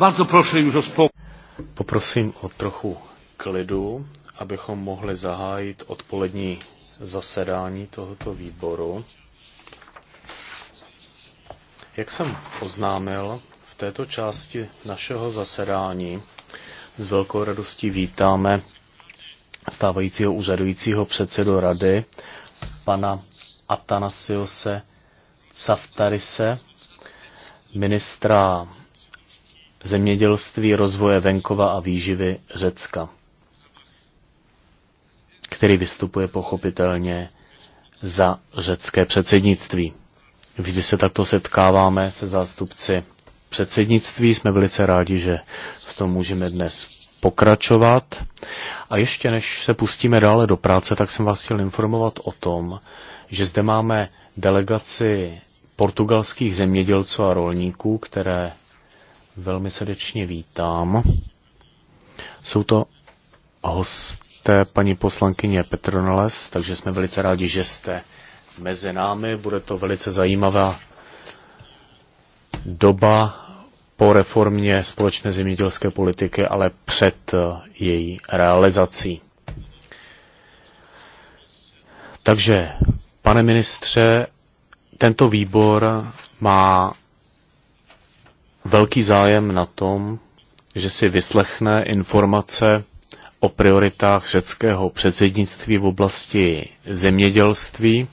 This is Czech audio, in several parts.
Bardzo proszę już o spokój. Poprosím o trochu klidu, abychom mohli zahájit odpolední zasedání tohoto výboru. Jak jsem oznámil, v této části našeho zasedání s velkou radostí vítáme stávajícího úřadujícího předsedu rady, pana Atanasiose Caftarise, ministra zemědělství, rozvoje venkova a výživy Řecka, který vystupuje pochopitelně za řecké předsednictví. Vždy se takto setkáváme se zástupci předsednictví. Jsme velice rádi, že v tom můžeme dnes pokračovat. A ještě než se pustíme dále do práce, tak jsem vás chtěl informovat o tom, že zde máme delegaci portugalských zemědělců a rolníků, které velmi srdečně vítám. Jsou to hosté paní poslankyně Petronales, takže jsme velice rádi, že jste mezi námi. Bude to velice zajímavá doba po reformě společné zemědělské politiky, ale před eh, její realizací. Takže, pane ministře, tento výbor má velký zájem na tom, že si vyslechne informace o prioritách řeckého předsednictví v oblasti zemědělství,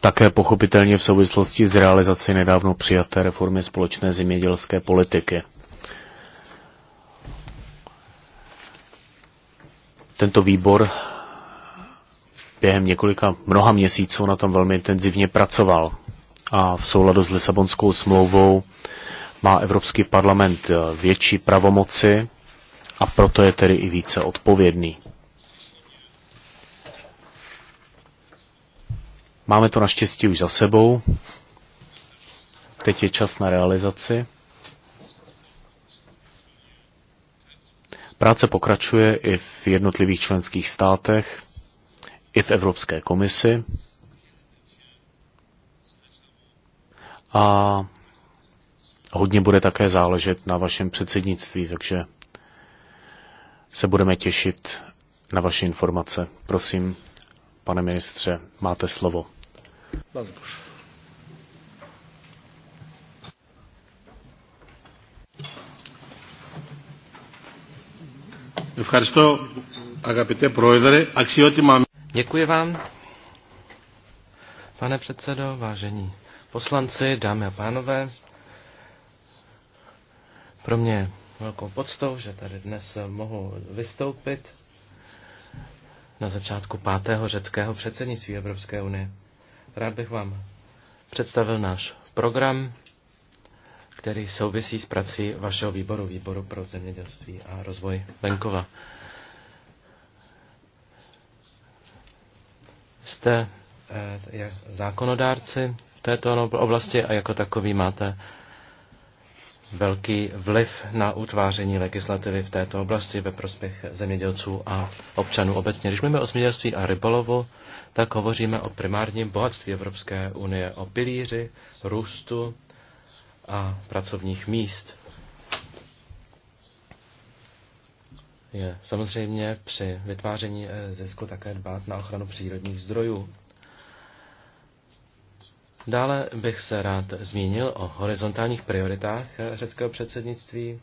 také pochopitelně v souvislosti s realizací nedávno přijaté reformy společné zemědělské politiky. Tento výbor během několika mnoha měsíců na tom velmi intenzivně pracoval a v souladu s Lisabonskou smlouvou má Evropský parlament eh, větší pravomoci a proto je tedy i více odpovědný. Máme to naštěstí už za sebou. Teď je čas na realizaci. Práce pokračuje i v jednotlivých členských státech, i v Evropské komisi. A hodně bude také záležet na vašem předsednictví, takže se budeme těšit na vaše informace. Prosím, pane ministře, máte slovo. Děkuji vám, pane předsedo, vážení poslanci, dámy a pánové. Pro mě velkou poctou, že tady dnes mohu vystoupit na začátku pátého řeckého předsednictví Evropské unie. Rád bych vám představil náš program, který souvisí s prací vašeho výboru, výboru pro zemědělství a rozvoj venkova. Jste eh, zákonodárci této no- oblasti a jako takový máte velký vliv na utváření legislativy v této oblasti ve prospěch zemědělců a občanů obecně. Když mluvíme o zemědělství a rybolovu, tak hovoříme o primárním bohatství Evropské unie, o pilíři, růstu a pracovních míst. Je samozřejmě při vytváření eh, zisku také dbát na ochranu přírodních zdrojů Dále bych se rád zmínil o horizontálních prioritách eh, řeckého předsednictví.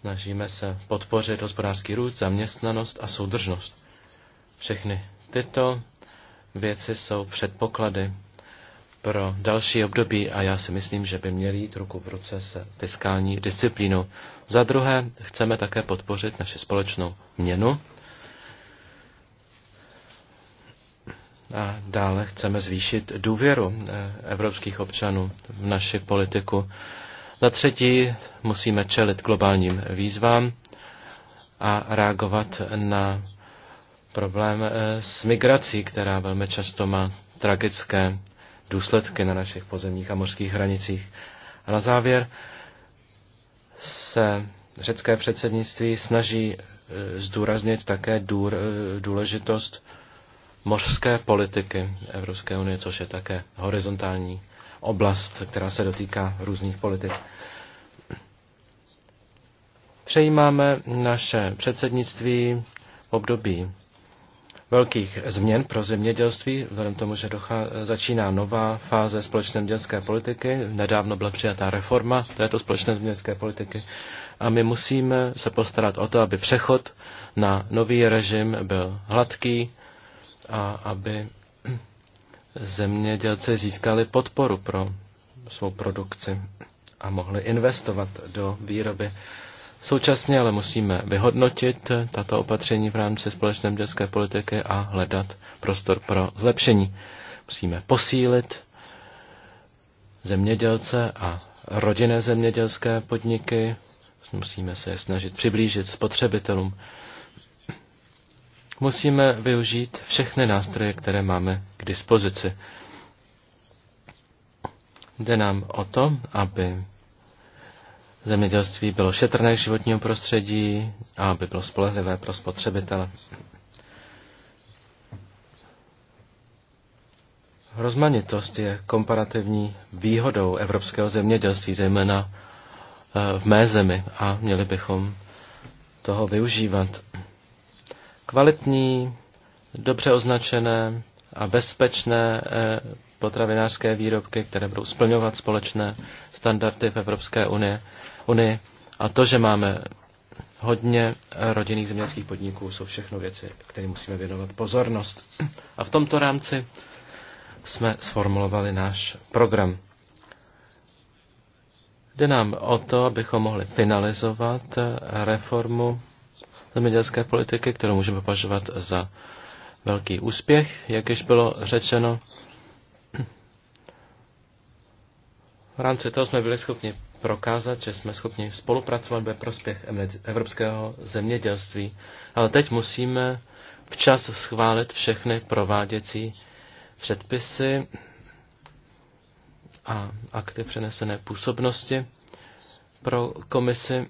Snažíme se podpořit hospodářský růst, zaměstnanost a soudržnost. Všechny tyto věci jsou předpoklady pro další období a já si myslím, že by měly jít ruku v ruce se fiskální disciplínou. Za druhé, chceme také podpořit naši společnou měnu A dále chceme zvýšit důvěru eh, evropských občanů v naši politiku. Za třetí musíme čelit globálním výzvám a reagovat na problém eh, s migrací, která velmi často má tragické důsledky na našich pozemních a mořských hranicích. A na závěr se řecké předsednictví snaží eh, zdůraznit také důležitost mořské politiky Evropské unie, což je také horizontální oblast, která se dotýká různých politik. Přejímáme naše předsednictví v období velkých změn pro zemědělství, vzhledem tomu, že dochá, začíná nová fáze společné zemědělské politiky. Nedávno byla přijatá reforma této společné zemědělské politiky a my musíme se postarat o to, aby přechod na nový režim byl hladký, a aby zemědělci získali podporu pro svou produkci a mohli investovat do výroby. Současně ale musíme vyhodnotit tato opatření v rámci společné městské politiky a hledat prostor pro zlepšení. Musíme posílit zemědělce a rodinné zemědělské podniky, musíme se je snažit přiblížit spotřebitelům musíme využít všechny nástroje, které máme k dispozici. Jde nám o to, aby zemědělství bylo šetrné k životnímu prostředí a aby bylo spolehlivé pro spotřebitele. Rozmanitost je komparativní výhodou evropského zemědělství, zejména eh, v mé zemi, a měli bychom toho využívat kvalitní, dobře označené a bezpečné eh, potravinářské výrobky, které budou splňovat společné standardy v Evropské unie, unii. A to, že máme hodně rodinných zemědělských podniků, jsou všechno věci, které musíme věnovat pozornost. A v tomto rámci jsme sformulovali náš program. Jde nám o to, abychom mohli finalizovat eh, reformu zemědělské politiky, kterou můžeme považovat za velký úspěch, jak již bylo řečeno. V rámci toho jsme byli schopni prokázat, že jsme schopni spolupracovat ve prospěch evropského zemědělství. Ale teď musíme včas schválit všechny prováděcí předpisy a akty přenesené působnosti pro komisi.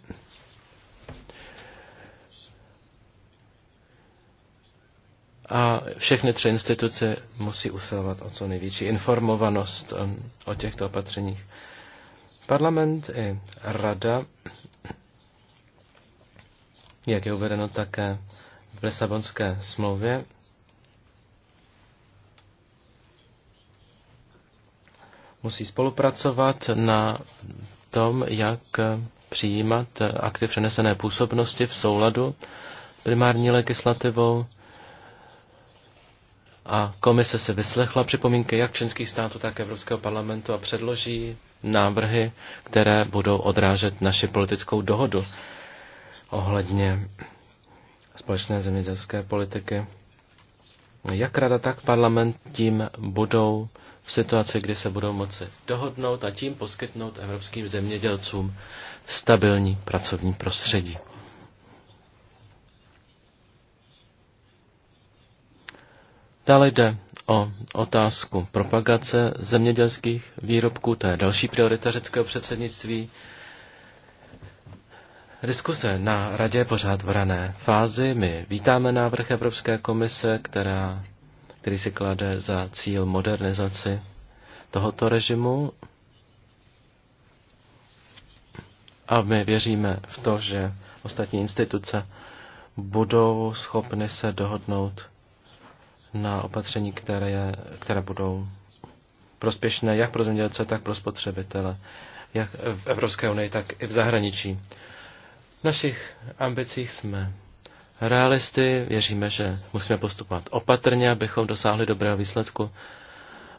a všechny tři instituce musí usilovat o co největší informovanost um, o těchto opatřeních. Parlament i rada, jak je uvedeno také v Lisabonské smlouvě, musí spolupracovat na tom, jak přijímat akty přenesené působnosti v souladu primární legislativou a komise se vyslechla připomínky jak členských států, tak Evropského parlamentu a předloží návrhy, které budou odrážet naši politickou dohodu ohledně společné zemědělské politiky. Jak rada, tak parlament tím budou v situaci, kdy se budou moci dohodnout a tím poskytnout evropským zemědělcům stabilní pracovní prostředí. Dále jde o otázku propagace zemědělských výrobků, to je další priorita řeckého předsednictví. Diskuse na radě je pořád v rané fázi. My vítáme návrh Evropské komise, která, který si klade za cíl modernizaci tohoto režimu. A my věříme v to, že ostatní instituce budou schopny se dohodnout na opatření, které, které budou prospěšné jak pro zemědělce, tak pro spotřebitele, jak v Evropské unii, tak i v zahraničí. V našich ambicích jsme realisty, věříme, že musíme postupovat opatrně, abychom dosáhli dobrého výsledku.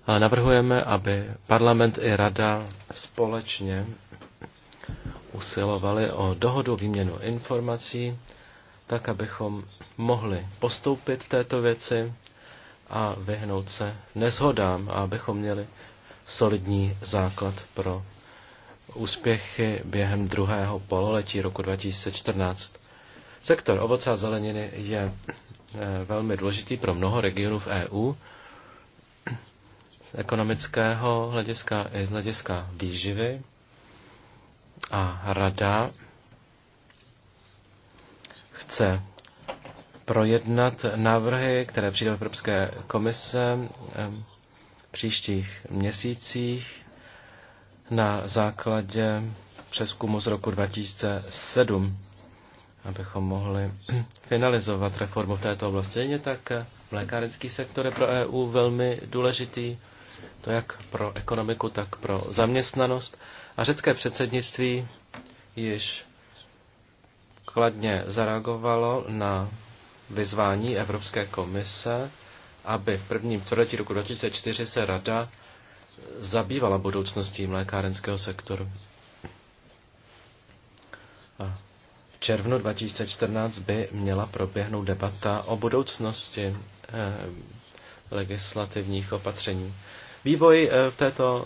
Ale navrhujeme, aby parlament i rada společně usilovali o dohodu výměnu informací, tak abychom mohli postoupit v této věci a vyhnout se nezhodám, abychom měli solidní základ pro úspěchy během druhého pololetí roku 2014. Sektor ovoce a zeleniny je eh, velmi důležitý pro mnoho regionů v EU z ekonomického hlediska i z hlediska výživy. A rada chce projednat návrhy, které přijde v Evropské komise v příštích měsících na základě přeskumu z roku 2007, abychom mohli finalizovat reformu v této oblasti. Stejně tak eh, lékárenský sektor je pro EU velmi důležitý, to jak pro ekonomiku, tak pro zaměstnanost. A řecké předsednictví již kladně zareagovalo na vyzvání Evropské komise, aby v prvním čtvrtletí roku 2004 se rada zabývala budoucností mlékárenského sektoru. A v červnu 2014 by měla proběhnout debata o budoucnosti eh, legislativních opatření. Vývoj eh, v této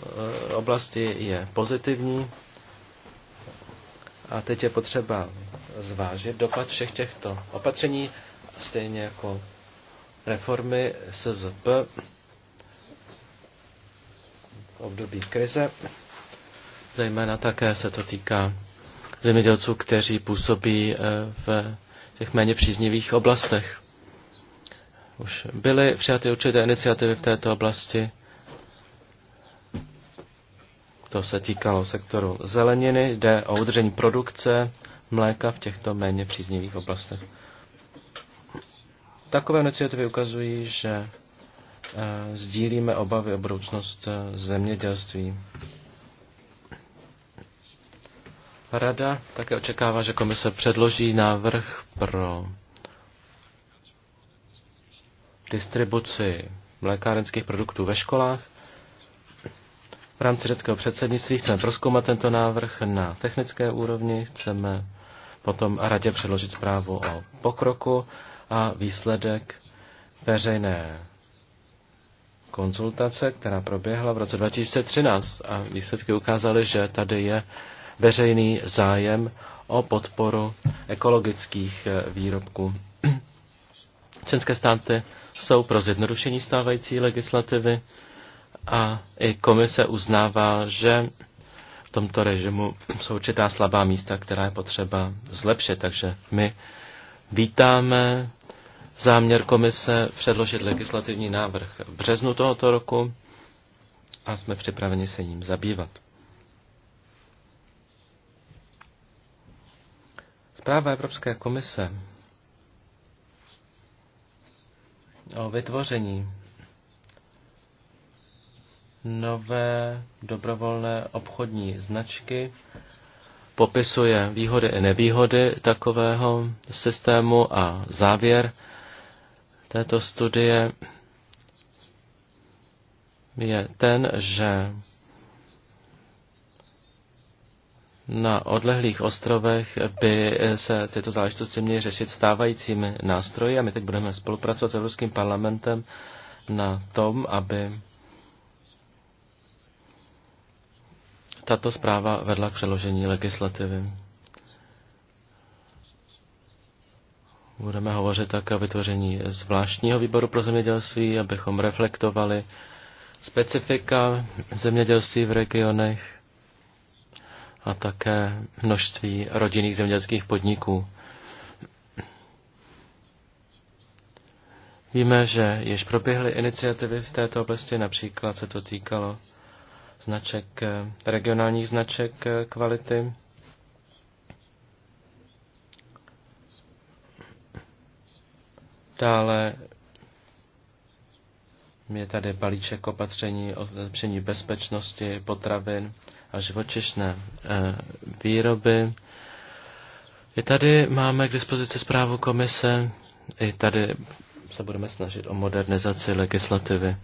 eh, oblasti je pozitivní a teď je potřeba zvážit dopad všech těchto opatření stejně jako reformy SZP v období krize. Zejména také se to týká zemědělců, kteří působí eh, v těch méně příznivých oblastech. Už byly přijaty určité iniciativy v této oblasti. To se týkalo sektoru zeleniny, jde o udržení produkce mléka v těchto méně příznivých oblastech. Takové iniciativy ukazují, že eh, sdílíme obavy o budoucnost eh, zemědělství. Rada také očekává, že komise předloží návrh pro distribuci mlékárenských produktů ve školách. V rámci řeckého předsednictví chceme proskoumat tento návrh na technické úrovni, chceme potom radě předložit zprávu o pokroku a výsledek veřejné konzultace, která proběhla v roce 2013 a výsledky ukázaly, že tady je veřejný zájem o podporu ekologických eh, výrobků. České státy jsou pro zjednodušení stávající legislativy a i komise uznává, že v tomto režimu jsou určitá slabá místa, která je potřeba zlepšit. Takže my vítáme záměr komise předložit legislativní návrh v březnu tohoto roku a jsme připraveni se ním zabývat. Zpráva Evropské komise o vytvoření nové dobrovolné obchodní značky popisuje výhody i nevýhody takového systému a závěr této studie je ten, že na odlehlých ostrovech by se tyto záležitosti měly řešit stávajícími nástroji a my teď budeme spolupracovat s Evropským parlamentem na tom, aby tato zpráva vedla k přeložení legislativy. Budeme hovořit také o vytvoření zvláštního výboru pro zemědělství, abychom reflektovali specifika zemědělství v regionech a také množství rodinných zemědělských podniků. Víme, že již proběhly iniciativy v této oblasti, například se to týkalo značek, regionálních značek kvality. Dále je tady balíček opatření o zlepšení bezpečnosti potravin a živočišné eh, výroby. I tady máme k dispozici zprávu komise, i tady se budeme snažit o modernizaci legislativy.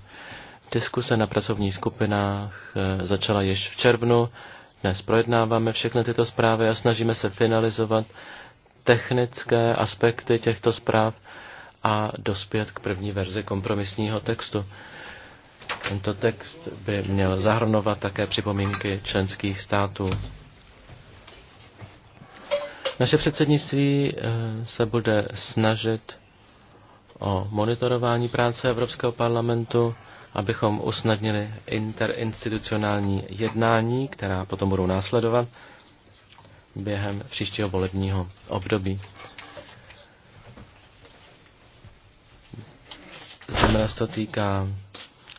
Diskuse na pracovních skupinách eh, začala již v červnu. Dnes projednáváme všechny tyto zprávy a snažíme se finalizovat technické aspekty těchto zpráv a dospět k první verzi kompromisního textu. Tento text by měl zahrnovat také připomínky členských států. Naše předsednictví eh, se bude snažit o monitorování práce Evropského parlamentu, abychom usnadnili interinstitucionální jednání, která potom budou následovat během příštího volebního období. znamená, se to týká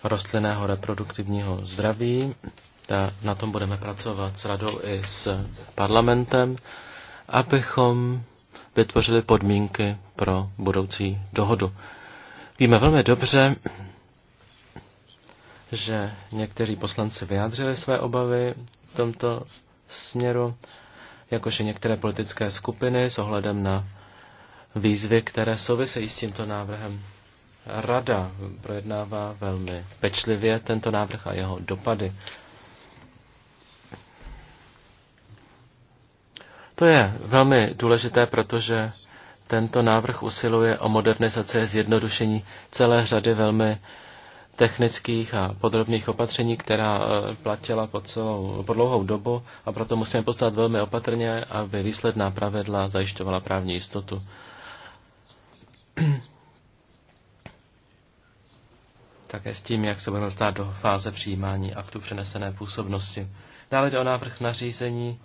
rostlinného reproduktivního zdraví. Ta, na tom budeme pracovat s radou i s parlamentem, abychom vytvořili podmínky pro budoucí dohodu. Víme velmi dobře, že někteří poslanci vyjádřili své obavy v tomto směru, jakože některé politické skupiny s ohledem na výzvy, které souvisejí s tímto návrhem. Rada projednává velmi pečlivě tento návrh a jeho dopady. To je velmi důležité, protože tento návrh usiluje o modernizaci a zjednodušení celé řady velmi technických a podrobných opatření, která e, platila po, celou, po dlouhou dobu a proto musíme postát velmi opatrně, aby výsledná pravidla zajišťovala právní jistotu také s tím, jak se budeme dostat do fáze přijímání aktu přenesené působnosti. Dále jde o návrh nařízení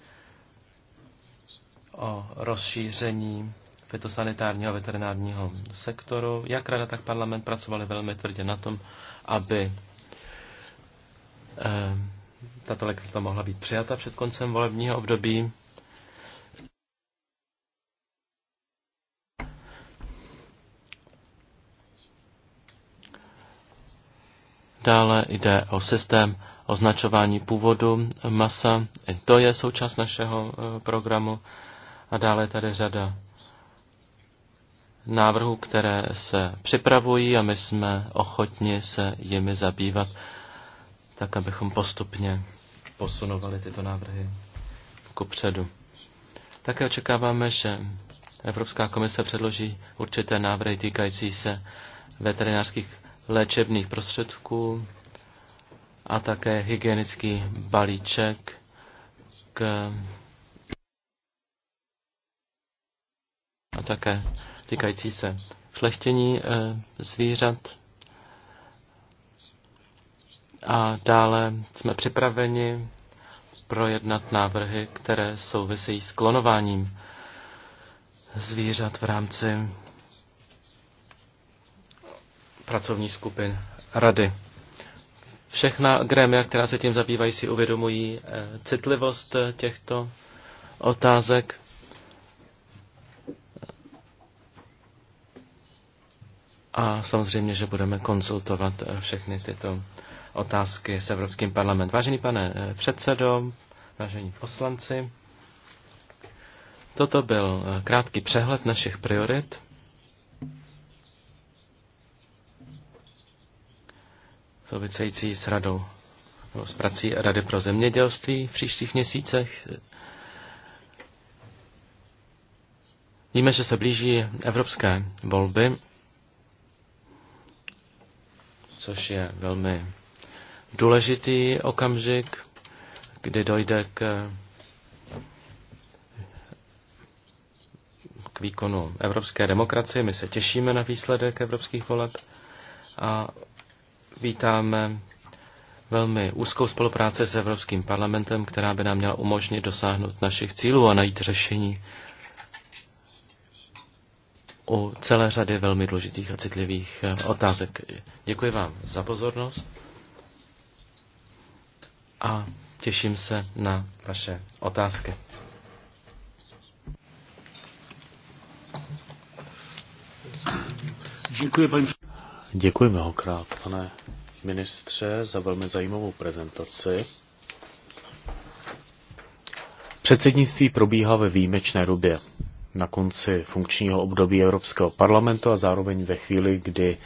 o rozšíření fitosanitárního a veterinárního sektoru. Jak rada, tak parlament pracovali velmi tvrdě na tom, aby eh, tato legislativa mohla být přijata před koncem volebního období. Dále jde o systém označování původu masa. I to je součást našeho e, programu. A dále je tady řada návrhů, které se připravují a my jsme ochotni se jimi zabývat, tak abychom postupně posunovali tyto návrhy ku předu. Také očekáváme, že Evropská komise předloží určité návrhy týkající se veterinářských léčebných prostředků a také hygienický balíček k a také týkající se šlechtění eh, zvířat. A dále jsme připraveni projednat návrhy, které souvisejí s klonováním zvířat v rámci pracovní skupin rady. Všechna grémia, která se tím zabývají, si uvědomují eh, citlivost eh, těchto otázek. A samozřejmě, že budeme konzultovat eh, všechny tyto otázky s Evropským parlamentem. Vážený pane předsedo, vážení poslanci, toto byl krátký přehled našich priorit. související s radou nebo s prací Rady pro zemědělství v příštích měsících. Víme, že se blíží evropské volby, což je velmi důležitý okamžik, kdy dojde k, k výkonu evropské demokracie. My se těšíme na výsledek evropských voleb a Vítáme velmi úzkou spolupráci s Evropským parlamentem, která by nám měla umožnit dosáhnout našich cílů a najít řešení u celé řady velmi důležitých a citlivých eh, otázek. Děkuji vám za pozornost a těším se na vaše otázky. Děkuji, paní Děkuji mnohokrát, pane ministře, za velmi zajímavou prezentaci. Předsednictví probíhá ve výjimečné době na konci funkčního období Evropského parlamentu a zároveň ve chvíli, kdy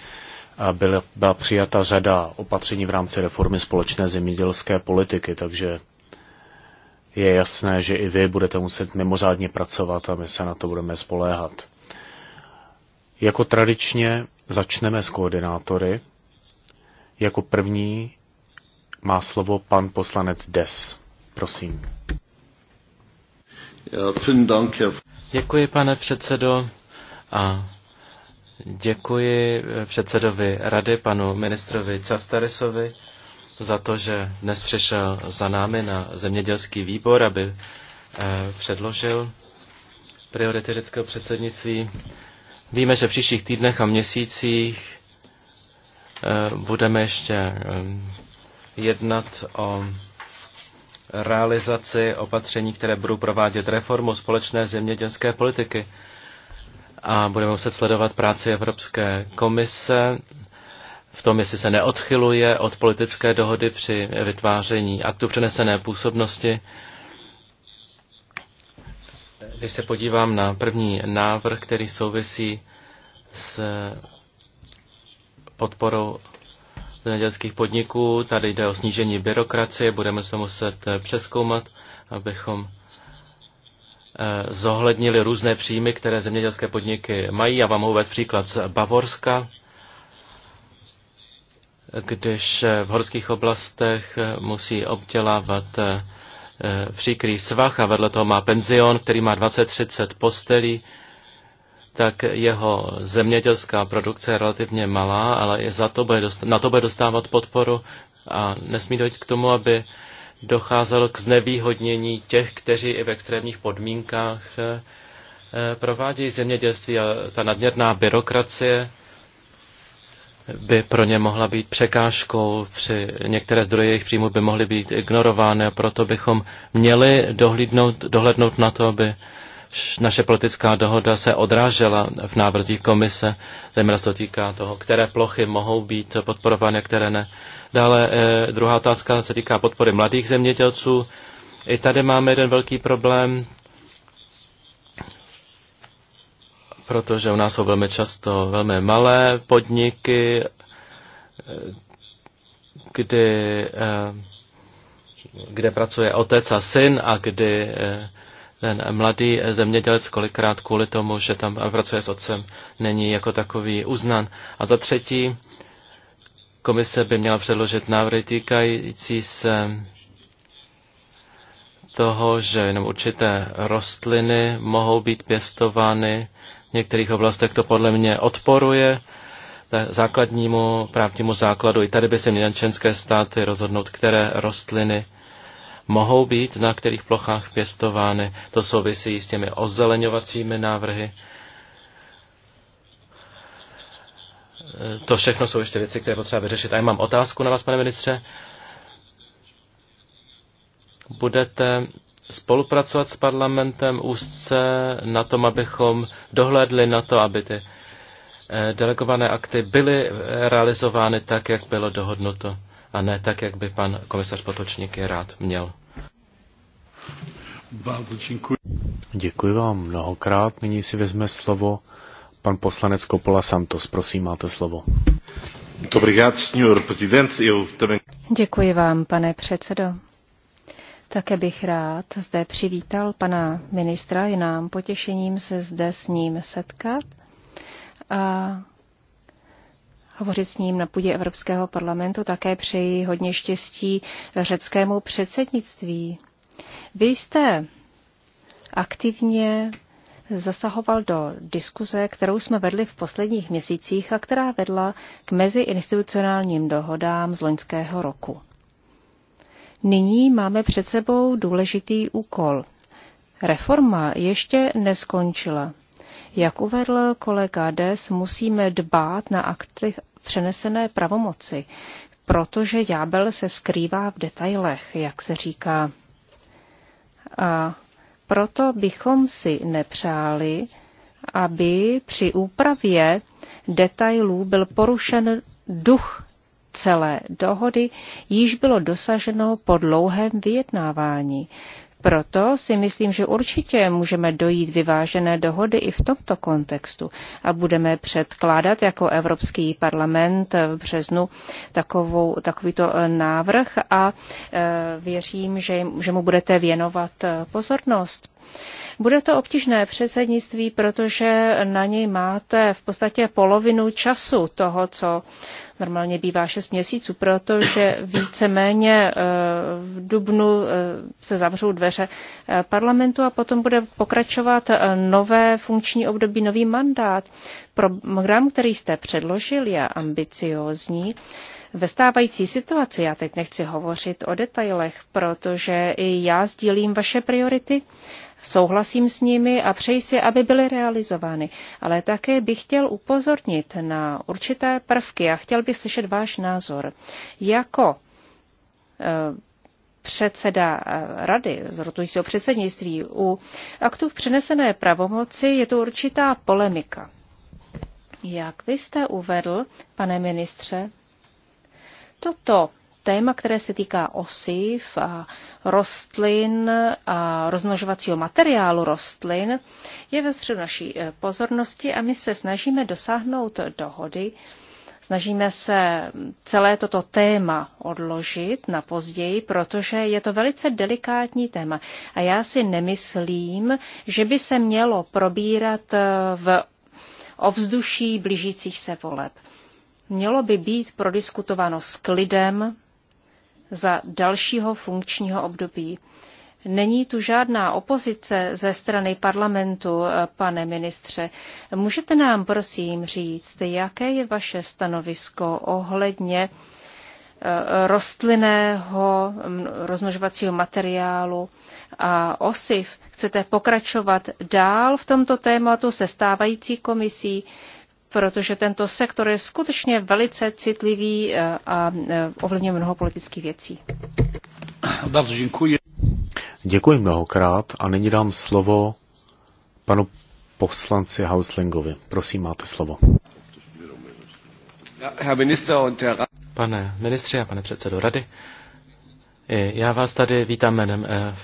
eh, byla, byla přijata řada opatření v rámci reformy společné zemědělské politiky, takže je jasné, že i vy budete muset mimořádně pracovat a my se na to budeme spoléhat. Jako tradičně Začneme s koordinátory. Jako první má slovo pan poslanec Des. Prosím. Děkuji, pane předsedo. A děkuji eh, předsedovi rady, panu ministrovi Caftarisovi, za to, že dnes přišel za námi na zemědělský výbor, aby eh, předložil priority řeckého předsednictví. Víme, že v příštích týdnech a měsících eh, budeme ještě eh, jednat o realizaci opatření, které budou provádět reformu společné zemědělské politiky. A budeme muset sledovat práci Evropské komise v tom, jestli se neodchyluje od politické dohody při vytváření aktu přenesené působnosti když se podívám na první návrh, který souvisí s podporou zemědělských podniků, tady jde o snížení byrokracie, budeme se muset eh, přeskoumat, abychom eh, zohlednili různé příjmy, které zemědělské podniky mají. Já vám mohu uvést příklad z Bavorska, když eh, v horských oblastech musí obdělávat Eh, příkrý svach a vedle toho má penzion, který má 20-30 postelí, tak jeho zemědělská produkce je relativně malá, ale i za to bude dostávat, na to bude dostávat podporu a nesmí dojít k tomu, aby docházelo k znevýhodnění těch, kteří i v extrémních podmínkách eh, eh, provádějí zemědělství a ta nadměrná byrokracie by pro ně mohla být překážkou, při některé zdroje jejich příjmu by mohly být ignorovány a proto bychom měli dohlídnout, dohlednout na to, aby naše politická dohoda se odrážela v návrzích komise, zejména se to týká toho, které plochy mohou být podporovány, které ne. Dále eh, druhá otázka se týká podpory mladých zemědělců. I tady máme jeden velký problém, protože u nás jsou velmi často velmi malé podniky, kdy, eh, kde pracuje otec a syn a kdy eh, ten mladý zemědělec kolikrát kvůli tomu, že tam pracuje s otcem, není jako takový uznan. A za třetí, komise by měla předložit návrhy týkající se toho, že jenom určité rostliny mohou být pěstovány některých oblastech to podle mě odporuje základnímu právnímu základu. I tady by se měly členské státy rozhodnout, které rostliny mohou být na kterých plochách pěstovány. To souvisí s těmi ozeleňovacími návrhy. To všechno jsou ještě věci, které potřeba vyřešit. A já mám otázku na vás, pane ministře. Budete spolupracovat s parlamentem úzce na tom, abychom dohlédli na to, aby ty eh, delegované akty byly eh, realizovány tak, jak bylo dohodnuto, a ne tak, jak by pan komisař Potočník je rád měl. Děkuji. děkuji vám mnohokrát. Nyní si vezme slovo pan poslanec Kopola Santos. Prosím, máte slovo. Děkuji vám, pane předsedo. Také bych rád zde přivítal pana ministra, je nám potěšením se zde s ním setkat a hovořit s ním na půdě Evropského parlamentu. Také přeji hodně štěstí řeckému předsednictví. Vy jste aktivně zasahoval do diskuze, kterou jsme vedli v posledních měsících a která vedla k meziinstitucionálním dohodám z loňského roku. Nyní máme před sebou důležitý úkol. Reforma ještě neskončila. Jak uvedl kolega Des, musíme dbát na akty přenesené pravomoci, protože ďábel se skrývá v detailech, jak se říká. A proto bychom si nepřáli, aby při úpravě detailů byl porušen duch celé dohody již bylo dosaženo po dlouhém vyjednávání. Proto si myslím, že určitě můžeme dojít vyvážené dohody i v tomto kontextu a budeme předkládat jako Evropský parlament v březnu takovou, takovýto eh, návrh a eh, věřím, že, že mu budete věnovat eh, pozornost. Bude to obtížné předsednictví, protože na něj máte v podstatě polovinu času toho, co normálně bývá 6 měsíců, protože víceméně eh, v Dubnu eh, se zavřou dveře eh, parlamentu a potom bude pokračovat nové funkční období, nový mandát. Program, který jste předložil, je ambiciózní. Ve stávající situaci, já teď nechci hovořit o detailech, protože i já sdílím vaše priority, souhlasím s nimi a přeji si, aby byly realizovány. Ale také bych chtěl upozornit na určité prvky a chtěl bych slyšet váš názor. Jako eh, předseda eh, rady z rotujícího předsednictví u aktů v přenesené pravomoci je to určitá polemika. Jak vy jste uvedl, pane ministře, toto téma, které se týká osiv a rostlin a rozmnožovacího materiálu rostlin, je ve středu naší eh, pozornosti a my se snažíme dosáhnout dohody, Snažíme se celé toto téma odložit na později, protože je to velice delikátní téma. A já si nemyslím, že by se mělo probírat eh, v ovzduší blížících se voleb. Mělo by být prodiskutováno s klidem, za dalšího funkčního období. Není tu žádná opozice ze strany parlamentu, eh, pane ministře. Můžete nám prosím říct, jaké je vaše stanovisko ohledně eh, rostlinného mm, rozmnožovacího materiálu a osiv. Chcete pokračovat dál v tomto tématu se stávající komisí? protože tento sektor je skutečně velice citlivý eh, a eh, ovlivňuje mnoho politických věcí. děkuji. Děkuji mnohokrát a nyní dám slovo panu poslanci Hauslingovi. Prosím, máte slovo. Pane ministře a pane předsedo rady, já vás tady vítám jménem eh,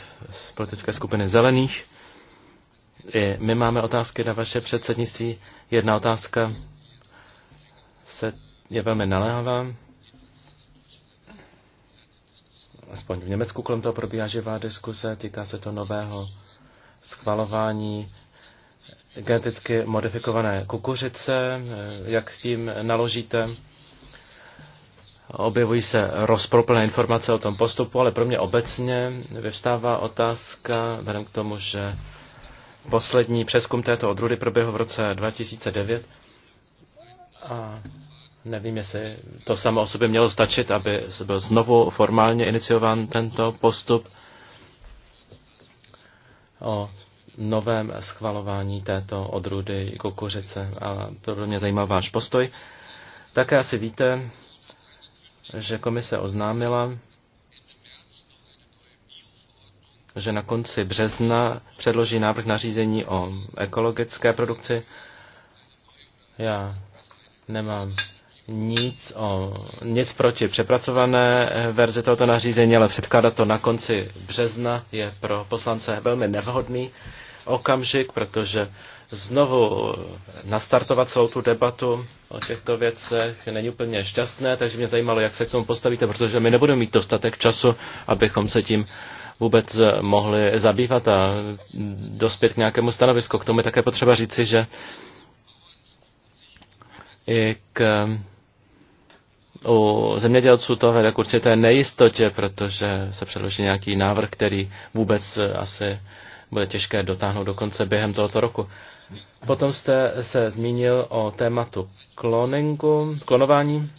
politické skupiny Zelených. I my máme otázky na vaše předsednictví. Jedna otázka se je velmi naléhavá. Aspoň v Německu kolem toho probíhá živá diskuse, týká se to nového schvalování geneticky modifikované kukuřice, jak s tím naložíte. Objevují se rozproplné informace o tom postupu, ale pro mě obecně vyvstává otázka, vzhledem k tomu, že Poslední přeskum této odrůdy proběhl v roce 2009 a nevím, jestli to samo o sobě mělo stačit, aby byl znovu formálně iniciován tento postup o novém schvalování této odrůdy kukuřice a pro mě zajímal váš postoj. Také asi víte, že komise oznámila, že na konci března předloží návrh nařízení o ekologické produkci. Já nemám nic, o, nic proti přepracované verzi tohoto nařízení, ale předkládat to na konci března je pro poslance velmi nevhodný okamžik, protože znovu nastartovat celou tu debatu o těchto věcech není úplně šťastné, takže mě zajímalo, jak se k tomu postavíte, protože my nebudeme mít dostatek času, abychom se tím vůbec eh, mohli zabývat a dospět k nějakému stanovisku. K tomu je také potřeba říci, že i k, eh, u zemědělců to vede k určité nejistotě, protože se předloží nějaký návrh, který vůbec eh, asi bude těžké dotáhnout do konce během tohoto roku. Potom jste se zmínil o tématu kloningu, klonování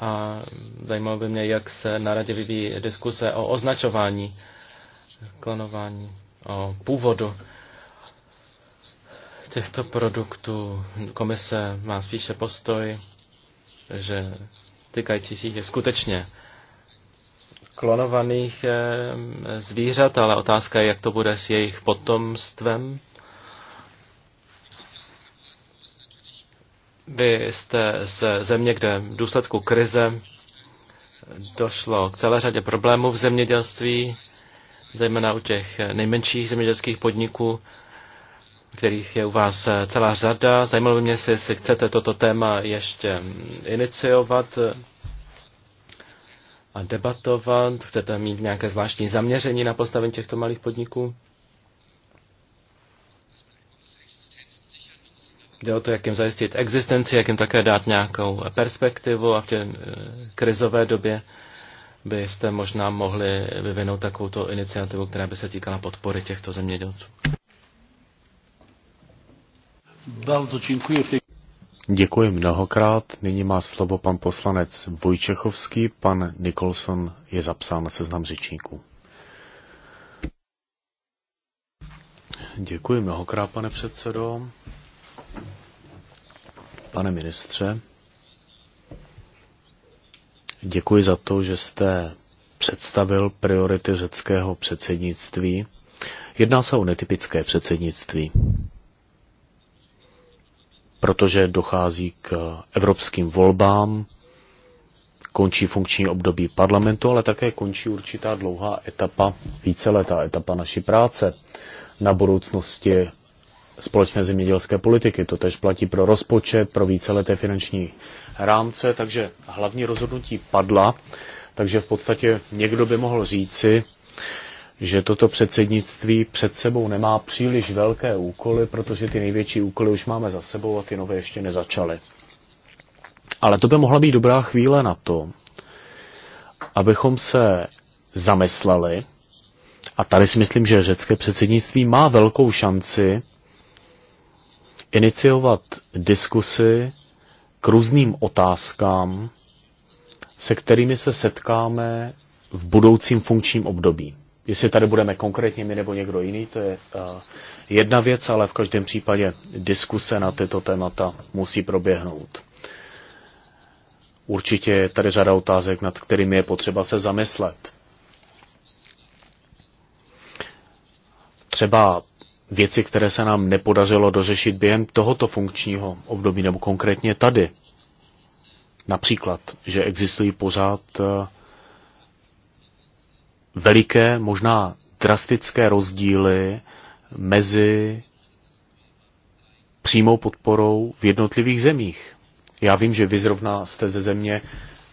a zajímalo by mě, jak se na radě vyvíjí diskuse o označování, klonování, o původu těchto produktů. Komise má spíše postoj, že týkající si je skutečně klonovaných eh, zvířat, ale otázka je, jak to bude s jejich potomstvem. Vy jste z země, kde v důsledku krize došlo k celé řadě problémů v zemědělství, zejména u těch nejmenších zemědělských podniků, kterých je u vás celá řada. Zajímalo by mě, jestli chcete toto téma ještě iniciovat a debatovat, chcete mít nějaké zvláštní zaměření na postavení těchto malých podniků. Jde o to, jak jim zajistit existenci, jak jim také dát nějakou perspektivu a v té eh, krizové době byste možná mohli vyvinout takovouto iniciativu, která by se týkala podpory těchto zemědělců. Děkuji mnohokrát. Nyní má slovo pan poslanec Vojčechovský. Pan Nikolson je zapsán na seznam řečníků. Děkuji mnohokrát, pane předsedo. Pane ministře, děkuji za to, že jste představil priority řeckého předsednictví. Jedná se o netypické předsednictví, protože dochází k evropským volbám, končí funkční období parlamentu, ale také končí určitá dlouhá etapa, víceletá etapa naší práce na budoucnosti společné zemědělské politiky. To tež platí pro rozpočet, pro víceleté finanční rámce, takže hlavní rozhodnutí padla, takže v podstatě někdo by mohl říci, že toto předsednictví před sebou nemá příliš velké úkoly, protože ty největší úkoly už máme za sebou a ty nové ještě nezačaly. Ale to by mohla být dobrá chvíle na to, abychom se zamysleli, a tady si myslím, že řecké předsednictví má velkou šanci iniciovat diskusy k různým otázkám, se kterými se setkáme v budoucím funkčním období. Jestli tady budeme konkrétně my nebo někdo jiný, to je eh, jedna věc, ale v každém případě diskuse na tyto témata musí proběhnout. Určitě je tady řada otázek, nad kterými je potřeba se zamyslet. Třeba věci, které se nám nepodařilo dořešit během tohoto funkčního období, nebo konkrétně tady. Například, že existují pořád eh, veliké, možná drastické rozdíly mezi přímou podporou v jednotlivých zemích. Já vím, že vy zrovna jste ze země,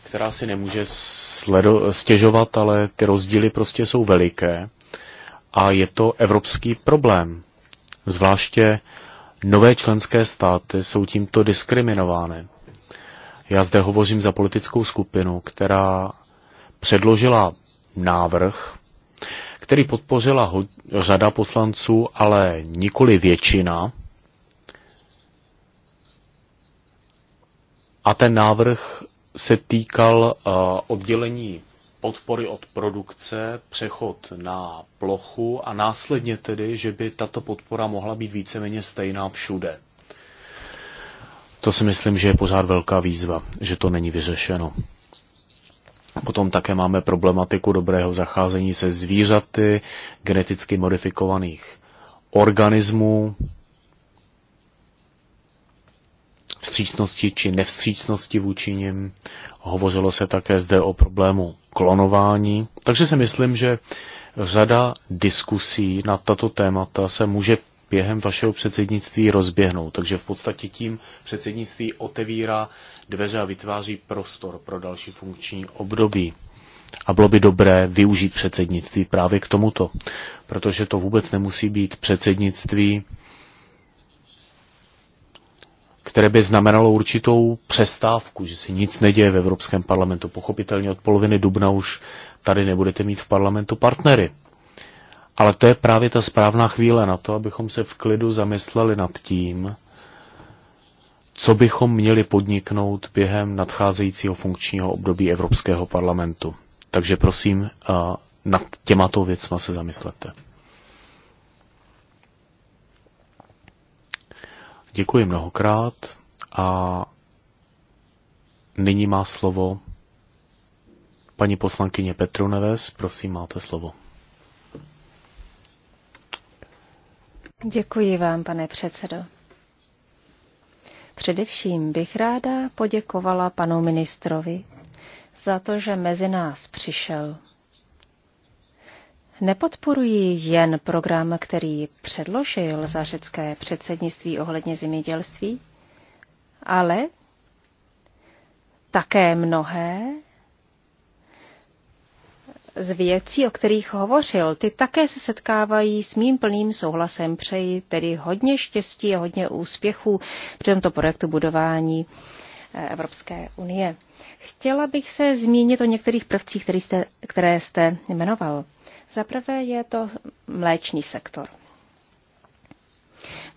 která si nemůže sledo- stěžovat, ale ty rozdíly prostě jsou veliké a je to evropský problém. Zvláště nové členské státy jsou tímto diskriminovány. Já zde hovořím za politickou skupinu, která předložila návrh, který podpořila řada poslanců, ale nikoli většina. A ten návrh se týkal uh, oddělení podpory od produkce, přechod na plochu a následně tedy, že by tato podpora mohla být víceméně stejná všude. To si myslím, že je pořád velká výzva, že to není vyřešeno. Potom také máme problematiku dobrého zacházení se zvířaty, geneticky modifikovaných organismů, vstřícnosti či nevstřícnosti vůči nim. Hovořilo se také zde o problému klonování. Takže si myslím, že řada diskusí na tato témata se může během vašeho předsednictví rozběhnout. Takže v podstatě tím předsednictví otevírá dveře a vytváří prostor pro další funkční období. A bylo by dobré využít předsednictví právě k tomuto, protože to vůbec nemusí být předsednictví které by znamenalo určitou přestávku, že se nic neděje v Evropském parlamentu. Pochopitelně od poloviny dubna už tady nebudete mít v parlamentu partnery. Ale to je právě ta správná chvíle na to, abychom se v klidu zamysleli nad tím, co bychom měli podniknout během nadcházejícího funkčního období Evropského parlamentu. Takže prosím, eh, nad těmato věcma se zamyslete. Děkuji mnohokrát a nyní má slovo paní poslankyně Petru Neves. Prosím, máte slovo. Děkuji vám, pane předsedo. Především bych ráda poděkovala panu ministrovi za to, že mezi nás přišel nepodporuji jen program, který předložil za řecké předsednictví ohledně zemědělství, ale také mnohé z věcí, o kterých hovořil, ty také se setkávají s mým plným souhlasem. Přeji tedy hodně štěstí a hodně úspěchů při tomto projektu budování eh, Evropské unie. Chtěla bych se zmínit o některých prvcích, které jste, které jste jmenoval. Zaprvé je to mléčný sektor.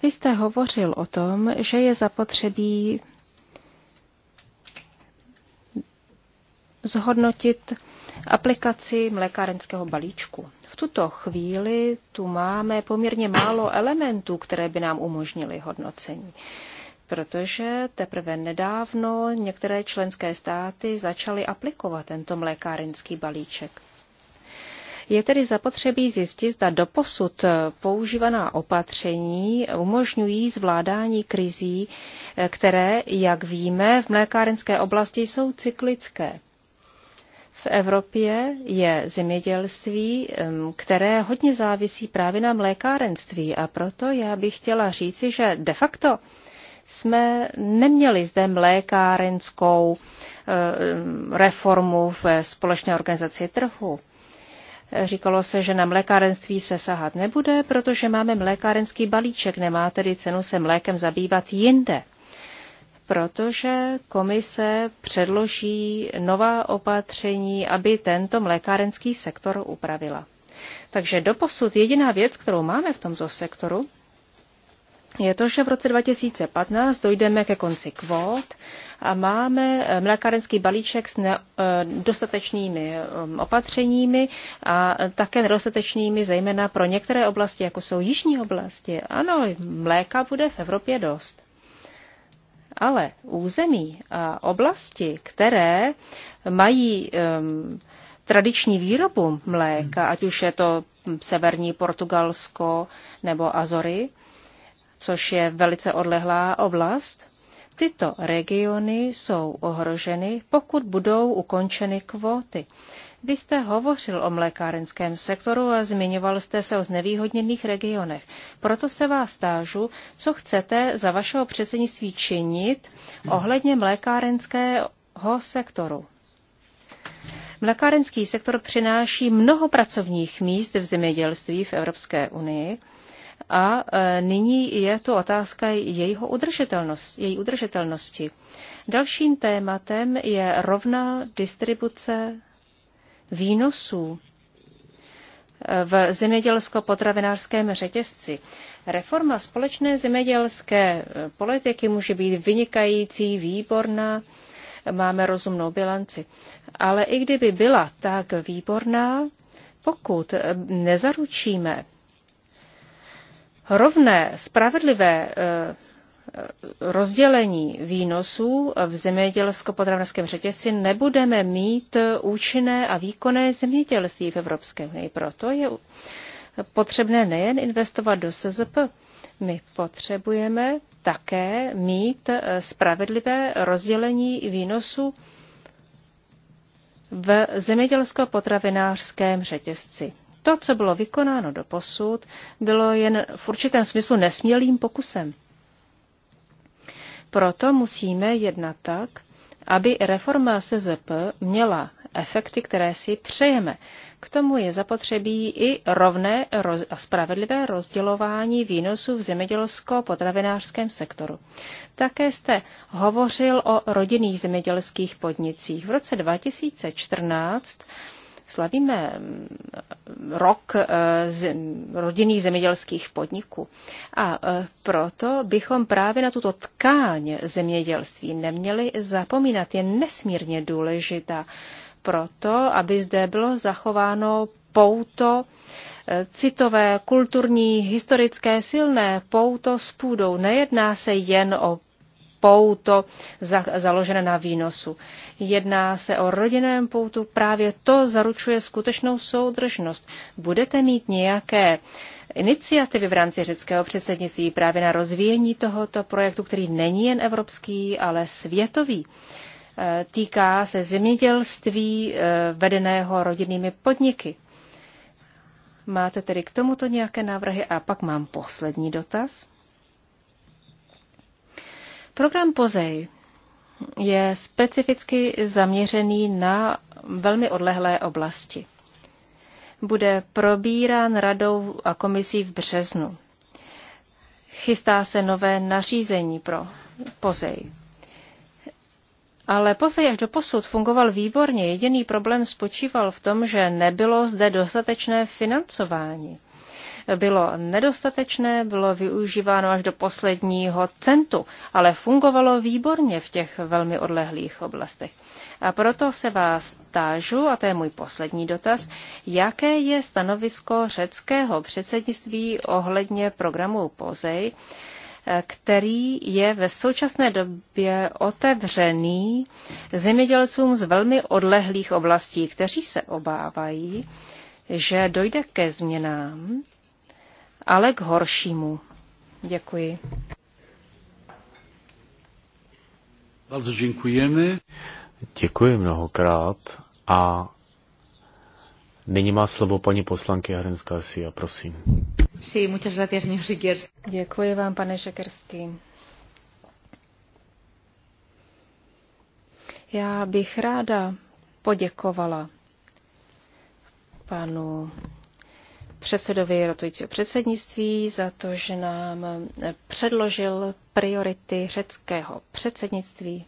Vy jste hovořil o tom, že je zapotřebí zhodnotit aplikaci mlékárenského balíčku. V tuto chvíli tu máme poměrně málo elementů, které by nám umožnily hodnocení protože teprve nedávno některé členské státy začaly aplikovat tento mlékárenský balíček. Je tedy zapotřebí zjistit, zda doposud používaná opatření umožňují zvládání krizí, které, jak víme, v mlékárenské oblasti jsou cyklické. V Evropě je zemědělství, které hodně závisí právě na mlékárenství a proto já bych chtěla říci, že de facto jsme neměli zde mlékárenskou eh, reformu v společné organizaci trhu. Říkalo se, že na mlékárenství se sahat nebude, protože máme mlékárenský balíček, nemá tedy cenu se mlékem zabývat jinde. Protože komise předloží nová opatření, aby tento mlékárenský sektor upravila. Takže doposud jediná věc, kterou máme v tomto sektoru, je to, že v roce 2015 dojdeme ke konci kvót a máme eh, mlékárenský balíček s eh, dostatečnými eh, opatřeními a také nedostatečnými zejména pro některé oblasti, jako jsou jižní oblasti. Ano, mléka bude v Evropě dost. Ale území a oblasti, které mají um, tradiční výrobu mléka, ať už je to severní Portugalsko nebo Azory, což je velice odlehlá oblast, tyto regiony jsou ohroženy, pokud budou ukončeny kvóty. Vy jste hovořil o mlékárenském sektoru a zmiňoval jste se o znevýhodněných regionech. Proto se vás tážu, co chcete za vašeho předsednictví činit ohledně mlékárenského sektoru. Mlékárenský sektor přináší mnoho pracovních míst v zemědělství v Evropské unii a e, nyní je to otázka jejího udržitelnost, její udržitelnosti. Dalším tématem je rovná distribuce výnosů e, v zemědělsko-potravinářském řetězci. Reforma společné zemědělské e, politiky může být vynikající, výborná, máme rozumnou bilanci. Ale i kdyby byla tak výborná, pokud nezaručíme Rovné, spravedlivé eh, rozdělení výnosů v zemědělsko-potravinářském řetězci nebudeme mít účinné a výkonné zemědělství v Evropské unii. Proto je potřebné nejen investovat do SZP, my potřebujeme také mít eh, spravedlivé rozdělení výnosu v zemědělsko-potravinářském řetězci. To, co bylo vykonáno do posud, bylo jen v určitém smyslu nesmělým pokusem. Proto musíme jednat tak, aby reforma SZP měla efekty, které si přejeme. K tomu je zapotřebí i rovné a spravedlivé rozdělování výnosů v zemědělsko-potravinářském sektoru. Také jste hovořil o rodinných zemědělských podnicích. V roce 2014 slavíme mm, rok e, z rodinných zemědělských podniků. A e, proto bychom právě na tuto tkáň zemědělství neměli zapomínat. Je nesmírně důležitá proto, aby zde bylo zachováno pouto e, citové, kulturní, historické silné pouto s půdou. Nejedná se jen o pouto za, založené na výnosu. Jedná se o rodinném poutu, právě to zaručuje skutečnou soudržnost. Budete mít nějaké iniciativy v rámci řeckého předsednictví právě na rozvíjení tohoto projektu, který není jen evropský, ale světový. E, týká se zemědělství e, vedeného rodinnými podniky. Máte tedy k tomuto nějaké návrhy? A pak mám poslední dotaz. Program POZEJ je specificky zaměřený na velmi odlehlé oblasti. Bude probírán radou a komisí v březnu. Chystá se nové nařízení pro POZEJ. Ale POZEJ až do posud fungoval výborně. Jediný problém spočíval v tom, že nebylo zde dostatečné financování bylo nedostatečné, bylo využíváno až do posledního centu, ale fungovalo výborně v těch velmi odlehlých oblastech. A proto se vás tážu, a to je můj poslední dotaz, jaké je stanovisko řeckého předsednictví ohledně programu POZEJ, který je ve současné době otevřený zemědělcům z velmi odlehlých oblastí, kteří se obávají, že dojde ke změnám ale k horšímu. Děkuji. Bardzo děkujeme. Děkuji mnohokrát a nyní má slovo paní poslanky Harens Garcia, prosím. Děkuji vám, pane Šekerský. Já bych ráda poděkovala panu předsedovi rotujícího předsednictví za to, že nám předložil priority řeckého předsednictví.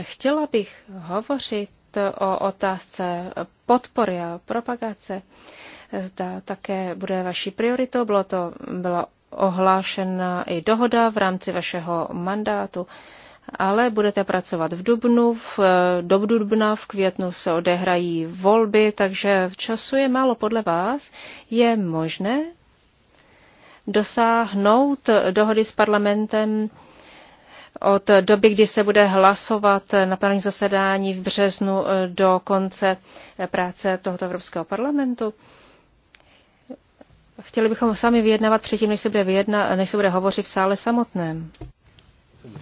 Chtěla bych hovořit o otázce podpory a propagace. Zda také bude vaší prioritou, bylo to, byla ohlášena i dohoda v rámci vašeho mandátu ale budete pracovat v Dubnu, v, do Dubna, v květnu se odehrají volby, takže v času je málo podle vás. Je možné dosáhnout dohody s parlamentem od doby, kdy se bude hlasovat na plánním zasedání v březnu do konce práce tohoto Evropského parlamentu? Chtěli bychom sami vyjednávat předtím, než se bude, vyjedna, než se bude hovořit v sále samotném.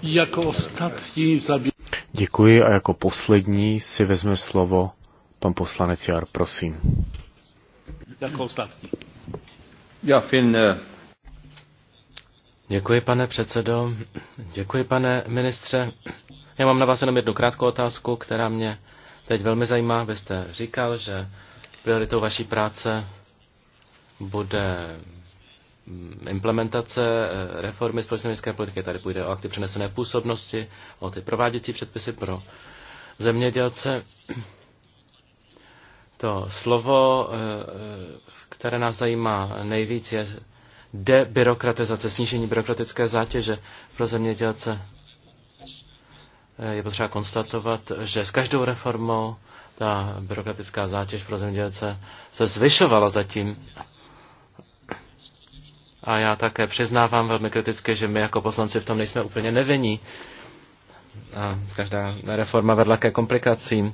Jako ostatní zabí... Děkuji a jako poslední si vezme slovo pan poslanec Jar, prosím. Jako ostatní. Já, fin, eh. Děkuji, pane předsedo. Děkuji, pane ministře. Já mám na vás jenom jednu krátkou otázku, která mě teď velmi zajímá. Vy jste říkal, že prioritou vaší práce bude Mm, implementace eh, reformy společné politiky. Tady půjde o akty přenesené působnosti, o ty prováděcí předpisy pro zemědělce. To slovo, eh, které nás zajímá nejvíc, je debyrokratizace, snížení byrokratické zátěže pro zemědělce. Eh, je potřeba konstatovat, že s každou reformou ta byrokratická zátěž pro zemědělce se zvyšovala zatím. A já také přiznávám velmi kriticky, že my jako poslanci v tom nejsme úplně nevinní. A každá reforma vedla ke komplikacím.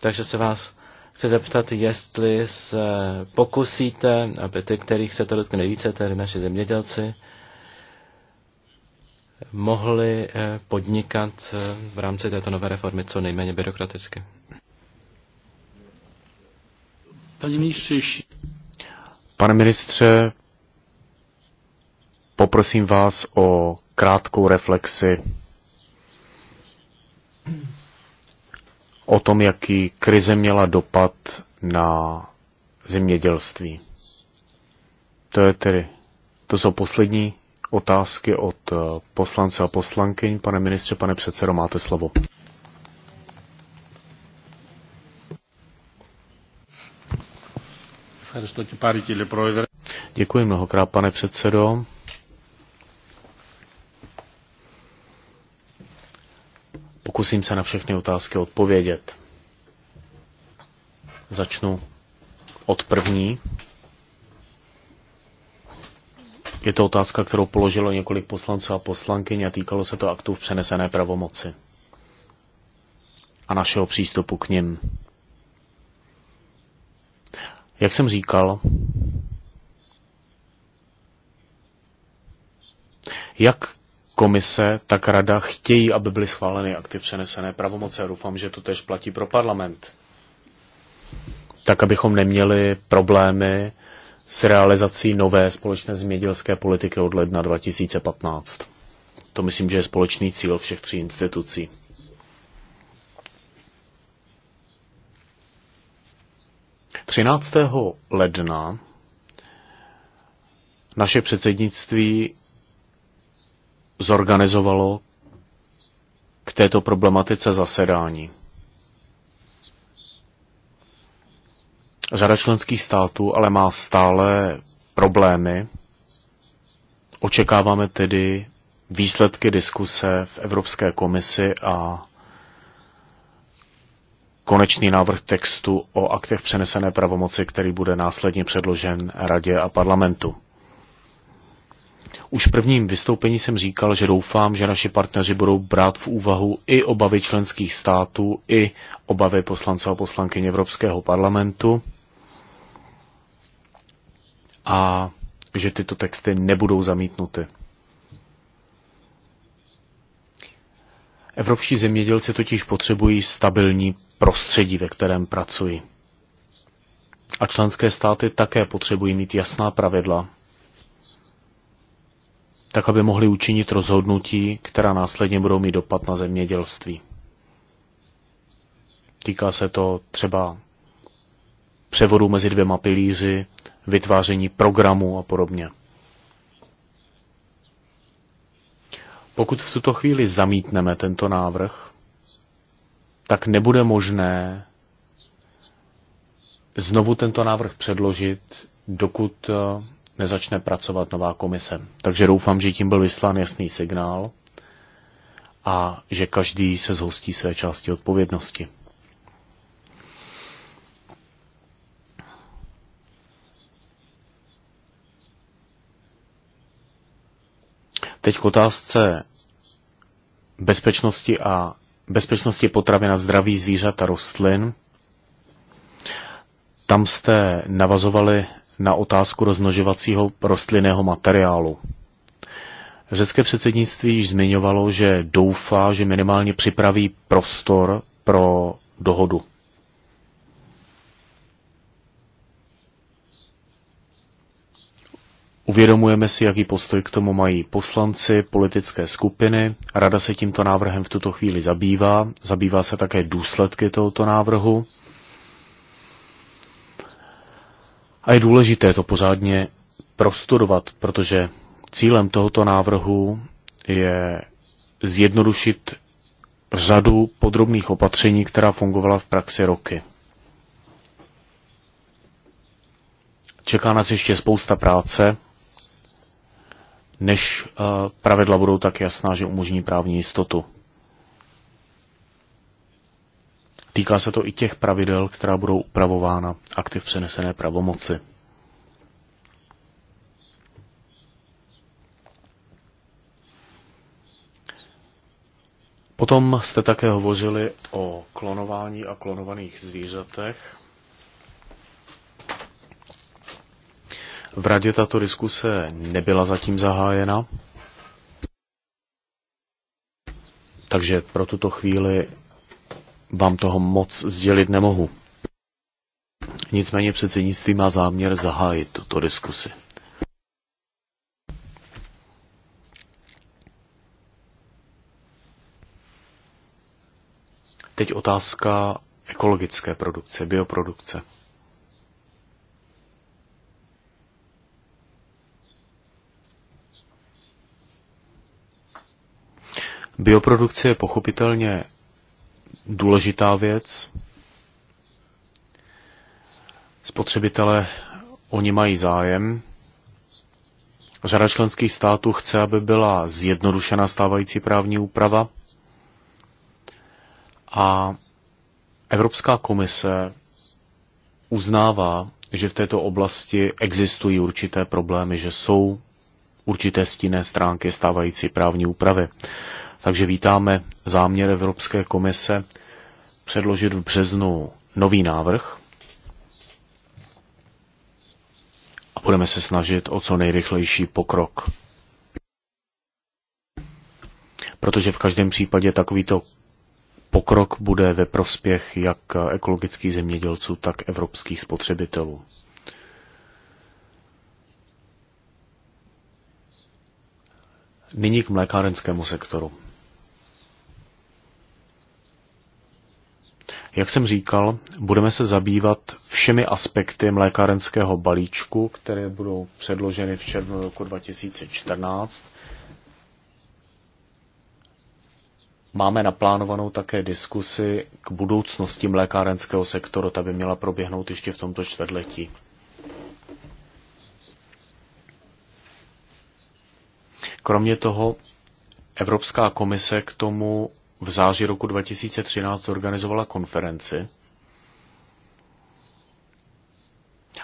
Takže se vás chci zeptat, jestli se pokusíte, aby ty, kterých se to dotkne nejvíce, tedy naši zemědělci, mohli eh, podnikat eh, v rámci této nové reformy co nejméně byrokraticky. Pane ministře, Poprosím vás o krátkou reflexi o tom, jaký krize měla dopad na zemědělství. To je tedy, to jsou poslední otázky od eh, poslance a poslankyň. Pane ministře, pane předsedo, máte slovo. Děkuji mnohokrát, pane předsedo. Pokusím se na všechny otázky odpovědět. Začnu od první. Je to otázka, kterou položilo několik poslanců a poslankyň a týkalo se to aktů v přenesené pravomoci a našeho přístupu k ním. Jak jsem říkal, jak komise, tak rada chtějí, aby byly schváleny akty přenesené pravomoce. Doufám, že to tež platí pro parlament. Tak, abychom neměli problémy s realizací nové společné zemědělské politiky od ledna 2015. To myslím, že je společný cíl všech tří institucí. Třináctého ledna naše předsednictví zorganizovalo k této problematice zasedání. Řada členských států ale má stále problémy. Očekáváme tedy výsledky diskuse v Evropské komisi a konečný návrh textu o aktech přenesené pravomoci, který bude následně předložen Radě a parlamentu. Už v prvním vystoupení jsem říkal, že doufám, že naši partneři budou brát v úvahu i obavy členských států, i obavy poslanců a poslankyně Evropského parlamentu a že tyto texty nebudou zamítnuty. Evropští zemědělci totiž potřebují stabilní prostředí, ve kterém pracují. A členské státy také potřebují mít jasná pravidla, tak aby mohli učinit rozhodnutí, která následně budou mít dopad na zemědělství. Týká se to třeba převodu mezi dvěma pilíři, vytváření programu a podobně. Pokud v tuto chvíli zamítneme tento návrh, tak nebude možné znovu tento návrh předložit, dokud eh, nezačne pracovat nová komise. Takže doufám, že tím byl vyslán jasný signál a že každý se zhostí své části odpovědnosti. Teď k otázce bezpečnosti a bezpečnosti potravy a zdraví zvířat a rostlin. Tam jste navazovali na otázku rozmnožovacího rostlinného materiálu. Řecké předsednictví již zmiňovalo, že doufá, že minimálně připraví prostor pro dohodu. Uvědomujeme si, jaký postoj k tomu mají poslanci, politické skupiny. Rada se tímto návrhem v tuto chvíli zabývá. Zabývá se také důsledky tohoto návrhu. A je důležité to pořádně prostudovat, protože cílem tohoto návrhu je zjednodušit řadu podrobných opatření, která fungovala v praxi roky. Čeká nás ještě spousta práce, než eh, pravidla budou tak jasná, že umožní právní jistotu. Týká se to i těch pravidel, která budou upravována aktiv přenesené pravomoci. Potom jste také hovořili o klonování a klonovaných zvířatech. V radě tato diskuse nebyla zatím zahájena, takže pro tuto chvíli vám toho moc sdělit nemohu. Nicméně předsednictví má záměr zahájit tuto diskusi. Teď otázka ekologické produkce, bioprodukce. Bioprodukce je pochopitelně důležitá věc. Spotřebitele oni mají zájem. Řada členských států chce, aby byla zjednodušena stávající právní úprava. A Evropská komise uznává, že v této oblasti existují určité problémy, že jsou určité stinné stránky stávající právní úpravy. Takže vítáme záměr Evropské komise předložit v březnu nový návrh a budeme se snažit o co nejrychlejší pokrok. Protože v každém případě takovýto pokrok bude ve prospěch jak ekologických zemědělců, tak evropských spotřebitelů. Nyní k mlékárenskému sektoru. Jak jsem říkal, budeme se zabývat všemi aspekty mlékárenského balíčku, které budou předloženy v červnu roku 2014. Máme naplánovanou také diskusi k budoucnosti mlékárenského sektoru, ta by měla proběhnout ještě v tomto čtvrtletí. Kromě toho Evropská komise k tomu v září roku 2013 organizovala konferenci.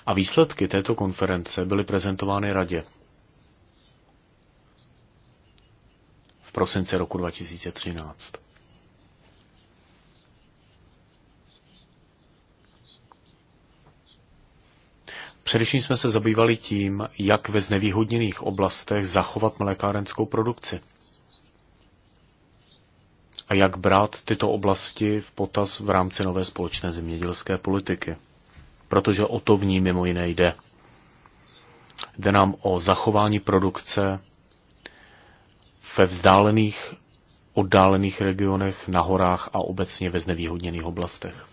A výsledky této konference byly prezentovány radě v prosinci roku 2013. Především jsme se zabývali tím, jak ve znevýhodněných oblastech zachovat mlékárenskou produkci a jak brát tyto oblasti v potaz v rámci nové společné zemědělské politiky. Protože o to v ní mimo jiné jde. Jde nám o zachování produkce ve vzdálených, oddálených regionech, na horách a obecně ve znevýhodněných oblastech.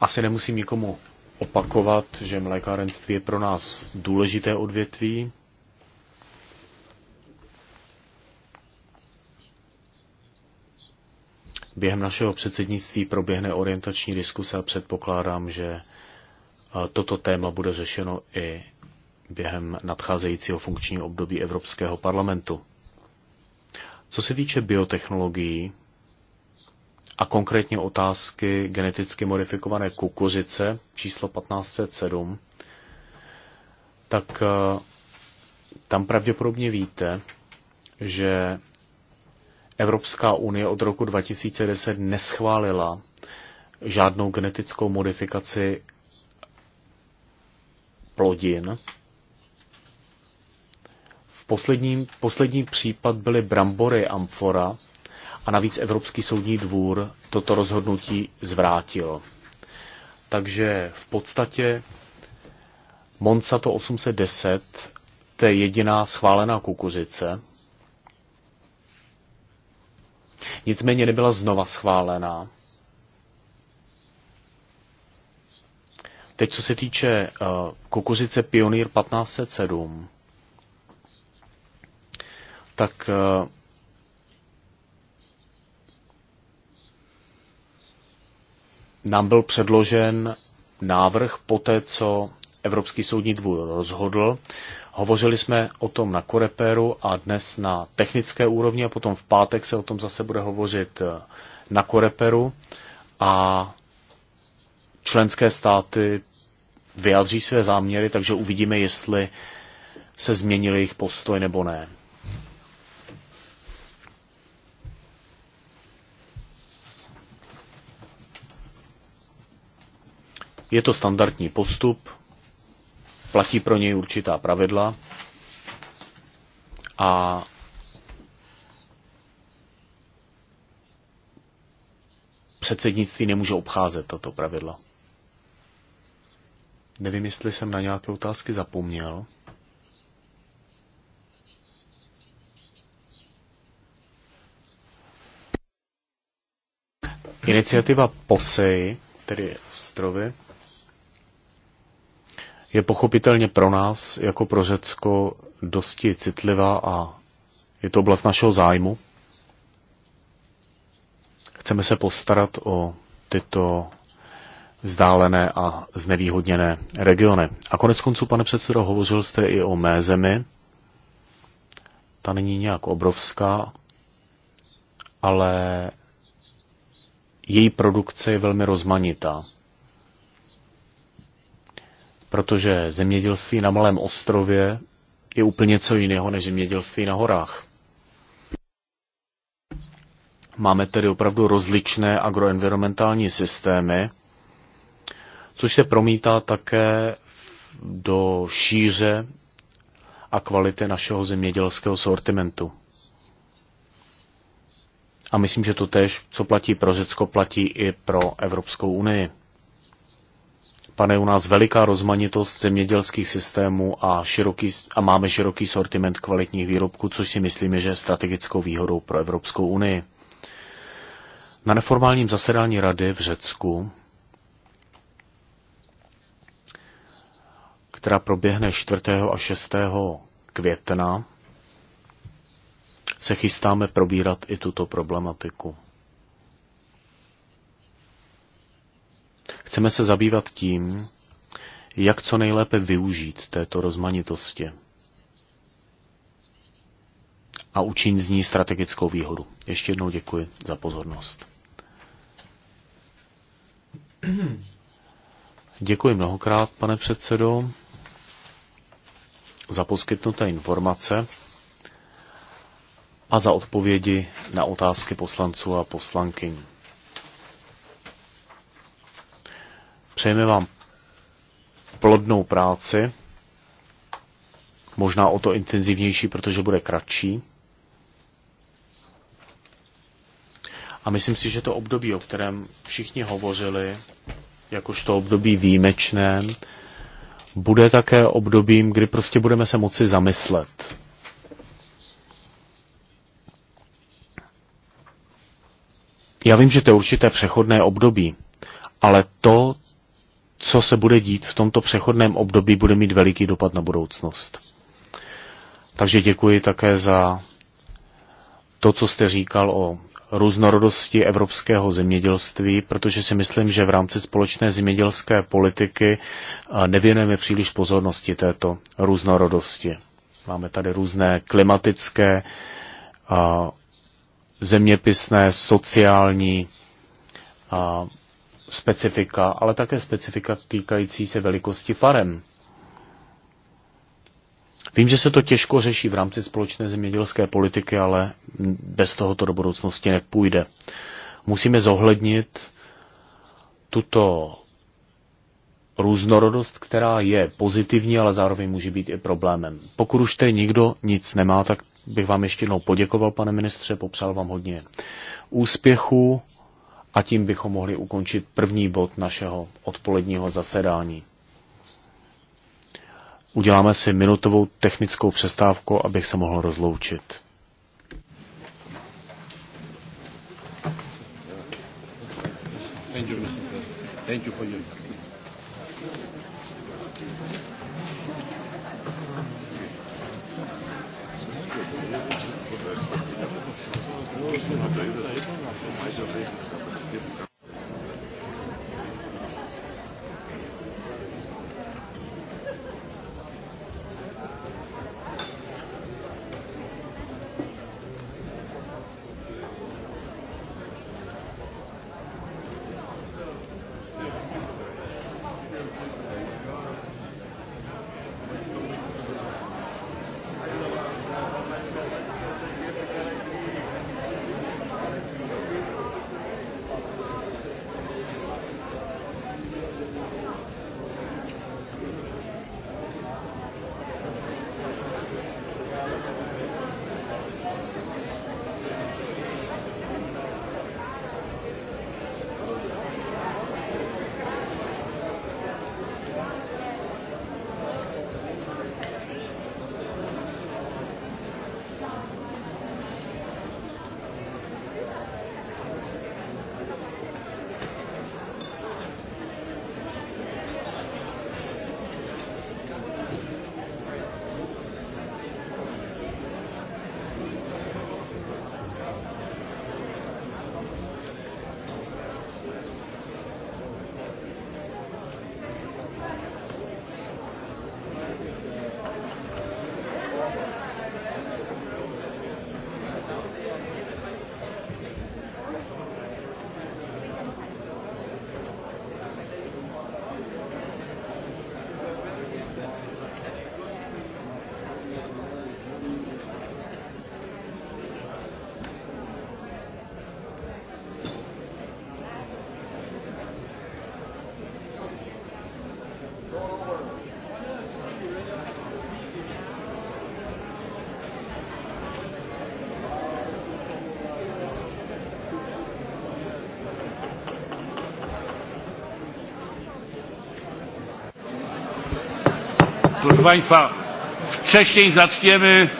Asi nemusím nikomu opakovat, že mlékárenství je pro nás důležité odvětví, Během našeho předsednictví proběhne orientační diskuse a předpokládám, že toto téma bude řešeno i během nadcházejícího funkčního období Evropského parlamentu. Co se týče biotechnologií a konkrétně otázky geneticky modifikované kukuřice číslo 1507, tak tam pravděpodobně víte, že Evropská unie od roku 2010 neschválila žádnou genetickou modifikaci plodin. V posledním, poslední případ byly brambory amfora a navíc Evropský soudní dvůr toto rozhodnutí zvrátil. Takže v podstatě Monsanto 810 to je jediná schválená kukuřice, nicméně nebyla znova schválená. Teď, co se týče eh, kukuřice Pionýr 1507, tak eh, nám byl předložen návrh po té, co Evropský soudní dvůr rozhodl Hovořili jsme o tom na Koreperu a dnes na technické úrovni a potom v pátek se o tom zase bude hovořit eh, na Koreperu a členské státy vyjadří své záměry, takže uvidíme, jestli se změnil jejich postoj nebo ne. Je to standardní postup, platí pro něj určitá pravidla a předsednictví nemůže obcházet tato pravidla. Nevím, jestli jsem na nějaké otázky zapomněl. Iniciativa POSEJ, tedy ostrovy, je pochopitelně pro nás, jako pro Řecko, dosti citlivá a je to oblast našeho zájmu. Chceme se postarat o tyto vzdálené a znevýhodněné regiony. A konec konců, pane předsedo, hovořil jste i o mé zemi. Ta není nějak obrovská, ale její produkce je velmi rozmanitá protože zemědělství na malém ostrově je úplně co jiného než zemědělství na horách. Máme tedy opravdu rozličné agroenvironmentální systémy, což se promítá také do šíře a kvality našeho zemědělského sortimentu. A myslím, že to tež, co platí pro Řecko, platí i pro Evropskou unii. Pane, u nás veliká rozmanitost zemědělských systémů a, široký, a máme široký sortiment kvalitních výrobků, což si myslíme, že je strategickou výhodou pro Evropskou unii. Na neformálním zasedání rady v Řecku, která proběhne 4. a 6. května, se chystáme probírat i tuto problematiku. Chceme se zabývat tím, jak co nejlépe využít této rozmanitosti a učinit z ní strategickou výhodu. Ještě jednou děkuji za pozornost. Děkuji mnohokrát, pane předsedo, za poskytnuté informace a za odpovědi na otázky poslanců a poslankyní. Přejeme vám plodnou práci, možná o to intenzivnější, protože bude kratší. A myslím si, že to období, o kterém všichni hovořili, jakožto období výjimečné, bude také obdobím, kdy prostě budeme se moci zamyslet. Já vím, že to je určité přechodné období, ale to, co se bude dít v tomto přechodném období, bude mít veliký dopad na budoucnost. Takže děkuji také za to, co jste říkal o různorodosti evropského zemědělství, protože si myslím, že v rámci společné zemědělské politiky nevěnujeme příliš pozornosti této různorodosti. Máme tady různé klimatické, zeměpisné, sociální specifika, ale také specifika týkající se velikosti farem. Vím, že se to těžko řeší v rámci společné zemědělské politiky, ale bez toho to do budoucnosti nepůjde. Musíme zohlednit tuto různorodost, která je pozitivní, ale zároveň může být i problémem. Pokud už tady nikdo nic nemá, tak bych vám ještě jednou poděkoval, pane ministře, popřál vám hodně úspěchů a tím bychom mohli ukončit první bod našeho odpoledního zasedání. Uděláme si minutovou technickou přestávku, abych se mohl rozloučit. Thank you, Mr. President. Thank you for your Państwa, wcześniej zaczniemy.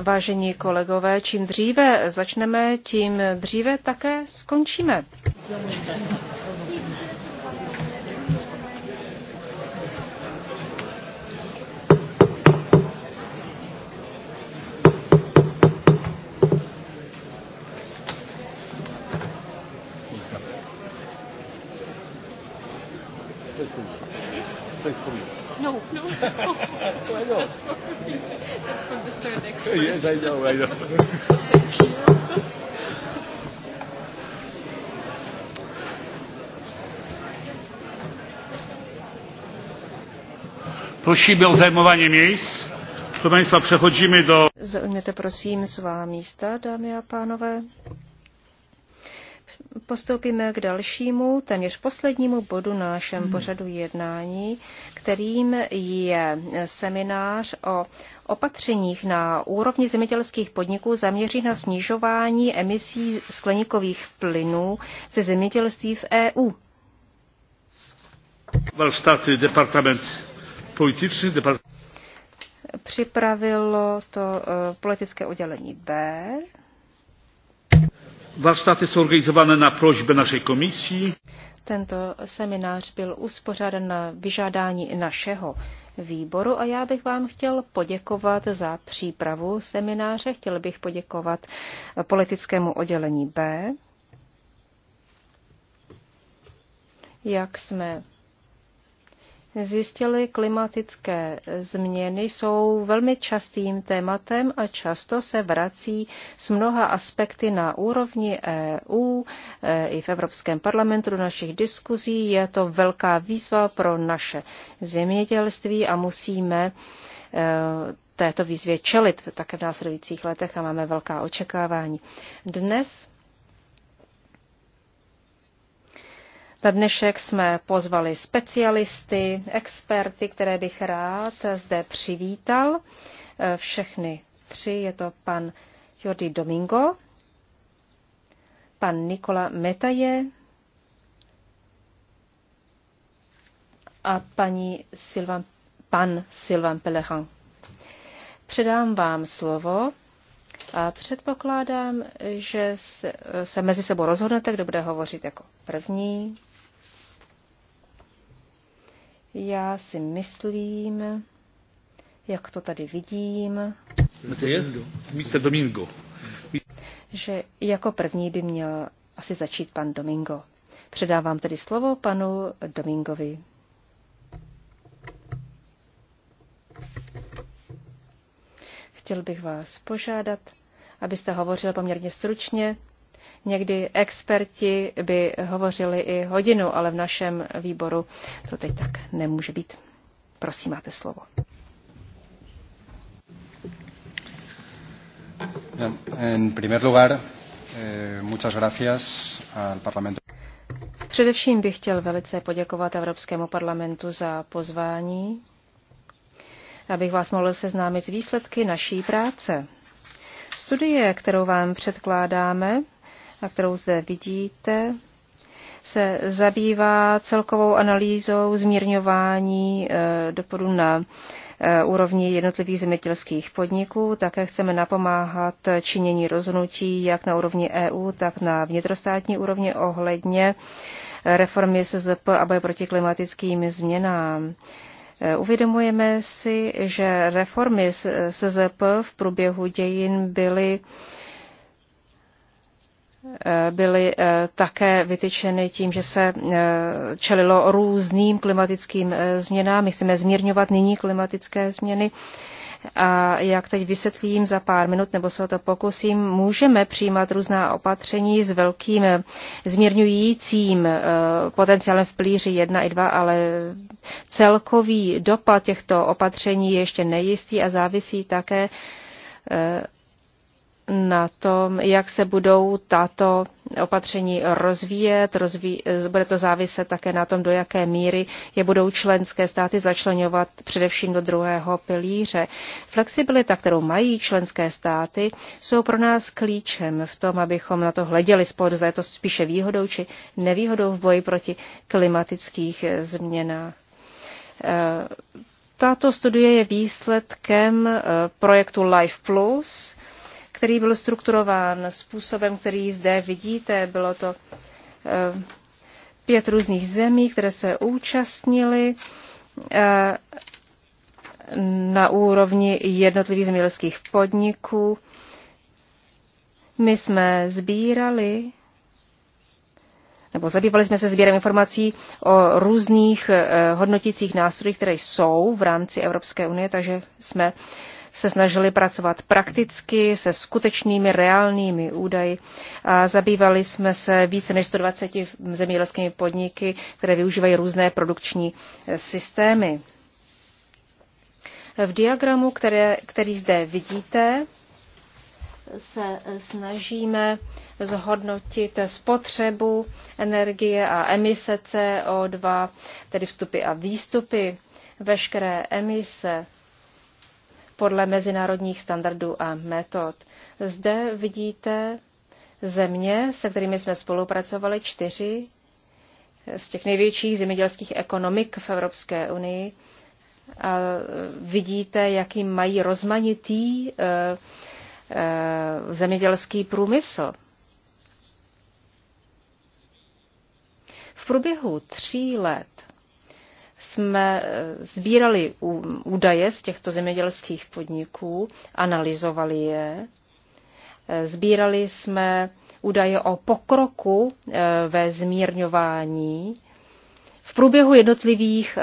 Vážení kolegové, čím dříve začneme, tím dříve také skončíme. Thanks No, no. I know. That's from the third expert. Yes, I know, I know. Thank you. Prosíme o zajmování míst. Proszę Państwa, przechodzimy do... Zajměte prosím svá místa, dámy a pánové postoupíme k dalšímu, téměř poslednímu bodu na našem hmm. pořadu jednání, kterým je seminář o opatřeních na úrovni zemědělských podniků zaměří na snižování emisí skleníkových plynů ze zemědělství v EU. Připravilo to eh, politické oddělení B. Warsztaty są organizowane na prośbę naszej komisji. Tento seminář byl uspořádan na vyžádání našeho výboru a já bych vám chtěl poděkovat za přípravu semináře. Chtěl bych poděkovat politickému oddělení B. Jak jsme zjistili, klimatické změny jsou velmi častým tématem a často se vrací s mnoha aspekty na úrovni EU e, i v Evropském parlamentu do našich diskuzí. Je to velká výzva pro naše zemědělství a musíme e, této výzvě čelit také v následujících letech a máme velká očekávání. Dnes Na dnešek jsme pozvali specialisty, experty, které bych rád zde přivítal. Eh, všechny tři je to pan Jordi Domingo, pan Nikola Metaje a paní Silvan, pan Silvan Pelehan. Předám vám slovo a předpokládám, že se mezi sebou rozhodnete, kdo bude hovořit jako první. Já si myslím, jak to tady vidím, Mr. Domingo. že jako první by měl asi začít pan Domingo. Předávám tedy slovo panu Domingovi. Chtěl bych vás požádat, abyste hovořil poměrně stručně, Někdy experti by hovořili i hodinu, ale v našem výboru to teď tak nemůže být. Prosím, máte slovo. En primer lugar, eh, muchas gracias al Parlamento. Především bych chtěl velice poděkovat Evropskému parlamentu za pozvání, abych vás mohl seznámit s výsledky naší práce. Studie, kterou vám předkládáme, a kterou zde vidíte, se zabývá celkovou analýzou zmírňování eh, dopadu na eh, úrovni jednotlivých zemědělských podniků. Také chceme napomáhat činění rozhodnutí jak na úrovni EU, tak na vnitrostátní úrovni ohledně eh, reformy SZP a boje proti klimatickým změnám. Uvědomujeme si, že reformy SZP v průběhu dějin byly Eh, byly eh, také vytyčeny tím, že se eh, čelilo různým klimatickým změnám. My chceme zmírňovat nyní klimatické změny. A jak teď vysvětlím za pár minut, nebo se o to pokusím, můžeme přijímat různá opatření s velkým zmírňujícím potenciálem v plíři 1 i 2, ale celkový dopad těchto opatření je ještě nejistý a závisí také na tom, jak se budou tato opatření rozvíjet. Rozví, bude to záviset také na tom, do jaké míry je budou členské státy začlenovat především do druhého pilíře. Flexibilita, kterou mají členské státy, jsou pro nás klíčem v tom, abychom na to hleděli spod, za je to spíše výhodou či nevýhodou v boji proti klimatických změnách. E, tato studie je výsledkem e, projektu Life Plus, který byl strukturován způsobem, který zde vidíte. Bylo to eh, pět různých zemí, které se účastnily eh, na úrovni jednotlivých zemědělských podniků. My jsme sbírali nebo zabývali jsme se sběrem informací o různých eh, hodnotících nástrojích, které jsou v rámci Evropské unie, takže jsme se snažili pracovat prakticky se skutečnými reálnými údaji a zabývali jsme se více než 120 zemědělskými podniky, které využívají různé produkční e, systémy. V diagramu, které, který zde vidíte, se e, snažíme zhodnotit spotřebu energie a emise CO2, tedy vstupy a výstupy. Veškeré emise podle mezinárodních standardů a metod. Zde vidíte země, se kterými jsme spolupracovali, čtyři z těch největších zemědělských ekonomik v Evropské unii. A vidíte, jaký mají rozmanitý eh, eh, zemědělský průmysl. V průběhu tří let jsme eh, sbírali údaje z těchto zemědělských podniků, analyzovali je, eh, sbírali jsme údaje o pokroku eh, ve zmírňování v průběhu jednotlivých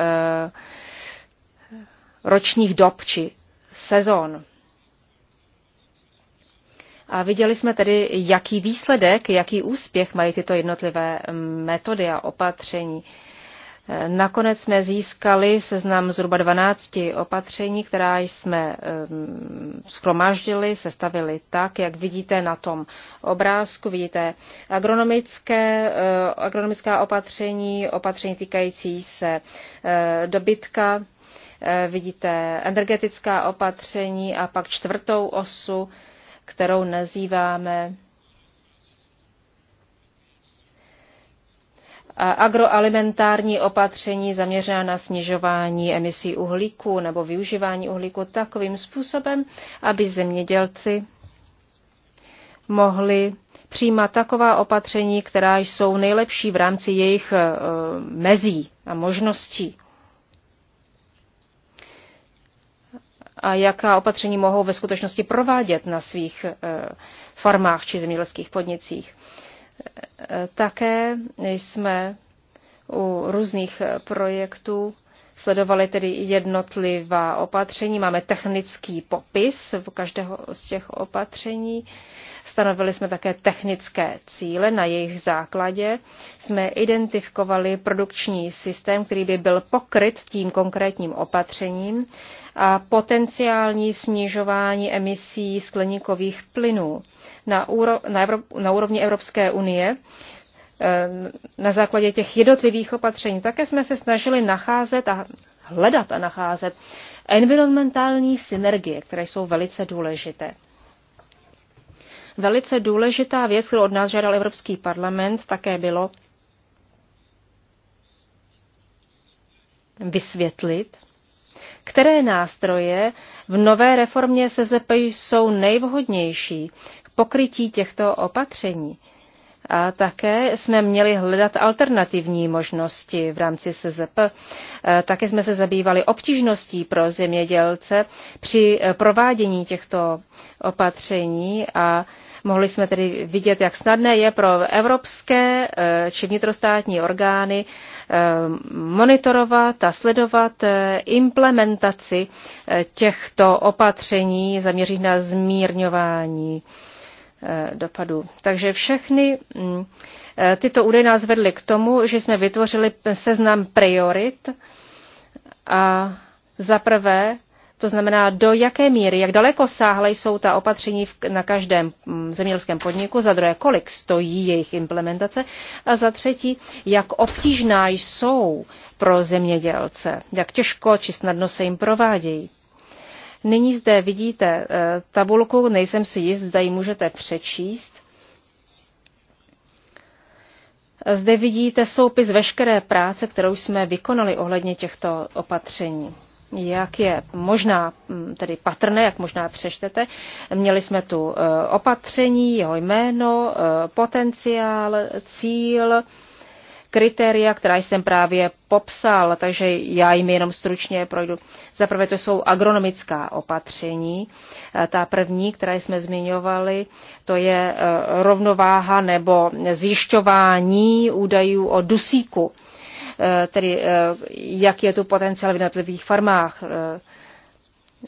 ročních dob či sezon. A viděli jsme tedy, jaký výsledek, jaký úspěch mají tyto jednotlivé mm, metody a opatření. Nakonec jsme získali seznam zhruba 12 opatření, která jsme schromaždili, sestavili tak, jak vidíte na tom obrázku. Vidíte agronomické, eh, agronomická opatření, opatření týkající se eh, dobytka, eh, vidíte energetická opatření a pak čtvrtou osu, kterou nazýváme agroalimentární opatření zaměřená na snižování emisí uhlíku nebo využívání uhlíku takovým způsobem, aby zemědělci mohli přijímat taková opatření, která jsou nejlepší v rámci jejich e, mezí a možností. A jaká opatření mohou ve skutečnosti provádět na svých e, farmách či zemědělských podnicích. Také jsme u různých projektů sledovali tedy jednotlivá opatření. Máme technický popis v každého z těch opatření. Stanovili jsme také technické cíle. Na jejich základě jsme identifikovali produkční systém, který by byl pokryt tím konkrétním opatřením a potenciální snižování emisí skleníkových plynů na, úro, na, Evrop, na úrovni Evropské unie eh, na základě těch jednotlivých opatření. Také jsme se snažili nacházet a hledat a nacházet environmentální synergie, které jsou velice důležité. Velice důležitá věc, kterou od nás žádal Evropský parlament, také bylo vysvětlit které nástroje v nové reformě SZP jsou nejvhodnější k pokrytí těchto opatření. A také jsme měli hledat alternativní možnosti v rámci SZP. Také jsme se zabývali obtížností pro zemědělce při eh, provádění těchto opatření a Mohli jsme tedy vidět, jak snadné je pro evropské eh, či vnitrostátní orgány eh, monitorovat a sledovat eh, implementaci těchto opatření zaměřených na zmírňování dopadů. Takže všechny mm, tyto údaje nás vedly k tomu, že jsme vytvořili seznam priorit a za prvé to znamená, do jaké míry, jak daleko sáhle jsou ta opatření na každém mm, zemědělském podniku, za druhé, kolik stojí jejich implementace a za třetí, jak obtížná jsou pro zemědělce, jak těžko či snadno se jim provádějí. Nyní zde vidíte e, tabulku, nejsem si jist, zda ji můžete přečíst. Zde vidíte soupis veškeré práce, kterou jsme vykonali ohledně těchto opatření jak je možná, mm, tedy patrné, jak možná přečtete. Měli jsme tu e, opatření, jeho jméno, e, potenciál, cíl, kritéria, která jsem právě popsal, takže já jim jenom stručně projdu. Za prvé to jsou agronomická opatření. E, ta první, která jsme zmiňovali, to je rovnováha nebo zjišťování údajů o dusíku Eh, tedy eh, jak je tu potenciál v jednotlivých farmách. Eh,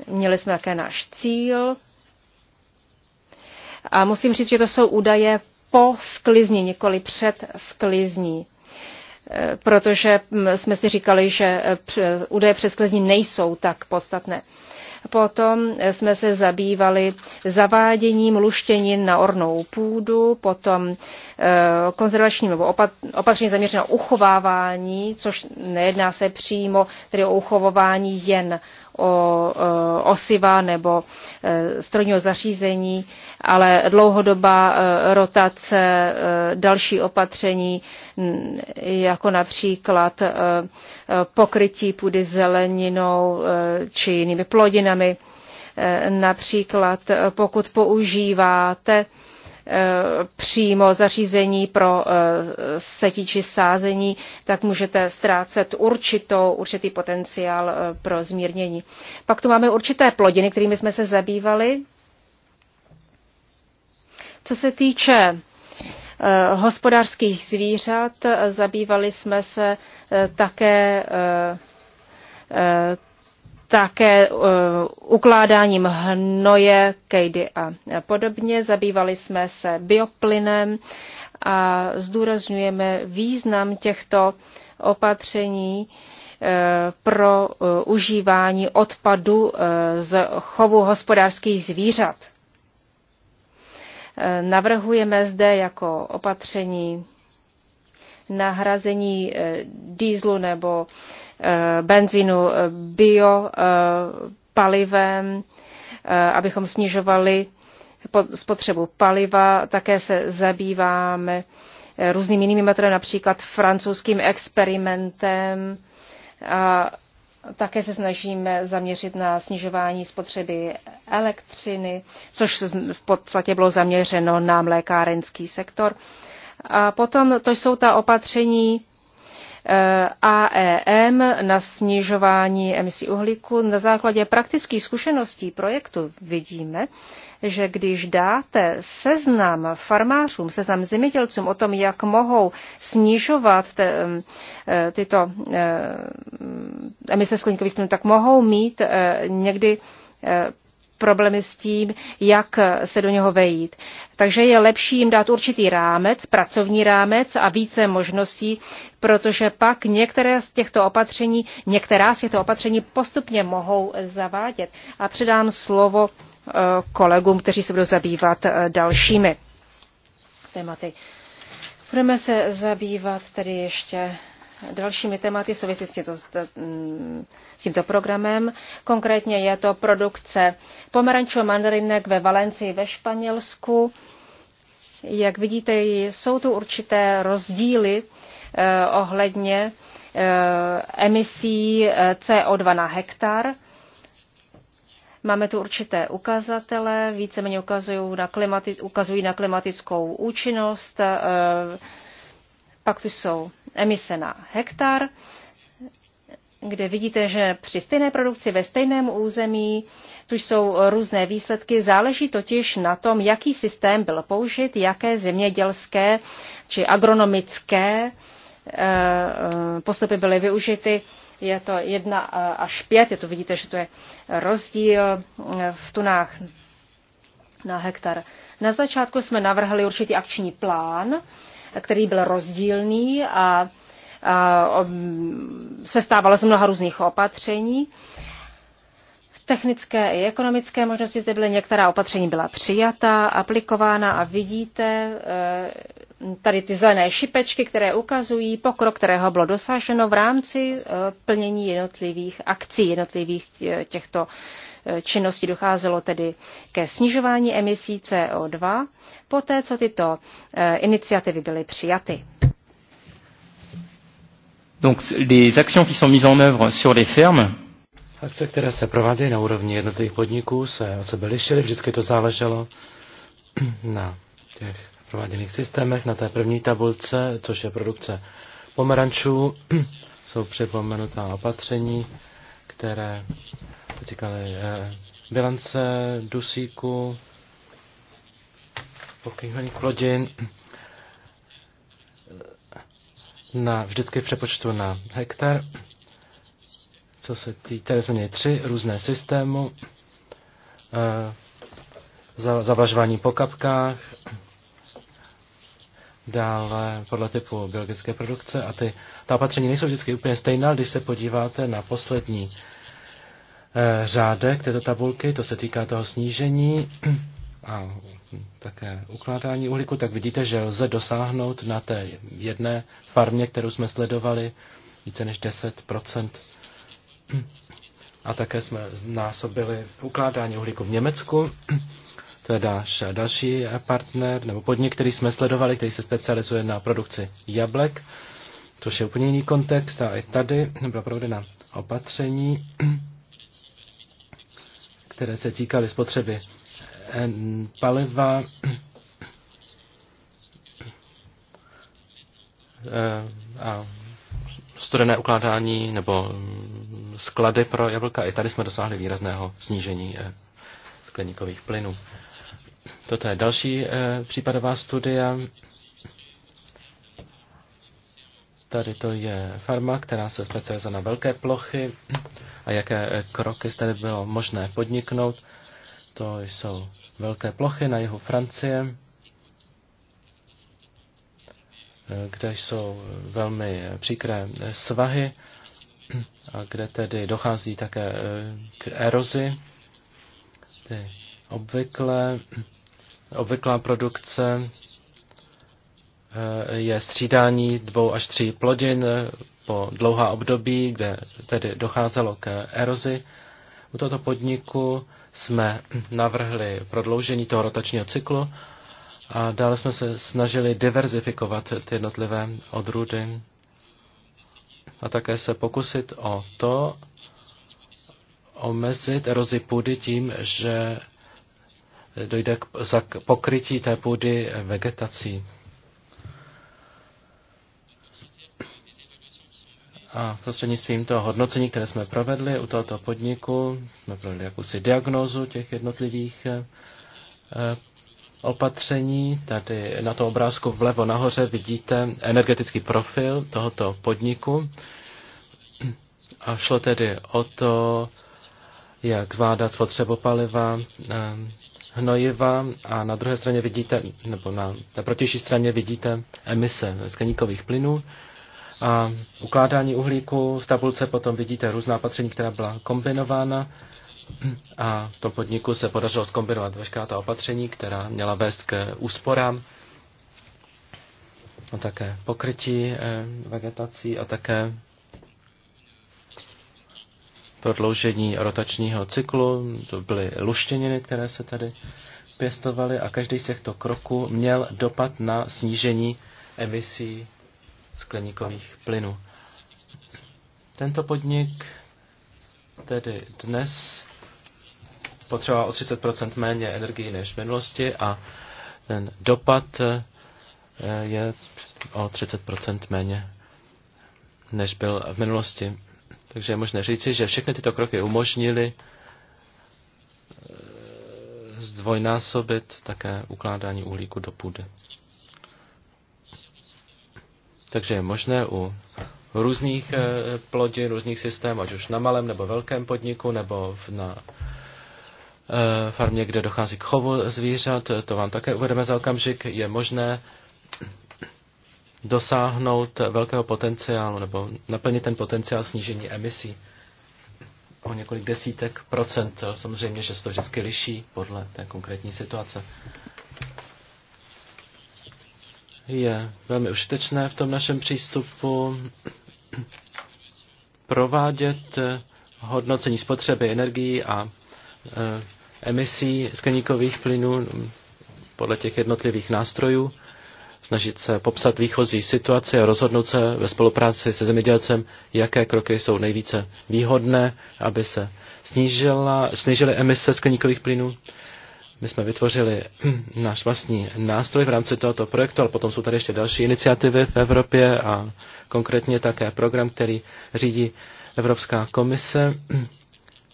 měli jsme také náš cíl. A musím říct, že to jsou údaje po sklizni, nikoli před sklizní protože hm, jsme si říkali, že údaje přes sklizní nejsou tak podstatné. Potom jsme se zabývali zaváděním luštěnin na ornou půdu, potom eh, konzervačním nebo opatření zaměřené na uchovávání, což nejedná se přímo tedy o uchovování jen o eh, osiva nebo eh, strojního zařízení, ale dlouhodobá eh, rotace, další opatření, mm, jako například pokrytí půdy zeleninou či jinými plodinami. Například pokud používáte přímo zařízení pro eh, setí či sázení, tak můžete ztrácet určitou, určitý potenciál eh, pro zmírnění. Pak tu máme určité plodiny, kterými jsme se zabývali. Co se týče eh, hospodářských zvířat, zabývali jsme se také také eh, ukládáním hnoje, kejdy a podobně. Zabývali jsme se bioplynem a zdůrazňujeme význam těchto opatření eh, pro eh, užívání odpadu z chovu hospodářských zvířat. Navrhujeme zde jako opatření nahrazení dýzlu nebo Eh, benzínu, eh, biopalivem, eh, abychom snižovali spotřebu paliva. Také se zabýváme různými jinými metodami, například francouzským experimentem. A také se snažíme zaměřit na snižování spotřeby elektřiny, což v podstatě bylo zaměřeno na mlékárenský sektor. A potom to jsou ta opatření, Eh, AEM na snižování emisí uhlíku. Na základě praktických zkušeností projektu vidíme, že když dáte seznam farmářům, seznam zemědělcům o tom, jak mohou snižovat te, mm, eh, tyto eh, mm, emise skleníkových plynů, tak mohou mít někdy problémy s tím, jak se do něho vejít. Takže je lepší jim dát určitý rámec, pracovní rámec a více možností, protože pak některé z těchto opatření, některá z těchto opatření postupně mohou zavádět. A předám slovo eh, kolegům, kteří se budou zabývat eh, dalšími tématy. Budeme se zabývat tedy ještě dalšími tématy souvisí s, tímto, mm, s tímto programem. Konkrétně je to produkce pomerančů mandarinek ve Valencii ve Španělsku. Jak vidíte, jsou tu určité rozdíly eh, ohledně eh, emisí eh, CO2 na hektar. Máme tu určité ukazatele, víceméně ukazují na, klimati- ukazují na klimatickou účinnost, eh, pak tu jsou emise na hektar, kde vidíte, že při stejné produkci ve stejném území tu jsou různé výsledky. Záleží totiž na tom, jaký systém byl použit, jaké zemědělské či agronomické eh, postupy byly využity. Je to jedna eh, až pět. je to vidíte, že to je rozdíl eh, v tunách na hektar. Na začátku jsme navrhli určitý akční plán, který byl rozdílný a, a sestával z mnoha různých opatření. Technické i ekonomické možnosti zde byly, některá opatření byla přijata, aplikována a vidíte e, tady ty zelené šipečky, které ukazují pokrok, kterého bylo dosaženo v rámci e, plnění jednotlivých akcí, jednotlivých e, těchto činnosti docházelo tedy ke snižování emisí CO2, poté co tyto eh, iniciativy byly přijaty. Donc les actions qui sont mises en œuvre sur les fermes Akce, které se provádějí na úrovni jednotlivých podniků, se od sebe lišily, vždycky to záleželo na těch prováděných systémech. Na té první tabulce, což je produkce pomerančů, jsou připomenutá opatření, které říkali eh, bilance dusíku, pokývaných plodin, eh, na, vždycky přepočtu na hektar. Co se týká, tady jsme měli tři různé Eh, za, zavlažování po kapkách, dále podle typu biologické produkce a ty, ta opatření nejsou vždycky úplně stejná, když se podíváte na poslední Eh, řádek této tabulky, to se týká toho snížení a také ukládání uhlíku, tak vidíte, že lze dosáhnout na té jedné farmě, kterou jsme sledovali, více než 10%. A také jsme násobili ukládání uhlíku v Německu. To je náš další partner nebo podnik, který jsme sledovali, který se specializuje na produkci jablek, což je úplně jiný kontext. A i tady byla provedena opatření které se týkaly spotřeby eh, paliva. Eh, a studené ukládání nebo mm, sklady pro jablka. I tady jsme dosáhli výrazného snížení eh, skleníkových plynů. Toto je další případová studia Tady to je farma, která se specializuje na velké plochy a jaké kroky tady bylo možné podniknout. To jsou velké plochy na jihu Francie, kde jsou velmi příkré svahy a kde tedy dochází také k erozi. Ty obvykle, obvyklá produkce Eh, je střídání dvou až tří plodin po dlouhá období, kde tedy docházelo k erozi. U tohoto podniku jsme navrhli prodloužení toho rotačního cyklu a dále jsme se snažili diverzifikovat ty jednotlivé odrůdy a také se pokusit o to, omezit erozi půdy tím, že dojde k pokrytí té půdy vegetací. A prostřednictvím toho hodnocení, které jsme provedli u tohoto podniku, jsme provedli jakousi diagnózu těch jednotlivých eh, opatření. Tady na tom obrázku vlevo nahoře vidíte energetický profil tohoto podniku. A šlo tedy o to, jak zvládat spotřebu paliva, eh, hnojiva a na druhé straně vidíte, nebo na té protější straně vidíte emise skleníkových plynů a ukládání uhlíku. V tabulce potom vidíte různá opatření, která byla kombinována a v tom podniku se podařilo zkombinovat veškerá ta opatření, která měla vést k úsporám a také pokrytí eh, vegetací a také prodloužení rotačního cyklu. To byly luštěniny, které se tady pěstovaly a každý z těchto kroků měl dopad na snížení emisí skleníkových plynů. Tento podnik tedy dnes potřeboval o 30 méně energii než v minulosti a ten dopad eh, je o 30 méně než byl v minulosti. Takže je možné říci, že všechny tyto kroky umožnili eh, zdvojnásobit také ukládání uhlíku do půdy. Takže je možné u různých eh, plodin, různých systémů, ať už na malém nebo velkém podniku, nebo na eh, farmě, kde dochází k chovu zvířat, to vám také uvedeme za okamžik, je možné dosáhnout velkého potenciálu nebo naplnit ten potenciál snížení emisí o několik desítek procent. Samozřejmě, že se to vždycky liší podle té konkrétní situace je velmi užitečné v tom našem přístupu provádět eh, hodnocení spotřeby energií a eh, emisí skleníkových plynů mm, podle těch jednotlivých nástrojů, snažit se popsat výchozí situaci a rozhodnout se ve spolupráci se zemědělcem, jaké kroky jsou nejvíce výhodné, aby se snížila, snížily emise skleníkových plynů my jsme vytvořili náš vlastní nástroj v rámci tohoto projektu, ale potom jsou tady ještě další iniciativy v Evropě a konkrétně také program, který řídí Evropská komise,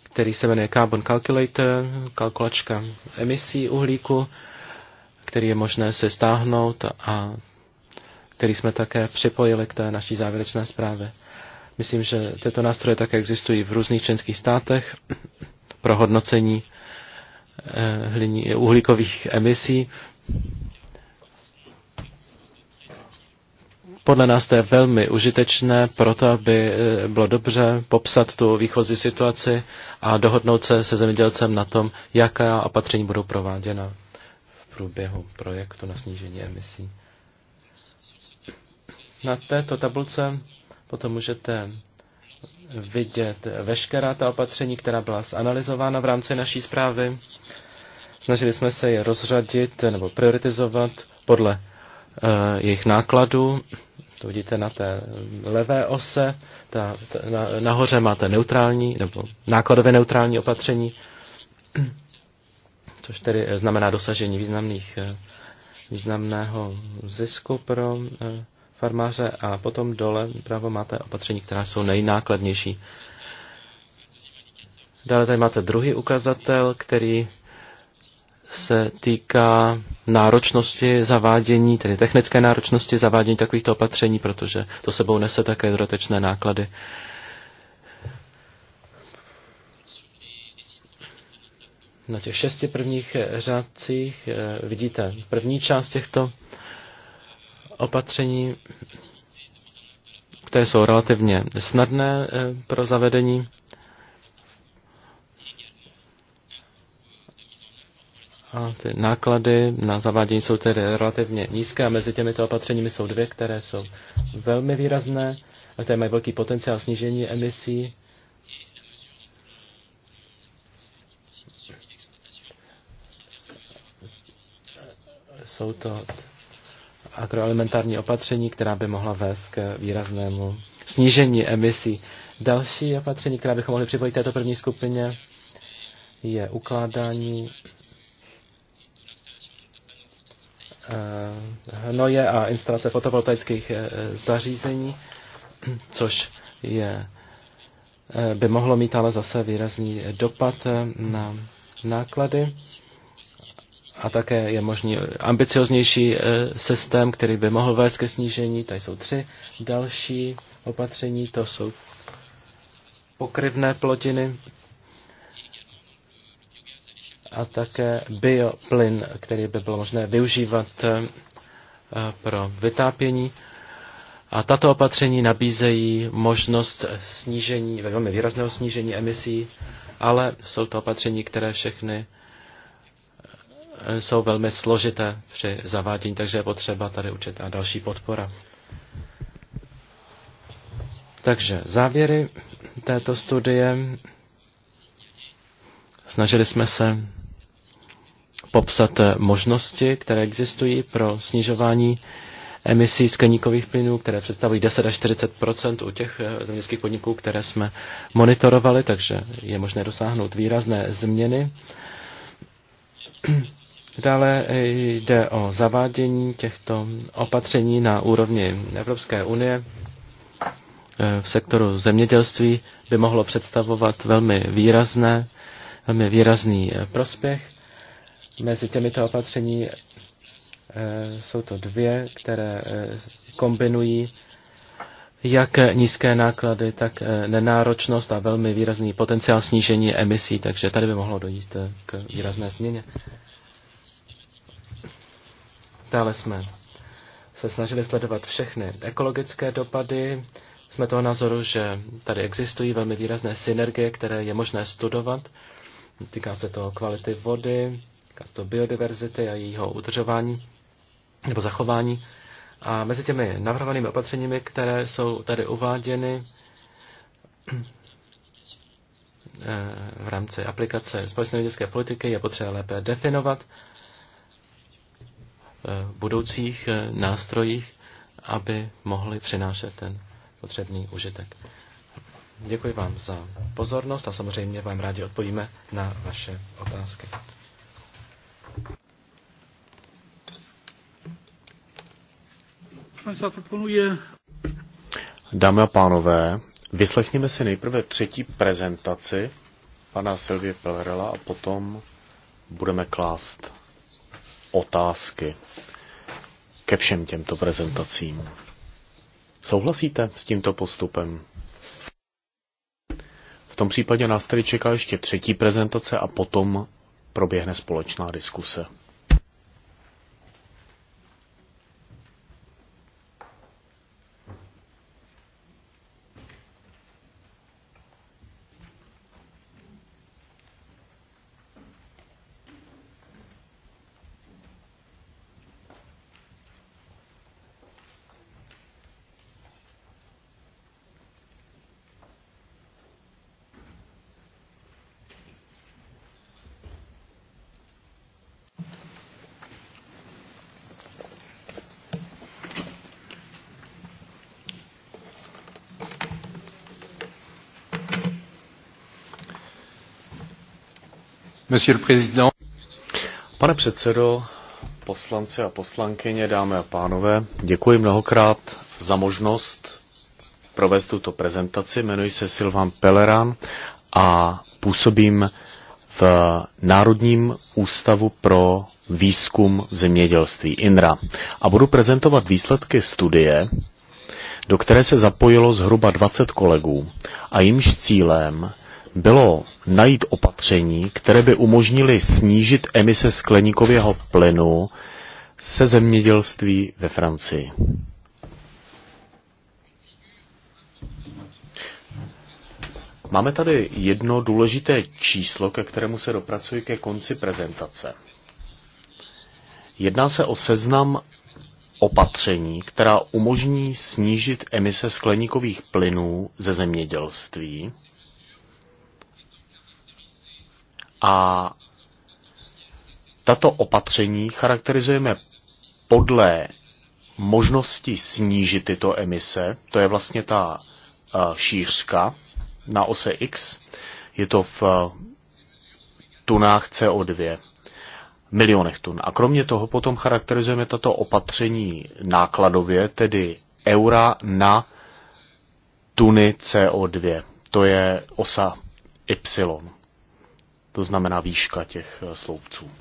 který se jmenuje Carbon Calculator, kalkulačka emisí uhlíku, který je možné se stáhnout a který jsme také připojili k té naší závěrečné zprávě. Myslím, že tyto nástroje také existují v různých členských státech pro hodnocení Eh, uhlíkových emisí. Podle nás to je velmi užitečné proto, aby eh, bylo dobře popsat tu výchozí situaci a dohodnout se se zemědělcem na tom, jaká opatření budou prováděna v průběhu projektu na snížení emisí. Na této tabulce potom můžete vidět veškerá ta opatření, která byla zanalizována v rámci naší zprávy. Snažili jsme se je rozřadit nebo prioritizovat podle eh, jejich nákladů. To vidíte na té levé ose, ta, ta, na, nahoře máte neutrální nebo nákladově neutrální opatření, což tedy znamená dosažení významných, eh, významného zisku pro eh, farmáře a potom dole právo máte opatření, která jsou nejnákladnější. Dále tady máte druhý ukazatel, který se týká náročnosti zavádění, tedy technické náročnosti zavádění takovýchto opatření, protože to sebou nese také dodatečné náklady. Na těch šesti prvních řádcích eh, vidíte první část těchto opatření, které jsou relativně snadné eh, pro zavedení A ty náklady na zavádění jsou tedy relativně nízké a mezi těmito opatřeními jsou dvě, které jsou velmi výrazné a které mají velký potenciál snížení emisí. Jsou to agroalimentární opatření, která by mohla vést k výraznému snížení emisí. Další opatření, která bychom mohli připojit této první skupině, je ukládání Eh, hnoje a instalace fotovoltaických eh, zařízení, což je, eh, by mohlo mít ale zase výrazný dopad na náklady. A také je možný ambicioznější systém, který by mohl vést ke snížení. Tady jsou tři další opatření, to jsou pokryvné plodiny, a také bioplyn, který by bylo možné využívat eh, pro vytápění. A tato opatření nabízejí možnost snížení, velmi výrazného snížení emisí, ale jsou to opatření, které všechny eh, jsou velmi složité při zavádění, takže je potřeba tady určitá další podpora. Takže závěry této studie. Snažili jsme se popsat eh, možnosti, které existují pro snižování emisí skleníkových plynů, které představují 10 až 40 u těch eh, zemědělských podniků, které jsme monitorovali, takže je možné dosáhnout výrazné změny. Dále eh, jde o zavádění těchto opatření na úrovni Evropské unie. V sektoru zemědělství by mohlo představovat velmi výrazné, velmi výrazný prospěch. Mezi těmito opatření eh, jsou to dvě, které eh, kombinují jak nízké náklady, tak eh, nenáročnost a velmi výrazný potenciál snížení emisí, takže tady by mohlo dojít k výrazné změně. Dále jsme se snažili sledovat všechny ekologické dopady. Jsme toho názoru, že tady existují velmi výrazné synergie, které je možné studovat. Týká se to kvality vody, týká se to biodiverzity a jejího udržování nebo zachování. A mezi těmi navrhovanými opatřeními, které jsou tady uváděny eh, v rámci aplikace společné vědecké politiky, je potřeba lépe definovat v eh, budoucích eh, nástrojích, aby mohli přinášet ten potřebný užitek. Děkuji vám za pozornost a samozřejmě vám rádi odpovíme na vaše otázky. Dámy a pánové, vyslechněme si nejprve třetí prezentaci pana Silvie Pelerela a potom budeme klást otázky ke všem těmto prezentacím. Souhlasíte s tímto postupem? V tom případě nás tedy čeká ještě třetí prezentace a potom proběhne společná diskuse. Pane předsedo, poslanci a poslankyně, dámy a pánové, děkuji mnohokrát za možnost provést tuto prezentaci. Jmenuji se Silvan Pelleran a působím v Národním ústavu pro výzkum zemědělství INRA a budu prezentovat výsledky studie, do které se zapojilo zhruba 20 kolegů a jimž cílem bylo najít opatření, které by umožnily snížit emise skleníkového plynu se zemědělství ve Francii. Máme tady jedno důležité číslo, ke kterému se dopracuji ke konci prezentace. Jedná se o seznam opatření, která umožní snížit emise skleníkových plynů ze zemědělství A tato opatření charakterizujeme podle možnosti snížit tyto emise, to je vlastně ta eh, šířka na ose X, je to v eh, tunách CO2, milionech tun. A kromě toho potom charakterizujeme tato opatření nákladově, tedy eura na tuny CO2. To je osa Y to znamená výška těch eh, sloupců.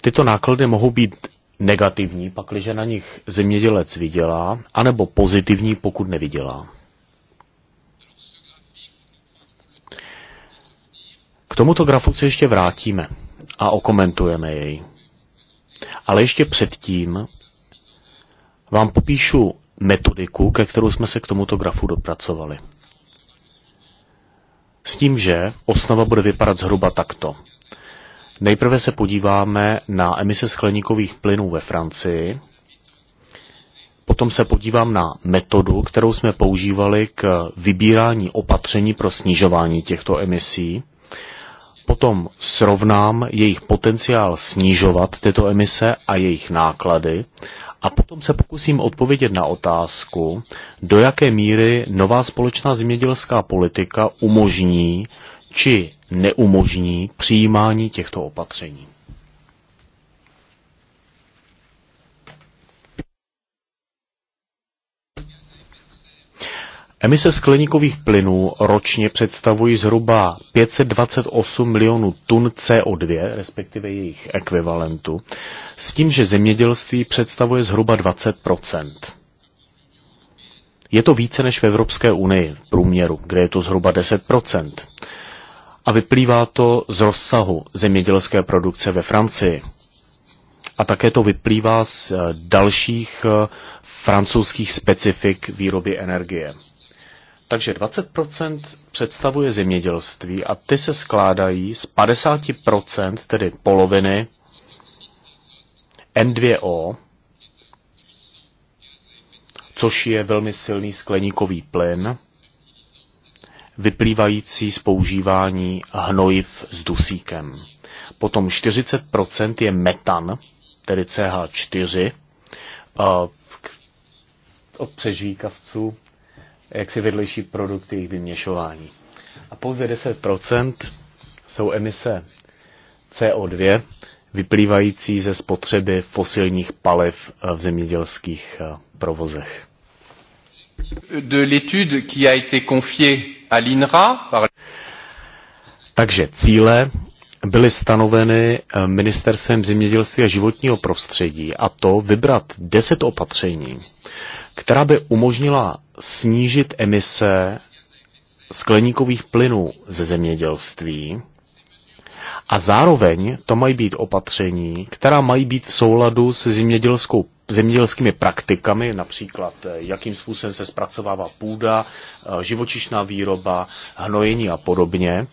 Tyto náklady mohou být negativní, pakliže na nich zemědělec vydělá, anebo pozitivní, pokud nevydělá. K tomuto grafu se ještě vrátíme a okomentujeme jej. Ale ještě předtím vám popíšu metodiku, ke kterou jsme se k tomuto grafu dopracovali. S tím, že osnova bude vypadat zhruba takto. Nejprve se podíváme na emise skleníkových plynů ve Francii, potom se podívám na metodu, kterou jsme používali k vybírání opatření pro snižování těchto emisí, potom srovnám jejich potenciál snižovat tyto emise a jejich náklady a potom se pokusím odpovědět na otázku, do jaké míry nová společná zemědělská politika umožní či neumožní přijímání těchto opatření. Emise skleníkových plynů ročně představují zhruba 528 milionů tun CO2, respektive jejich ekvivalentu, s tím, že zemědělství představuje zhruba 20 Je to více než v Evropské unii v průměru, kde je to zhruba 10 A vyplývá to z rozsahu zemědělské produkce ve Francii. A také to vyplývá z dalších eh, francouzských specifik výroby energie. Takže 20% představuje zemědělství a ty se skládají z 50%, tedy poloviny N2O, což je velmi silný skleníkový plyn, vyplývající z používání hnojiv s dusíkem. Potom 40% je metan, tedy CH4, eh, od přežvíkavců, jaksi vedlejší produkty jejich vyměšování. A pouze 10% jsou emise CO2 vyplývající ze spotřeby fosilních paliv v zemědělských eh, provozech. De l'étude qui a été confiée à l'INRA par... Takže cíle byly stanoveny eh, ministerstvem zemědělství a životního prostředí a to vybrat 10 opatření, která by umožnila snížit emise skleníkových plynů ze zemědělství a zároveň to mají být opatření, která mají být v souladu se zemědělskou, zemědělskými praktikami, například eh, jakým způsobem se zpracovává půda, eh, živočišná výroba, hnojení a podobně.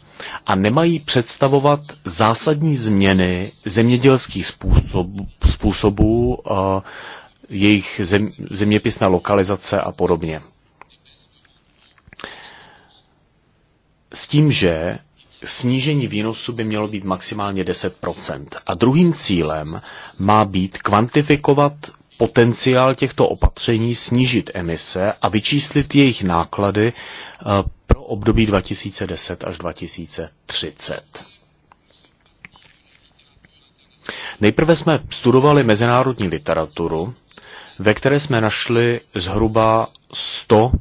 A nemají představovat zásadní změny zemědělských způsob, způsobů eh, jejich zem, zeměpisná lokalizace a podobně. S tím, že snížení výnosu by mělo být maximálně 10%. A druhým cílem má být kvantifikovat potenciál těchto opatření snížit emise a vyčíslit jejich náklady eh, pro období 2010 až 2030. Nejprve jsme studovali mezinárodní literaturu ve které jsme našli zhruba 100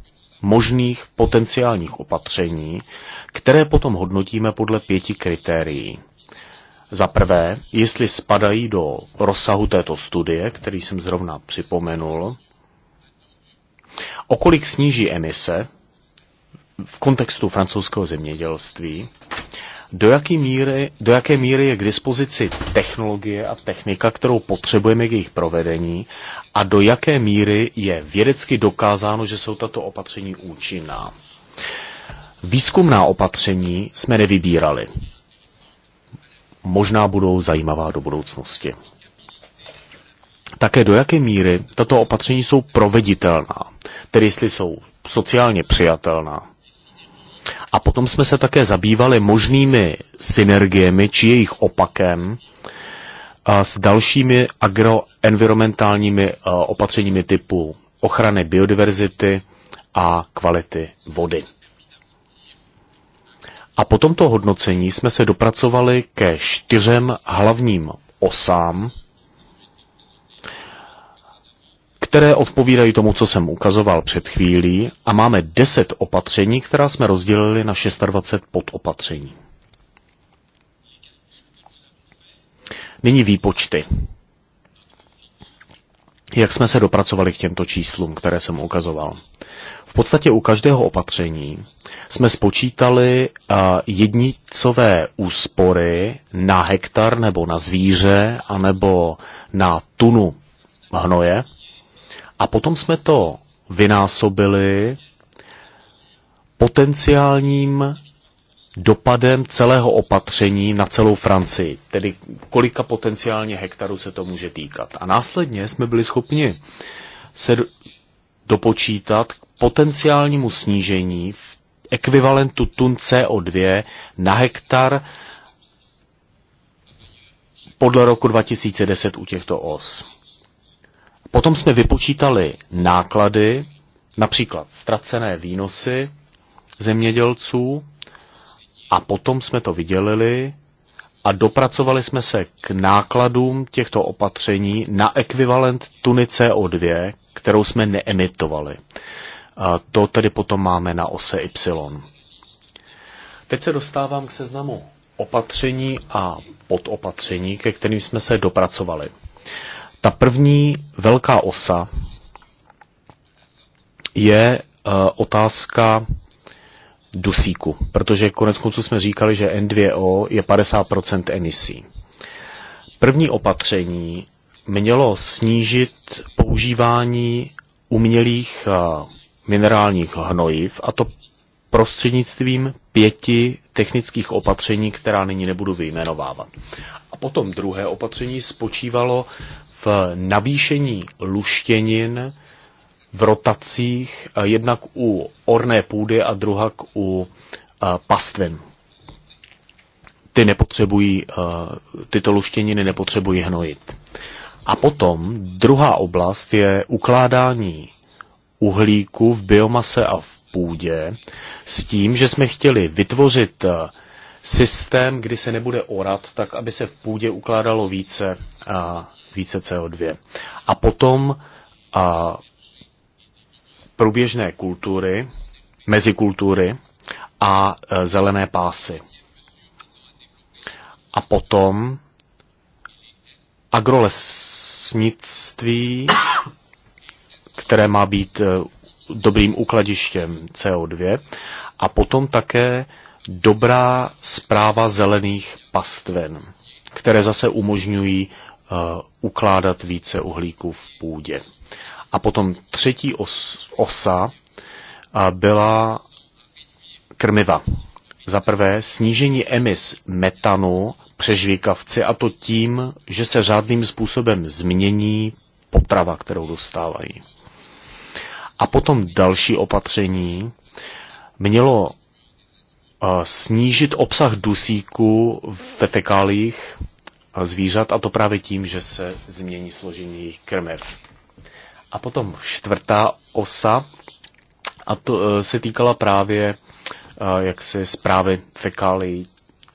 možných potenciálních opatření, které potom hodnotíme podle pěti kritérií. Za prvé, jestli spadají do rozsahu této studie, který jsem zrovna připomenul, okolik sníží emise v kontextu francouzského zemědělství, do jaké, míry, do jaké míry je k dispozici technologie a technika, kterou potřebujeme k jejich provedení a do jaké míry je vědecky dokázáno, že jsou tato opatření účinná. Výzkumná opatření jsme nevybírali. Možná budou zajímavá do budoucnosti. Také do jaké míry tato opatření jsou proveditelná, tedy jestli jsou sociálně přijatelná. A potom jsme se také zabývali možnými synergiemi či jejich opakem s dalšími agroenvironmentálními opatřeními typu ochrany biodiverzity a kvality vody. A po tomto hodnocení jsme se dopracovali ke čtyřem hlavním osám které odpovídají tomu, co jsem ukazoval před chvílí a máme 10 opatření, která jsme rozdělili na 26 podopatření. Nyní výpočty. Jak jsme se dopracovali k těmto číslům, které jsem ukazoval? V podstatě u každého opatření jsme spočítali jednicové úspory na hektar nebo na zvíře anebo na tunu hnoje a potom jsme to vynásobili potenciálním dopadem celého opatření na celou Francii, tedy kolika potenciálně hektarů se to může týkat. A následně jsme byli schopni se dopočítat k potenciálnímu snížení v ekvivalentu tun CO2 na hektar podle roku 2010 u těchto os. Potom jsme vypočítali náklady, například ztracené výnosy zemědělců, a potom jsme to vydělili a dopracovali jsme se k nákladům těchto opatření na ekvivalent tuny CO2, kterou jsme neemitovali. A to tedy potom máme na ose Y. Teď se dostávám k seznamu opatření a podopatření, ke kterým jsme se dopracovali. Ta první velká osa je eh, otázka dusíku, protože konec konců jsme říkali, že N2O je 50% emisí. První opatření mělo snížit používání umělých eh, minerálních hnojiv, a to prostřednictvím pěti technických opatření, která nyní nebudu vyjmenovávat. A potom druhé opatření spočívalo v navýšení luštěnin v rotacích eh, jednak u orné půdy a druhak u eh, pastvin. Ty nepotřebují, eh, tyto luštěniny nepotřebují hnojit. A potom druhá oblast je ukládání uhlíku v biomase a v půdě s tím, že jsme chtěli vytvořit systém, kdy se nebude orat, tak aby se v půdě ukládalo více více CO2. A potom a, průběžné kultury, mezikultury a a e, zelené pásy. A potom agrolesnictví, které má být e, dobrým ukladištěm CO2 a potom také dobrá zpráva zelených pastven, které zase umožňují e, ukládat více uhlíku v půdě. A potom třetí os, osa byla krmiva. Za prvé snížení emis metanu přežvíkavci a to tím, že se řádným způsobem změní potrava, kterou dostávají. A potom další opatření mělo snížit obsah dusíku ve fekálích zvířat a to právě tím, že se změní složení jejich krmev. A potom čtvrtá osa a to e, se týkala právě e, jaksi zprávy fekálí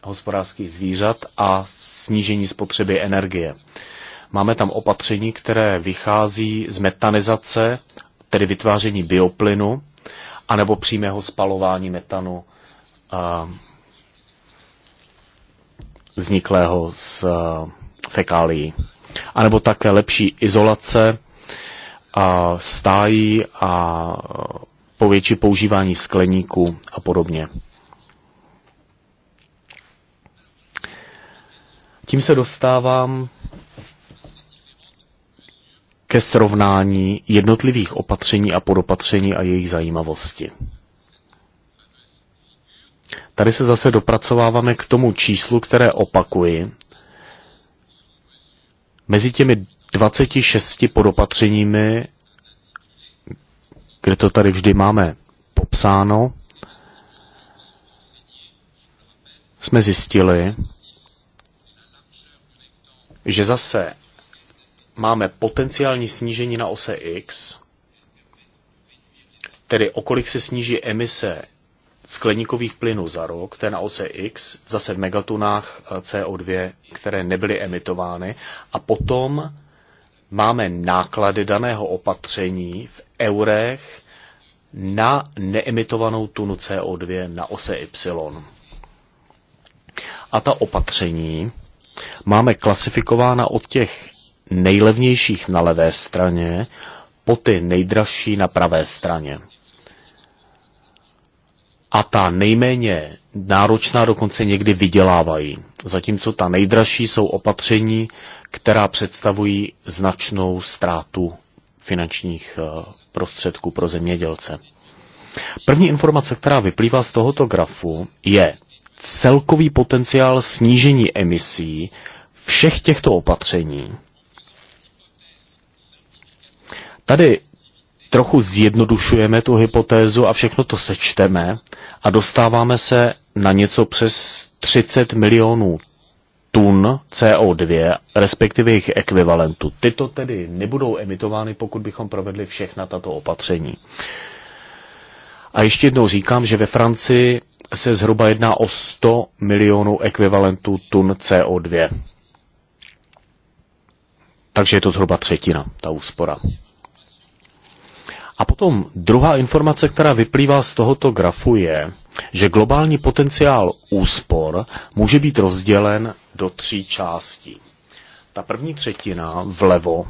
hospodářských zvířat a snížení spotřeby energie. Máme tam opatření, které vychází z metanizace, tedy vytváření bioplynu, anebo přímého spalování metanu vzniklého z eh, fekálií. A nebo také lepší izolace a stájí a eh, povětší používání skleníků a podobně. Tím se dostávám ke srovnání jednotlivých opatření a podopatření a jejich zajímavosti. Tady se zase dopracováváme k tomu číslu, které opakuji. Mezi těmi 26 podopatřeními, kde to tady vždy máme popsáno, jsme zjistili, že zase máme potenciální snížení na ose X, tedy okolik se sníží emise skleníkových plynů za rok, ten ose X, zase v megatunách eh, CO2, které nebyly emitovány, a potom máme náklady daného opatření v eurech na neemitovanou tunu CO2 na ose Y. A ta opatření máme klasifikována od těch nejlevnějších na levé straně po ty nejdražší na pravé straně a ta nejméně náročná dokonce někdy vydělávají, zatímco ta nejdražší jsou opatření, která představují značnou ztrátu finančních eh, prostředků pro zemědělce. První informace, která vyplývá z tohoto grafu, je celkový potenciál snížení emisí všech těchto opatření. Tady trochu zjednodušujeme tu hypotézu a všechno to sečteme a dostáváme se na něco přes 30 milionů tun CO2, respektive jejich ekvivalentu. Tyto tedy nebudou emitovány, pokud bychom provedli všechna tato opatření. A ještě jednou říkám, že ve Francii se zhruba jedná o 100 milionů ekvivalentů tun CO2. Takže je to zhruba třetina, ta úspora. A potom druhá informace, která vyplývá z tohoto grafu, je, že globální potenciál úspor může být rozdělen do tří částí. Ta první třetina vlevo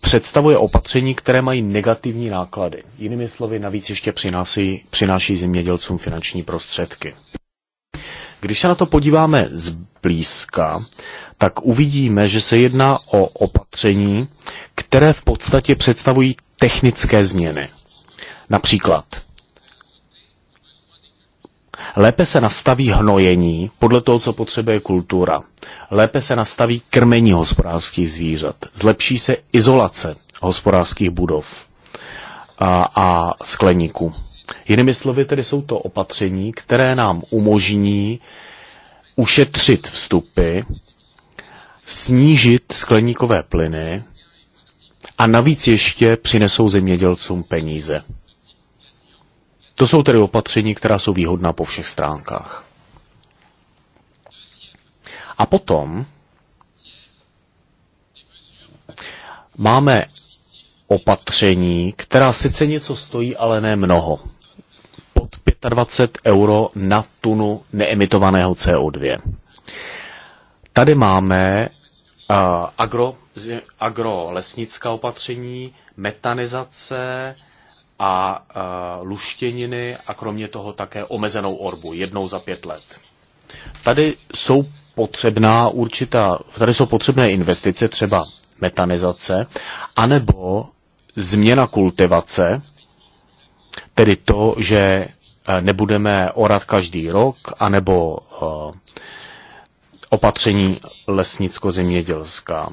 představuje opatření, které mají negativní náklady. Jinými slovy, navíc ještě přináší, přináší zemědělcům finanční prostředky. Když se na to podíváme zblízka, tak uvidíme, že se jedná o opatření, které v podstatě představují technické změny. Například Lépe se nastaví hnojení podle toho, co potřebuje kultura. Lépe se nastaví krmení hospodářských zvířat. Zlepší se izolace hospodářských budov a, a skleníků. Jinými slovy, tedy jsou to opatření, které nám umožní ušetřit vstupy, snížit skleníkové plyny a navíc ještě přinesou zemědělcům peníze. To jsou tedy opatření, která jsou výhodná po všech stránkách. A potom máme opatření, která sice něco stojí, ale ne mnoho. Pod 25 euro na tunu neemitovaného CO2. Tady máme Eh, agro, agrolesnická opatření, metanizace a eh, luštěniny a kromě toho také omezenou orbu jednou za pět let. Tady jsou potřebná určitá, tady jsou potřebné investice, třeba metanizace, anebo změna kultivace, tedy to, že eh, nebudeme orat každý rok, anebo opatření lesnicko-zemědělská.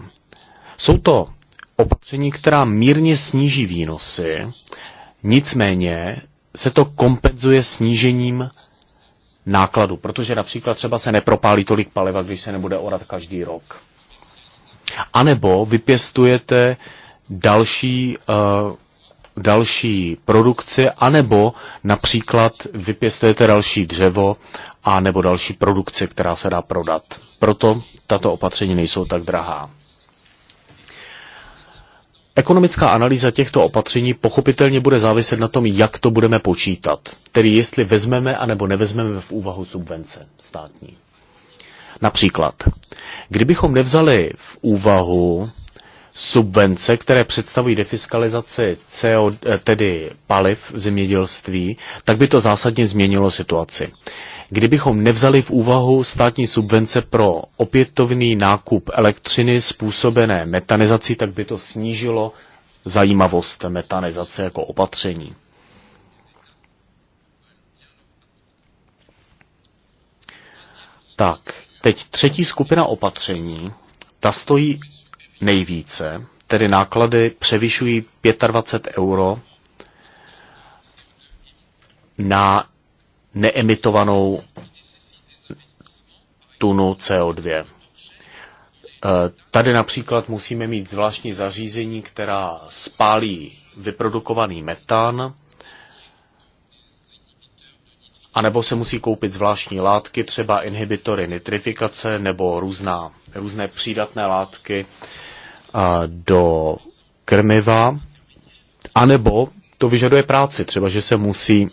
Jsou to opatření, která mírně sníží výnosy, nicméně se to kompenzuje snížením nákladu, protože například třeba se nepropálí tolik paliva, když se nebude orat každý rok. A nebo vypěstujete další uh, další produkci, anebo například vypěstujete další dřevo a nebo další produkci, která se dá prodat. Proto tato opatření nejsou tak drahá. Ekonomická analýza těchto opatření pochopitelně bude záviset na tom, jak to budeme počítat, tedy jestli vezmeme anebo nevezmeme v úvahu subvence státní. Například, kdybychom nevzali v úvahu subvence, které představují defiskalizaci CO, eh, tedy paliv v zemědělství, tak by to zásadně změnilo situaci. Kdybychom nevzali v úvahu státní subvence pro opětovný nákup elektřiny způsobené metanizací, tak by to snížilo zajímavost metanizace jako opatření. Tak, teď třetí skupina opatření, ta stojí nejvíce, tedy náklady převyšují 25 euro na neemitovanou tunu CO2. Eh, tady například musíme mít zvláštní zařízení, která spálí vyprodukovaný metan anebo se musí koupit zvláštní látky, třeba inhibitory nitrifikace nebo různá, různé přídatné látky do krmiva, anebo to vyžaduje práci, třeba že se musí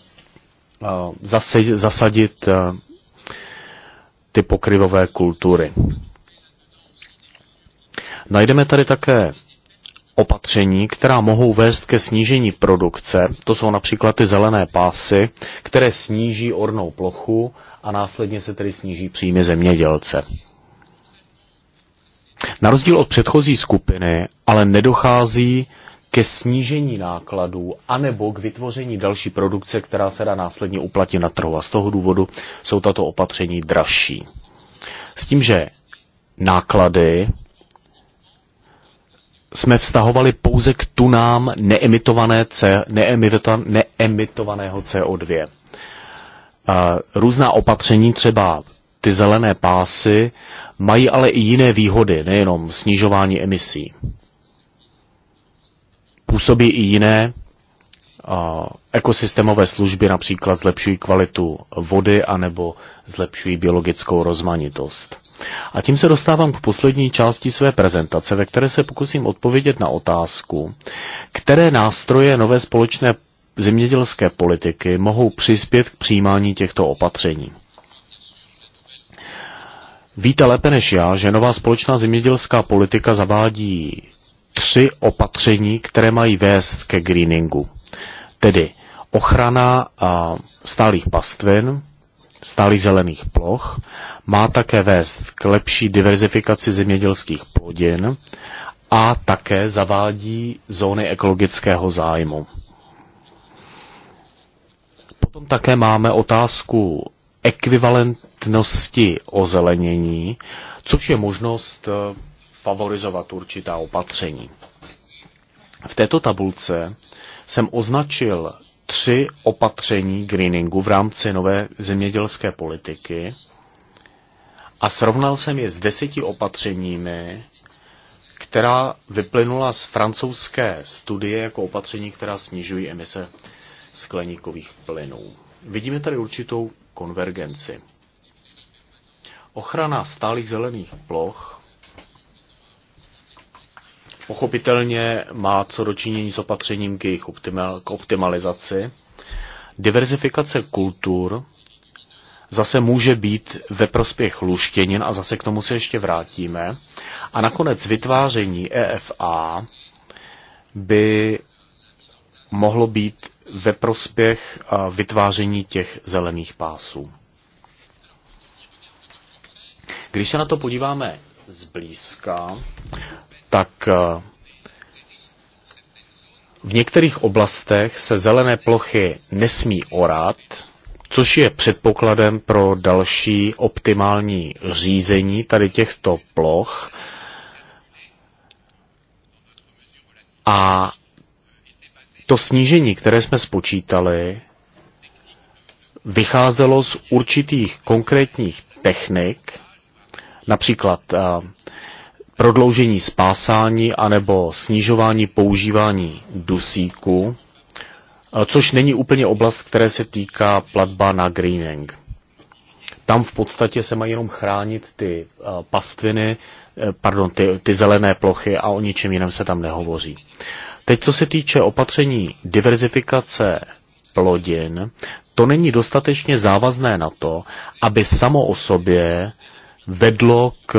zasadit ty pokryvové kultury. Najdeme tady také opatření, která mohou vést ke snížení produkce. To jsou například ty zelené pásy, které sníží ornou plochu a následně se tedy sníží příjmy zemědělce. Na rozdíl od předchozí skupiny ale nedochází ke snížení nákladů anebo k vytvoření další produkce, která se dá následně uplatit na trhu. A z toho důvodu jsou tato opatření dražší. S tím, že náklady jsme vztahovali pouze k tunám neemitované C, neemito, neemitovaného CO2. Různá opatření, třeba ty zelené pásy, mají ale i jiné výhody, nejenom snižování emisí. Působí i jiné ekosystémové služby, například zlepšují kvalitu vody anebo zlepšují biologickou rozmanitost. A tím se dostávám k poslední části své prezentace, ve které se pokusím odpovědět na otázku, které nástroje nové společné zemědělské politiky mohou přispět k přijímání těchto opatření. Víte lépe než já, že nová společná zemědělská politika zavádí tři opatření, které mají vést ke greeningu. Tedy ochrana stálých pastvin, stálých zelených ploch, má také vést k lepší diverzifikaci zemědělských plodin a také zavádí zóny ekologického zájmu. Potom také máme otázku ekvivalentnosti ozelenění, což je možnost eh, favorizovat určitá opatření. V této tabulce jsem označil tři opatření greeningu v rámci nové zemědělské politiky a srovnal jsem je s deseti opatřeními, která vyplynula z francouzské studie jako opatření, která snižují emise skleníkových plynů. Vidíme tady určitou konvergenci. Ochrana stálých zelených ploch pochopitelně má co dočinění s opatřením k jejich optimal, k optimalizaci. Diverzifikace kultur zase může být ve prospěch luštěnin a zase k tomu se ještě vrátíme. A nakonec vytváření EFA by mohlo být ve prospěch vytváření těch zelených pásů. Když se na to podíváme zblízka, tak eh, v některých oblastech se zelené plochy nesmí orát, což je předpokladem pro další optimální řízení tady těchto ploch. A to snížení, které jsme spočítali, vycházelo z určitých konkrétních technik, například eh, prodloužení spásání anebo snižování používání dusíku, eh, což není úplně oblast, které se týká platba na greening. Tam v podstatě se mají jenom chránit ty eh, pastviny, eh, pardon, ty, ty zelené plochy a o ničem jiném se tam nehovoří. Teď, co se týče opatření diverzifikace plodin, to není dostatečně závazné na to, aby samo o sobě vedlo k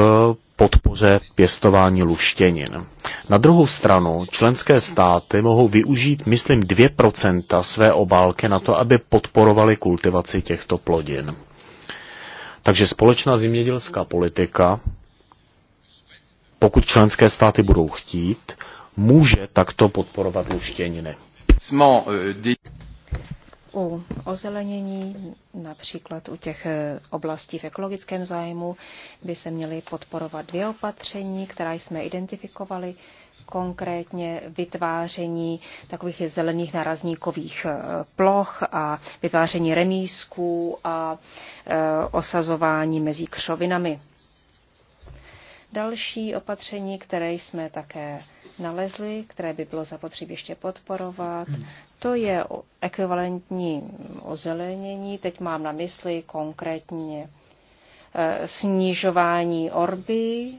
podpoře pěstování luštěnin. Na druhou stranu členské státy mohou využít, myslím, 2% své obálky na to, aby podporovali kultivaci těchto plodin. Takže společná zemědělská politika, pokud členské státy budou chtít, může takto podporovat luštěniny u ozelenění, například u těch eh, oblastí v ekologickém zájmu, by se měly podporovat dvě opatření, která jsme identifikovali, konkrétně vytváření takových zelených narazníkových eh, ploch a vytváření remízků a eh, osazování mezi křovinami. Další opatření, které jsme také nalezli, které by bylo zapotřebí ještě podporovat, to je ekvivalentní ozelenění. Teď mám na mysli konkrétně e, snižování orby, e,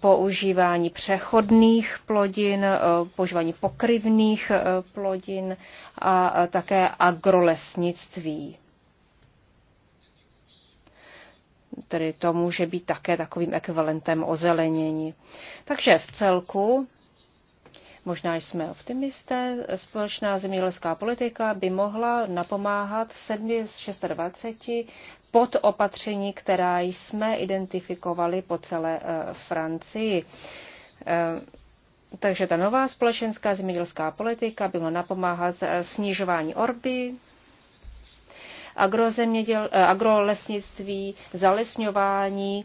používání přechodných plodin, e, používání pokryvných plodin a také agrolesnictví tedy to může být také takovým ekvivalentem ozelenění. Takže v celku, možná jsme optimisté, společná zemědělská politika by mohla napomáhat 7 z 26 pod opatření, která jsme identifikovali po celé eh, Francii. Eh, takže ta nová společenská zemědělská politika by mohla napomáhat eh, snižování orby, agrozeměděl, eh, agrolesnictví, zalesňování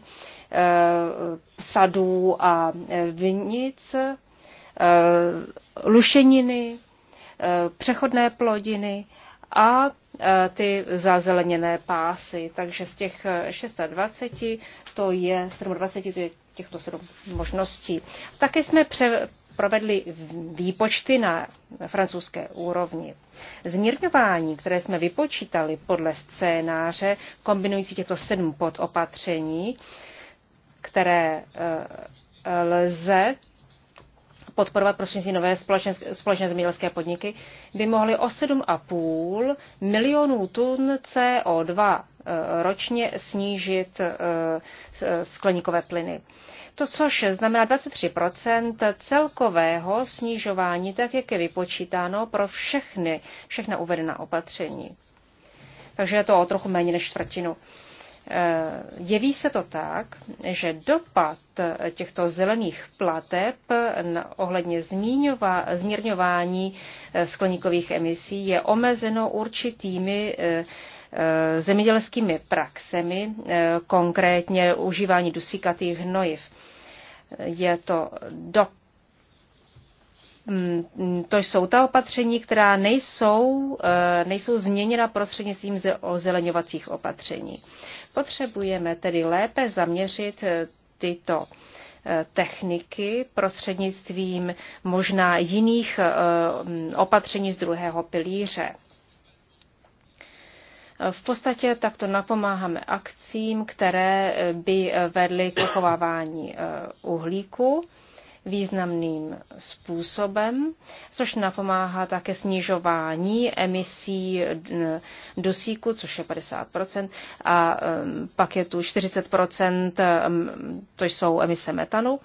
eh, sadů a eh, vinic, lušeniny, přechodné plodiny a ty zazeleněné pásy. Takže z těch 26 to je 27 to je těchto sedm možností. Také jsme pře- provedli výpočty na francouzské úrovni. Zmírňování, které jsme vypočítali podle scénáře kombinující těchto sedm podopatření, které eh, lze podporovat prostřednictvím nové společné, společné zemědělské podniky, by mohly o 7,5 milionů tun CO2 eh, ročně snížit eh, skleníkové plyny to což znamená 23% celkového snižování, tak jak je vypočítáno pro všechny, všechna uvedená opatření. Takže je to o trochu méně než čtvrtinu. Eh, jeví se to tak, že dopad těchto zelených plateb ohledně zmírňování eh, skleníkových emisí je omezeno určitými eh, zemědělskými praxemi, konkrétně užívání dusíkatých hnojiv je to do. Mm, mm, to jsou ta opatření, která nejsou, e, nejsou změněna prostřednictvím ozeleňovacích opatření. Potřebujeme tedy lépe zaměřit e, tyto e, techniky prostřednictvím možná jiných mm, opatření z druhého pilíře. V podstatě takto napomáháme akcím, které eh, by eh, vedly k uchovávání eh, uhlíku významným způsobem, což napomáhá také snižování emisí dusíku, což je 50%, a pak je tu 40%, to jsou emise metanu,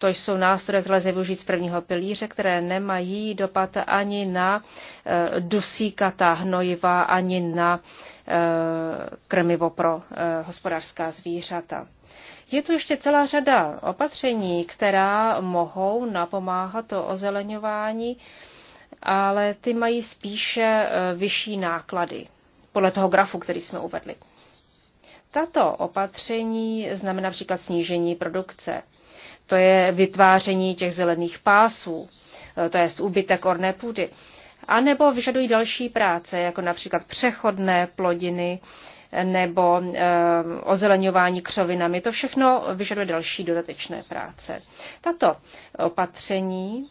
to jsou nástroje, které lze využít z prvního pilíře, které nemají dopad ani na eh, dusíkatá hnojiva, ani na eh, krmivo pro eh, hospodářská zvířata. Je tu ještě celá řada opatření, která mohou napomáhat to ozeleňování, ale ty mají spíše vyšší náklady, podle toho grafu, který jsme uvedli. Tato opatření znamená například snížení produkce to je vytváření těch zelených pásů, e, to je úbytek orné půdy. A nebo vyžadují další práce, jako například přechodné plodiny nebo e, ozeleňování křovinami. To všechno vyžaduje další dodatečné práce. Tato opatření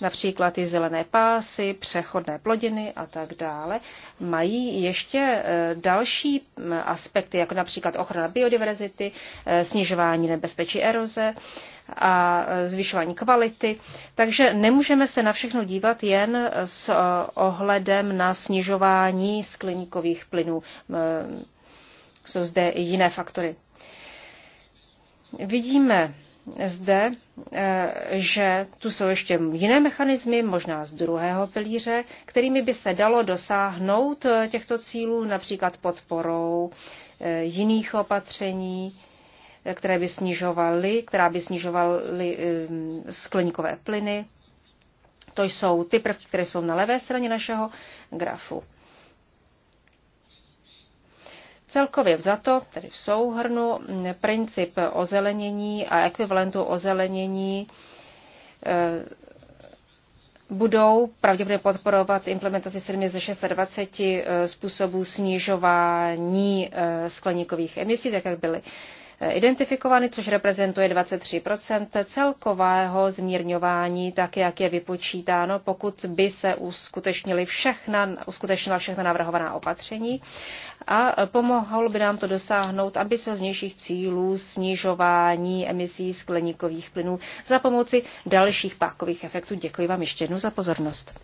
například i zelené pásy, přechodné plodiny a tak dále, mají ještě eh, další mm, aspekty, jako například ochrana biodiverzity, eh, snižování nebezpečí eroze a eh, zvyšování kvality. Takže nemůžeme se na všechno dívat jen s ohledem na snižování skleníkových plynů. Jsou zde i jiné faktory. Vidíme zde, eh, že tu jsou ještě jiné mechanismy, možná z druhého pilíře, kterými by se dalo dosáhnout eh, těchto cílů, například podporou eh, jiných opatření, které by snižovaly, která by snižovaly skleníkové plyny. To jsou ty prvky, které jsou na levé straně našeho grafu. Celkově vzato, tedy v souhrnu, princip ozelenění a ekvivalentu ozelenění eh, budou pravděpodobně podporovat implementaci 7 ze 26 eh, způsobů snižování eh, skleníkových emisí, tak jak byly identifikovány, což reprezentuje 23 celkového zmírňování, tak jak je vypočítáno, pokud by se uskutečnili všechna, uskutečnila všechna navrhovaná opatření. A pomohlo by nám to dosáhnout ambicioznějších cílů snižování emisí skleníkových plynů za pomoci dalších pákových efektů. Děkuji vám ještě jednou za pozornost.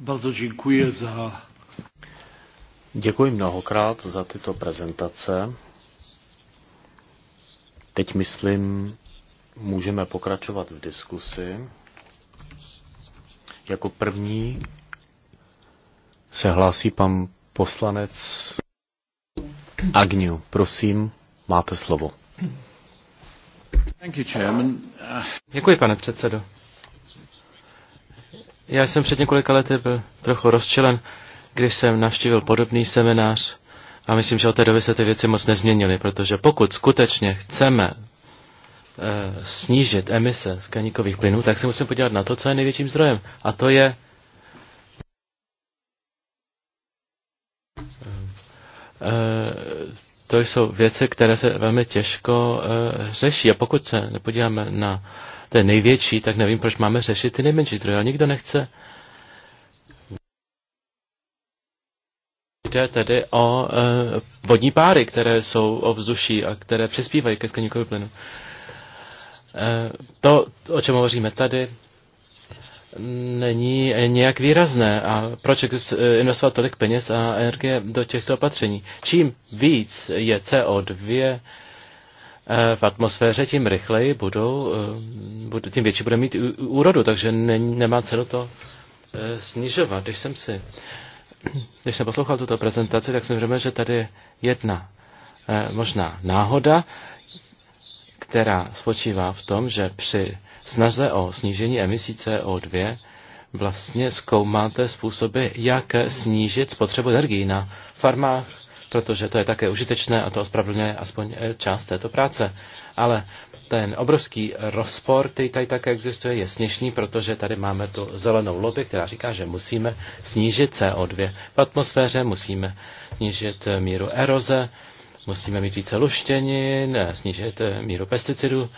Bardzo dziękuję za Děkuji mnohokrát za tyto prezentace. Teď myslím, můžeme pokračovat v diskusi. Jako první se hlásí pan poslanec Agniu. Prosím, máte slovo. Děkuji, pane předsedo. Já jsem před několika lety byl trochu rozčilen když jsem navštívil podobný seminář a myslím, že od té doby se ty věci moc nezměnily, protože pokud skutečně chceme eh, snížit emise skleníkových plynů, tak se musíme podívat na to, co je největším zdrojem. A to je eh, to jsou věci, které se velmi těžko eh, řeší. A pokud se nepodíváme na ten největší, tak nevím, proč máme řešit ty nejmenší zdroje. Ale nikdo nechce Jde tedy o e, vodní páry, které jsou vzduší a které přispívají ke skleníkovi plynu. E, to, o čem hovoříme tady, není nějak výrazné. A proč e, investovat tolik peněz a energie do těchto opatření? Čím víc je CO2 v atmosféře, tím rychleji budou, tím větší bude mít úrodu, takže není, nemá cenu to snižovat. Když jsem si když jsem poslouchal tuto prezentaci, tak jsem řekl, že tady je jedna eh, možná náhoda, která spočívá v tom, že při snaze o snížení emisí CO2 vlastně zkoumáte způsoby, jak snížit spotřebu energii na farmách protože to je také užitečné a to ospravedlňuje aspoň eh, část této práce. Ale ten obrovský rozpor, který tady také existuje, je směšný, protože tady máme tu zelenou lobby, která říká, že musíme snížit CO2 v atmosféře, musíme snížit míru eroze, musíme mít více luštěnin, snížit míru pesticidů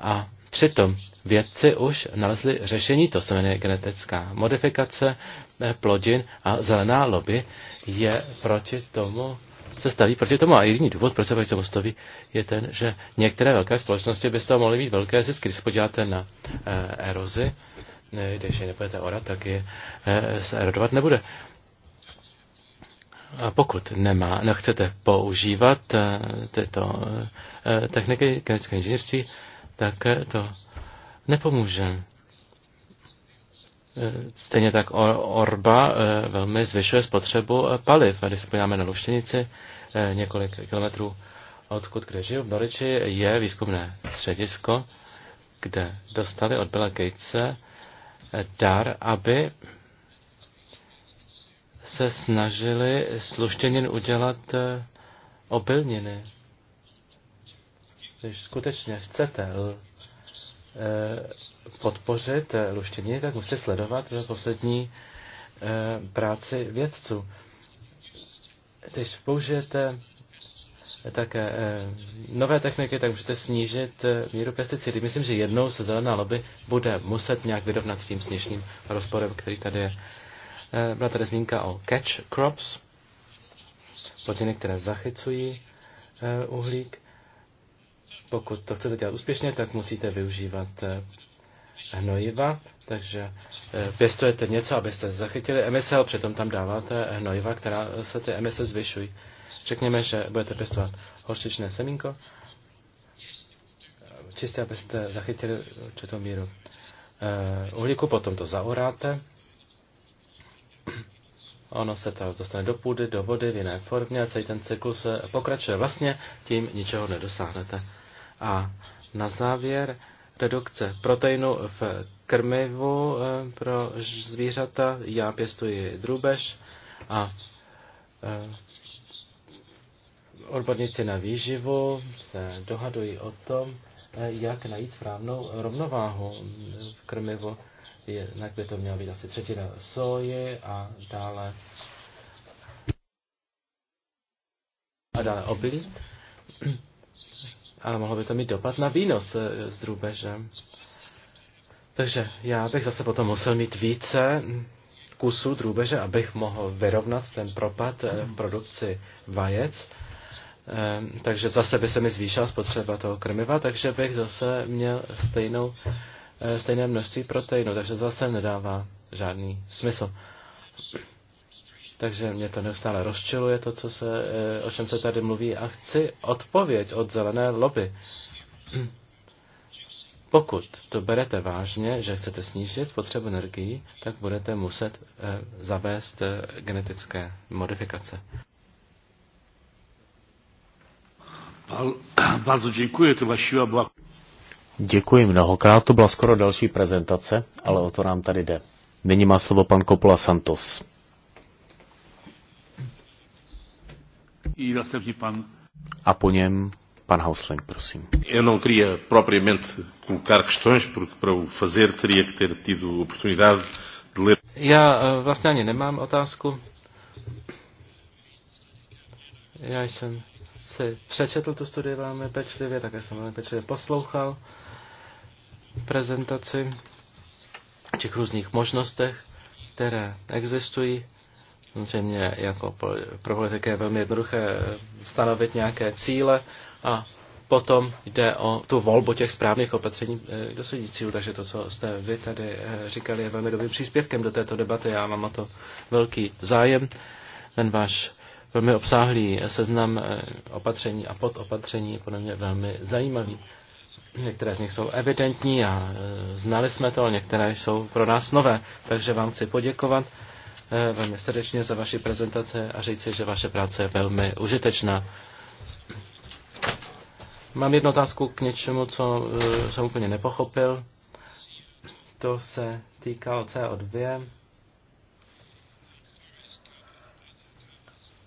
a Přitom vědci už nalezli řešení, to se jmenuje genetická modifikace plodin a zelená lobby je proti tomu se staví proti tomu. A jediný důvod, proč se proti tomu staví, je ten, že některé velké společnosti by z toho mohly mít velké zisky. Když se podíváte na eh, erozi, ne, když je nebudete orat, tak je eh, se erodovat nebude. A pokud nemá, nechcete používat eh, tyto eh, eh techniky genetického inženýrství, tak eh, to nepomůže. Eh, stejně tak Orba eh, velmi zvyšuje spotřebu eh, paliv. Když se podíváme na Luštěnici, několik kilometrů odkud kde žiju, v Noriči je výzkumné středisko, kde dostali od Bela Gatese dar, aby se snažili z luštěnin udělat obilniny. Když skutečně chcete Eh, podpořit eh, luštění, tak musíte sledovat poslední eh, práci vědců. Když použijete také nové techniky, tak můžete snížit míru pesticidy. Myslím, že jednou se zelená lobby bude muset nějak vyrovnat s tím sněžným rozporem, který tady je. Byla tady zmínka o catch crops, plodiny, které zachycují uhlík. Pokud to chcete dělat úspěšně, tak musíte využívat eh, hnojiva, takže eh, pěstujete něco, abyste zachytili emisel, přitom tam dáváte eh, hnojiva, která se ty emise zvyšují. Řekněme, že budete pěstovat horčičné semínko, čistě abyste zachytili určitou míru uhlíku, potom to zaoráte, ono se to dostane do půdy, do vody v jiné formě a celý ten cyklus pokračuje. Vlastně tím ničeho nedosáhnete. A na závěr redukce proteinu v krmivu eh, pro zvířata. Já pěstuji drůbež a eh, odborníci na výživu se dohadují o tom, eh, jak najít správnou rovnováhu v krmivu. Jednak by to mělo být asi třetina soji a dále a dále obilí ale mohlo by to mít dopad na výnos eh, z drůbeže. Takže já bych zase potom musel mít více kusů drůbeže, abych mohl vyrovnat ten propad eh, v produkci vajec. Eh, takže zase by se mi zvýšila spotřeba toho krmiva, takže bych zase měl stejnou, stejné množství proteinu, takže zase nedává žádný smysl. Takže mě to neustále rozčiluje, to, co se, eh, o čem se tady mluví, a chci odpověď od zelené lobby. Pokud to berete vážně, že chcete snížit spotřebu energií, tak budete muset eh, zavést eh, genetické modifikace. děkuji, Děkuji mnohokrát, to byla skoro další prezentace, ale o to nám tady jde. Nyní má slovo pan Kopula Santos. pan... A po něm pan Hausling, prosím. Eu não queria propriamente colocar questões, porque para o fazer teria que ter tido oportunidade de ler... Já eh, vlastně ani nemám otázku. Já jsem si přečetl tu studii velmi pečlivě, také jsem velmi pečlivě poslouchal prezentaci těch různých možnostech, které existují Samozřejmě jako pro politiky je velmi jednoduché stanovit nějaké cíle a potom jde o tu volbu těch správných opatření eh, k dosažení cílu. Takže to, co jste vy tady eh, říkali, je velmi dobrým příspěvkem do této debaty. Já mám o to velký zájem. Ten váš velmi obsáhlý seznam eh, opatření a podopatření je podle mě velmi zajímavý. Některé z nich jsou evidentní a znali jsme to, ale některé jsou pro nás nové. Takže vám chci poděkovat. Eh, velmi srdečně za vaši prezentaci a říci, že vaše práce je velmi užitečná. Mám jednu otázku k něčemu, co eh, jsem úplně nepochopil. To se týkalo CO2.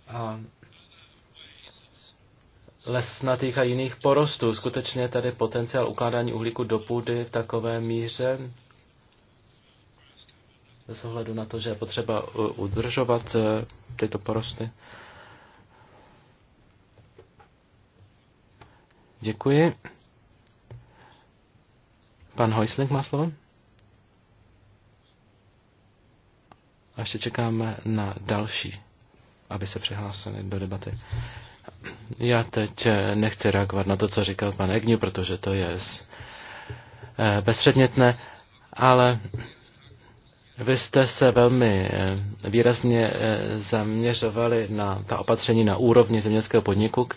A lesnatých a jiných porostů. Skutečně tady potenciál ukládání uhlíku do půdy v takové míře, bez ohledu na to, že je potřeba uh, udržovat uh, tyto porosty. Děkuji. Pan Hojsling má slovo. A ještě čekáme na další, aby se přihlásili do debaty. Já teď eh, nechci reagovat na to, co říkal pan Egniu, protože to je eh, bezpředmětné, ale vy jste se velmi eh, výrazně eh, zaměřovali na ta opatření na úrovni zemědělského podniku,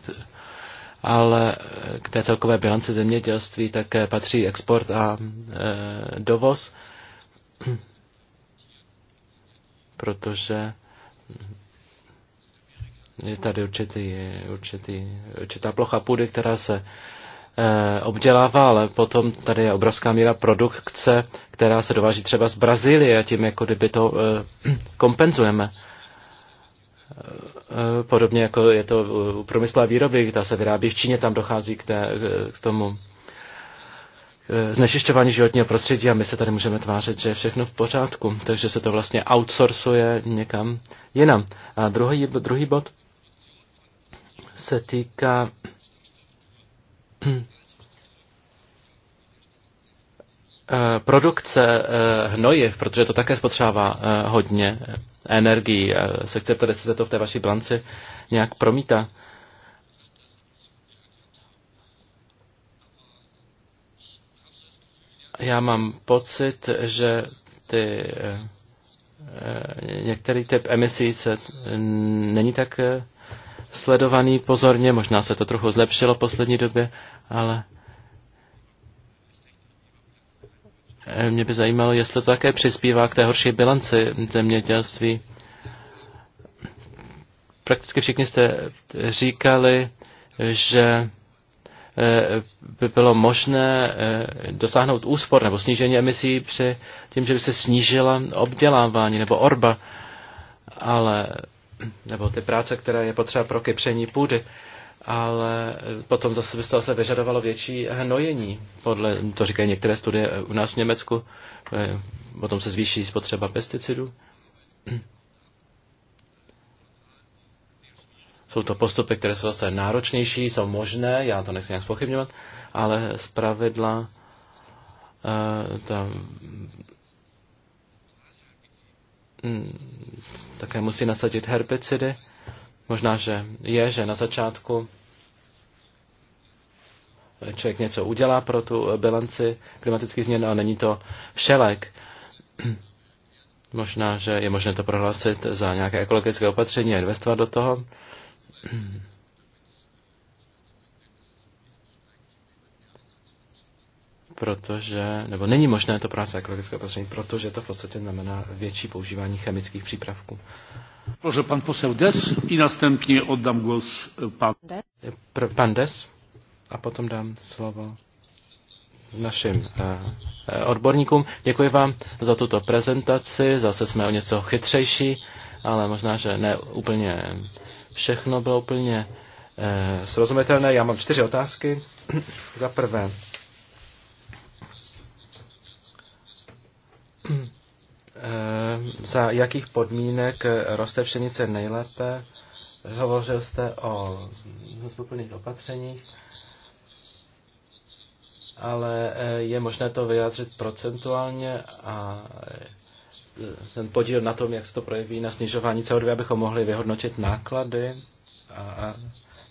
ale eh, k té celkové bilanci zemědělství také patří export a dovoz, protože je tady určitý, určitý, určitá plocha půdy, která se Eh, obdělává, ale potom tady je obrovská míra produkce, která se dováží třeba z Brazílie a tím jako kdyby to eh, kompenzujeme. Eh, podobně jako je to u průmyslové výroby, která se vyrábí v Číně, tam dochází k, té, k tomu znečišťování životního prostředí a my se tady můžeme tvářit, že je všechno v pořádku, takže se to vlastně outsourcuje někam jinam. A druhý, druhý bod se týká Eh, produkce eh, hnojiv, protože to také spotřebává eh, hodně energii. Se chce ptát, jestli se to v té vaší blanci nějak promítá. Já mám pocit, že ty některý typ emisí se není tak sledovaný pozorně, možná se to trochu zlepšilo v poslední době, ale eh, mě by zajímalo, jestli to také přispívá k té horší bilanci zemědělství. Prakticky všichni jste říkali, že eh, by bylo možné eh, dosáhnout úspor nebo snížení emisí při tím, že by se snížila obdělávání nebo orba. Ale nebo ty práce, které je potřeba pro kypření půdy. Ale potom zase by se vyžadovalo větší hnojení. Podle, to říkají některé studie eh, u nás v Německu, potom eh, se zvýší spotřeba pesticidů. Jsou to postupy, které jsou zase náročnější, jsou možné, já to nechci nějak spochybňovat, ale z pravidla eh, ta Mm, také musí nasadit herbicidy. Možná, že je, že na začátku člověk něco udělá pro tu bilanci klimatických změn, ale není to všelek. Možná, že je možné to prohlásit za nějaké ekologické opatření a investovat do toho. protože, nebo není možné to práce ekologické opatření, protože to v podstatě znamená větší používání chemických přípravků. Prože pan posel Des i następně oddam głos pan. Des. Pr- pan Des a potom dám slovo našim eh, eh, odborníkům. Děkuji vám za tuto prezentaci, zase jsme o něco chytřejší, ale možná, že ne úplně všechno bylo úplně eh, srozumitelné. Já mám čtyři otázky. za prvé, Eh, za jakých podmínek roste pšenice nejlépe. Hovořil jste o zluplných opatřeních, ale eh, je možné to vyjádřit procentuálně a eh, ten podíl na tom, jak se to projeví na snižování CO2, abychom mohli vyhodnotit náklady a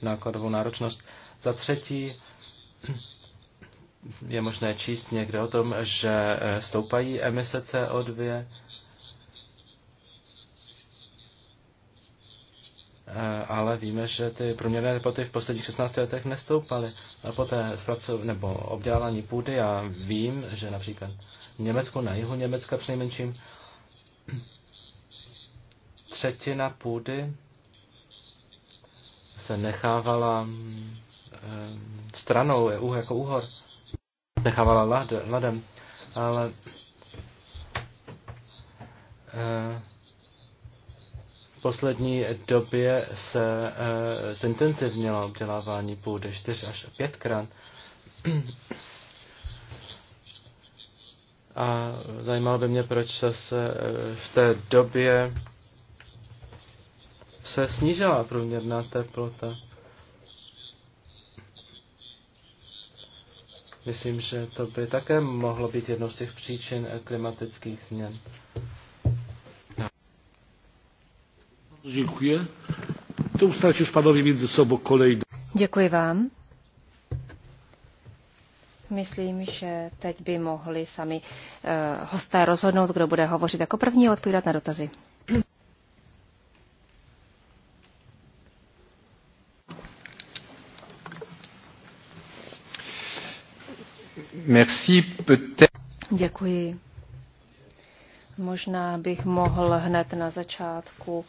nákladovou náročnost. Za třetí, je možné číst někde o tom, že eh, stoupají emise CO2. Eh, ale víme, že ty průměrné teploty v posledních 16 letech nestoupaly. A poté zpracov, nebo obdělání půdy, já vím, že například v Německu, na jihu Německa přinejmenším, třetina půdy se nechávala eh, stranou jako úhor nechávala hladem, ale eh, v poslední době se eh, zintenzivnilo obdělávání půdy čtyř až pětkrát. A zajímalo by mě, proč se, se eh, v té době se snížila průměrná teplota. Myslím, že to by také mohlo být jednou z těch příčin klimatických změn. Děkuji. To ustalcie już panowie między sobą Děkuji vám. Myslím, že teď by mohli sami eh, hosté rozhodnout, kdo bude hovořit jako první a odpovídat na dotazy. Děkuji. Možná bych mohl hned na začátku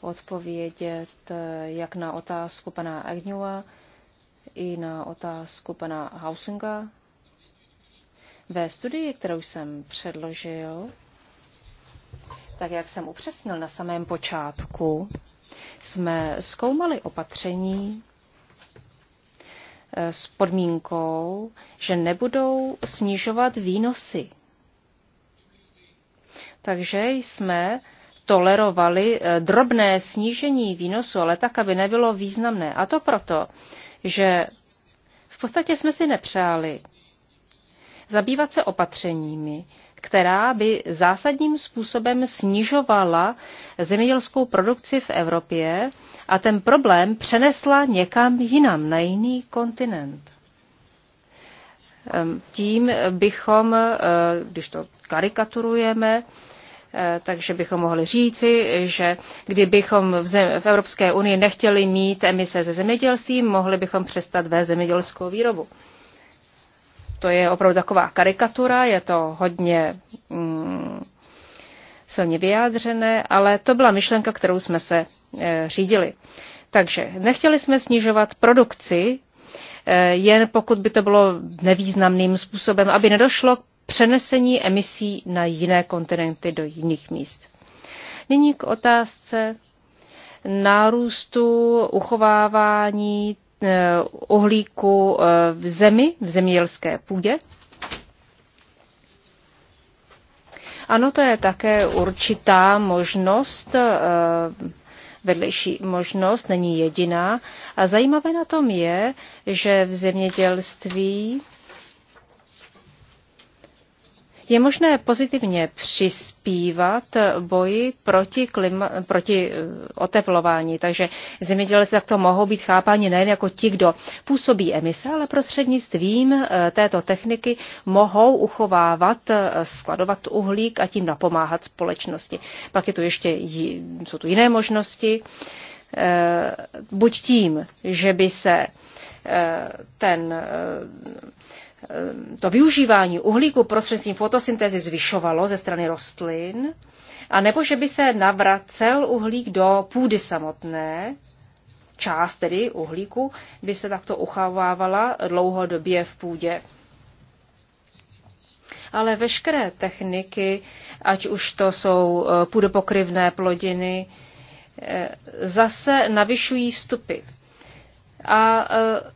odpovědět eh, jak na otázku pana Agnua i na otázku pana Hausinga. Ve studii, kterou jsem předložil, tak jak jsem upřesnil na samém počátku, jsme zkoumali opatření, Eh, s podmínkou, že nebudou snižovat výnosy. Takže jsme tolerovali eh, drobné snížení výnosu, ale tak, aby nebylo významné. A to proto, že v podstatě jsme si nepřáli zabývat se opatřeními, která by zásadním způsobem snižovala zemědělskou produkci v Evropě a ten problém přenesla někam jinam, na jiný kontinent. Ehm, tím bychom, eh, když to karikaturujeme, eh, takže bychom mohli říci, že kdybychom v, zem, v Evropské unii nechtěli mít emise ze zemědělství, mohli bychom přestat vést zemědělskou výrobu to je opravdu taková karikatura, je to hodně mm, silně vyjádřené, ale to byla myšlenka, kterou jsme se e, řídili. Takže nechtěli jsme snižovat produkci, e, jen pokud by to bylo nevýznamným způsobem, aby nedošlo k přenesení emisí na jiné kontinenty do jiných míst. Nyní k otázce nárůstu uchovávání Eh, uhlíku eh, v zemi, v zemědělské půdě. Ano, to je také určitá možnost, eh, vedlejší možnost, není jediná. A zajímavé na tom je, že v zemědělství je možné pozitivně přispívat boji proti, klima, proti eh, oteplování, takže zemědělci takto mohou být chápáni nejen jako ti, kdo působí emise, ale prostřednictvím eh, této techniky mohou uchovávat, eh, skladovat uhlík a tím napomáhat společnosti. Pak je tu ještě, jsou tu jiné možnosti, buď tím, že by se ten to využívání uhlíku prostřednictvím fotosyntézy zvyšovalo ze strany rostlin, a nebo že by se navracel uhlík do půdy samotné, část tedy uhlíku by se takto uchovávala dlouhodobě v půdě. Ale veškeré techniky, ať už to jsou eh, půdopokryvné plodiny, eh, zase navyšují vstupy. A eh,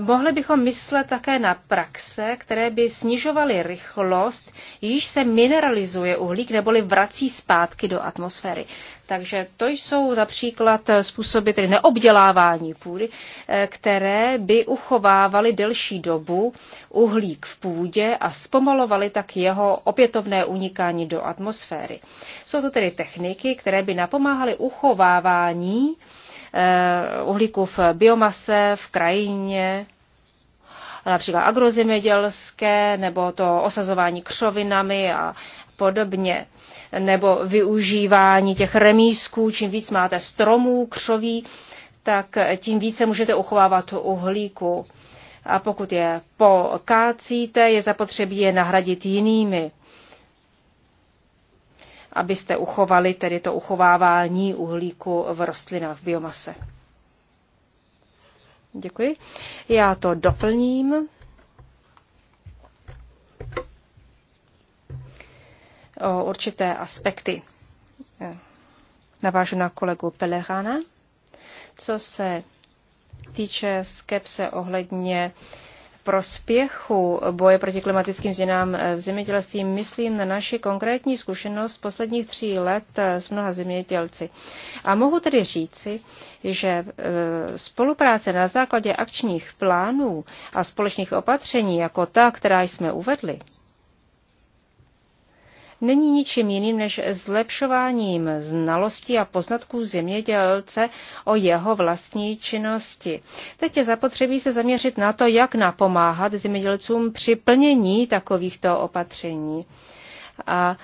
Mohli bychom myslet také na praxe, které by snižovaly rychlost, již se mineralizuje uhlík neboli vrací zpátky do atmosféry. Takže to jsou například způsoby tedy neobdělávání půdy, eh, které by uchovávaly delší dobu uhlík v půdě a zpomalovaly tak jeho opětovné unikání do atmosféry. Jsou to tedy techniky, které by napomáhaly uchovávání Eh, uhlíku v biomase, v krajině, například agrozemědělské, nebo to osazování křovinami a podobně, nebo využívání těch remísků, čím víc máte stromů, křoví, tak tím více můžete uchovávat uhlíku. A pokud je pokácíte, je zapotřebí je nahradit jinými abyste uchovali tedy to uchovávání uhlíku v rostlinách v biomase. Děkuji. Já to doplním. O určité aspekty. Navážu na kolegu Pelehana. Co se týče skepse ohledně uh, prospěchu boje proti klimatickým změnám v zemědělství myslím na naši konkrétní zkušenost z posledních tří let s mnoha zemědělci. A mohu tedy říci, že e, spolupráce na základě akčních plánů a společných opatření jako ta, která jsme uvedli, není ničím jiným než zlepšováním znalostí a poznatků zemědělce o jeho vlastní činnosti. Teď je zapotřebí se zaměřit na to, jak napomáhat zemědělcům při plnění takovýchto opatření. A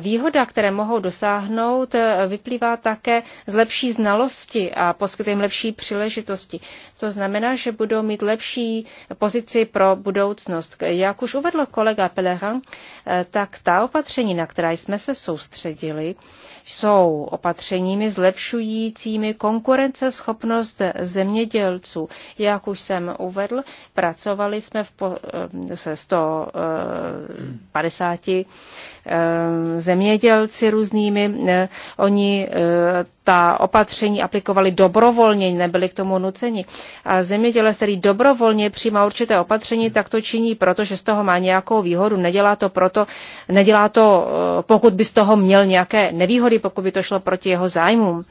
výhoda, které mohou dosáhnout, vyplývá také z lepší znalosti a poskytuje jim lepší příležitosti. To znamená, že budou mít lepší pozici pro budoucnost. Jak už uvedl kolega Pelehan, tak ta opatření, na která jsme se soustředili, jsou opatřeními zlepšujícími konkurenceschopnost zemědělců. Jak už jsem uvedl, pracovali jsme v po, se 150 Eh, zemědělci různými. Eh, oni eh, ta opatření aplikovali dobrovolně, nebyli k tomu nuceni. A zemědělec, který dobrovolně přijímá určité opatření, tak to činí, protože z toho má nějakou výhodu. Nedělá to proto, nedělá to, pokud by z toho měl nějaké nevýhody, pokud by to šlo proti jeho zájmům.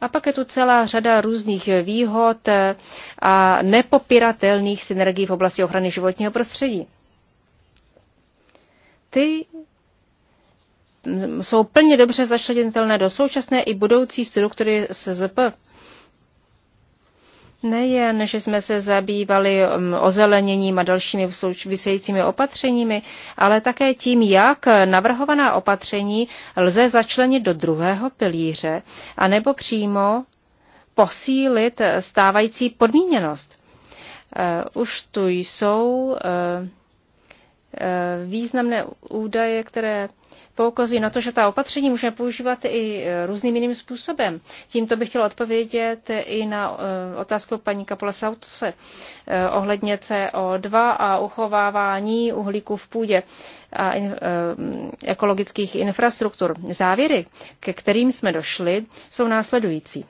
A pak je tu celá řada různých výhod a nepopiratelných synergií v oblasti ochrany životního prostředí. Ty jsou plně dobře začlenitelné do současné i budoucí struktury SZP. Nejen, že jsme se zabývali um, ozeleněním a dalšími vysejícími opatřeními, ale také tím, jak navrhovaná opatření lze začlenit do druhého pilíře, anebo přímo posílit stávající podmíněnost. Uh, už tu jsou uh, uh, významné údaje, které poukazují na to, že ta opatření můžeme používat i e, různým jiným způsobem. Tímto bych chtěla odpovědět i na e, otázku paní Kapole Sautose e, ohledně CO2 a uchovávání uhlíku v půdě a ekologických infrastruktur. Závěry, ke kterým jsme došli, jsou následující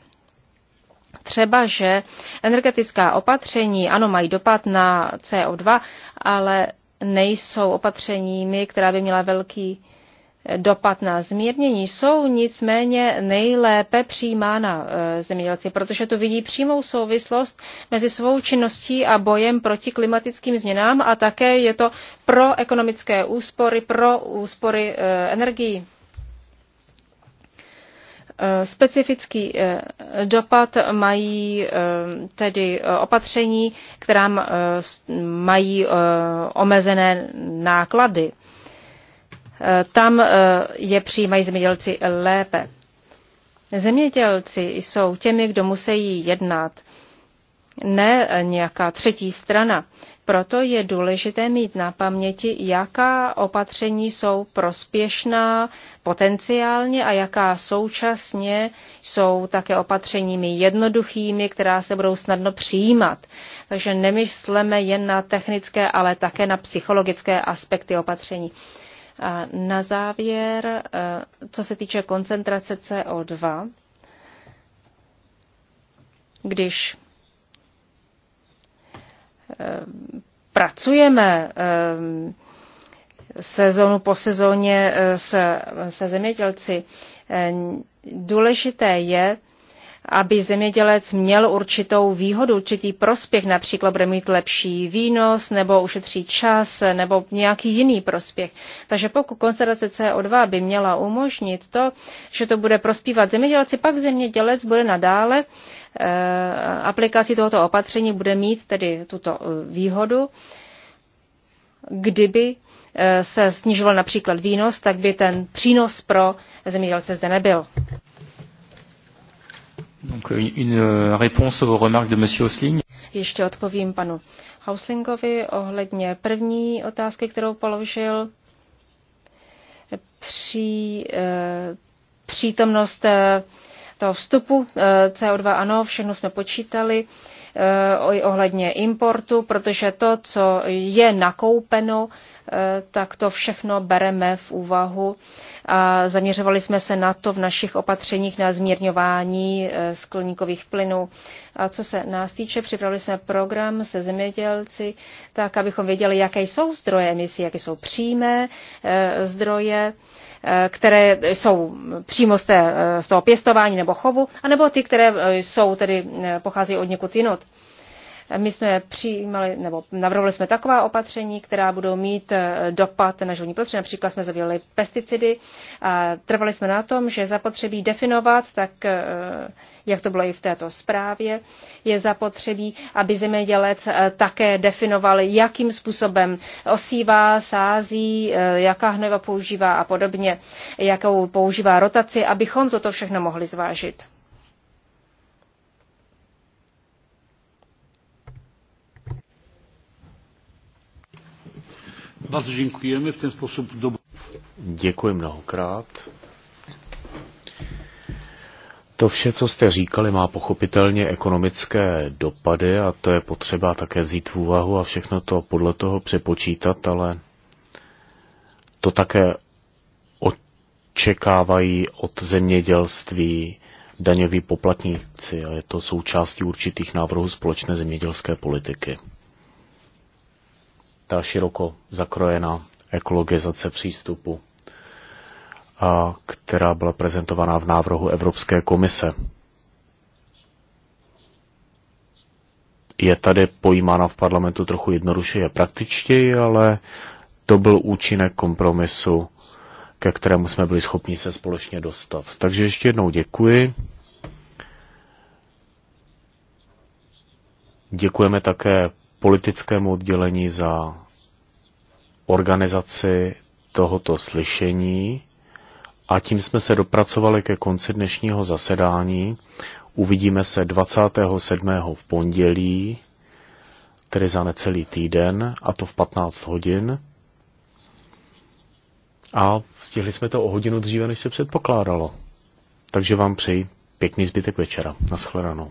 třeba, že energetická opatření, ano, mají dopad na CO2, ale nejsou opatřeními, která by měla velký dopad na zmírnění, jsou nicméně nejlépe přijímána e, zemědělci, protože tu vidí přímou souvislost mezi svou činností a bojem proti klimatickým změnám a také je to pro ekonomické úspory, pro úspory e, energií e, specifický dopad mají tedy opatření, která mají omezené náklady. Eh, tam eh, je přijímají zemědělci lépe. Zemědělci jsou těmi, kdo musí jednat, ne eh, nějaká třetí strana. Proto je důležité mít na paměti, jaká opatření jsou prospěšná potenciálně a jaká současně jsou také opatřeními jednoduchými, která se budou snadno přijímat. Takže nemysleme jen na technické, ale také na psychologické aspekty opatření. A na závěr, eh, co se týče koncentrace CO2, když eh, pracujeme eh, sezonu po sezóně se, se zemědělci, důležité je, aby zemědělec měl určitou výhodu, určitý prospěch, například bude mít lepší výnos, nebo ušetří čas, nebo nějaký jiný prospěch. Takže pokud koncentrace CO2 by měla umožnit to, že to bude prospívat zemědělci, pak zemědělec bude nadále eh, aplikací tohoto opatření bude mít tedy tuto eh, výhodu, kdyby eh, se snižoval například výnos, tak by ten přínos pro zemědělce zde nebyl. Donc une euh, réponse aux remarques de monsieur Ještě odpovím panu Hauslingovi ohledně první otázky, kterou položil. Při, eh, přítomnost eh, toho vstupu eh, CO2, ano, všechno jsme počítali ohledně importu, protože to, co je nakoupeno, Eh, tak to všechno bereme v úvahu a zaměřovali jsme se na to v našich opatřeních na zmírňování eh, skleníkových plynů. A co se nás týče, připravili jsme program se zemědělci, tak abychom věděli, jaké jsou zdroje emisí, jaké jsou přímé eh, zdroje, které jsou přímo z, té, z toho pěstování nebo chovu, anebo ty, které jsou tedy, pocházejí od někud jinut. My jsme přijímali, nebo navrhovali jsme taková opatření, která budou mít eh, dopad na životní prostředí. Například jsme zavěli pesticidy a trvali jsme na tom, že zapotřebí definovat, tak eh, jak to bylo i v této zprávě, je zapotřebí, aby zemědělec eh, také definoval, jakým způsobem osívá, sází, jaká hnojiva používá a podobně, jakou používá rotaci, abychom toto všechno mohli zvážit. Bardzo v ten způsob. Do... Děkuji mnohokrát. To vše, co jste říkali, má pochopitelně ekonomické dopady a to je potřeba také vzít v úvahu a všechno to podle toho přepočítat, ale to také očekávají od zemědělství daňoví poplatníci a je to součástí určitých návrhů společné zemědělské politiky ta široko zakrojená ekologizace přístupu, a která byla prezentovaná v návrhu Evropské komise. Je tady pojímána v parlamentu trochu jednodušeji a praktičtěji, ale to byl účinek kompromisu, ke kterému jsme byli schopni se společně dostat. Takže ještě jednou děkuji. Děkujeme také politickému oddělení za organizaci tohoto slyšení a tím jsme se dopracovali ke konci dnešního zasedání. Uvidíme se 27. v pondělí, tedy za necelý týden, a to v 15 hodin. A stihli jsme to o hodinu dříve, než se předpokládalo. Takže vám přeji pěkný zbytek večera. Naschledanou.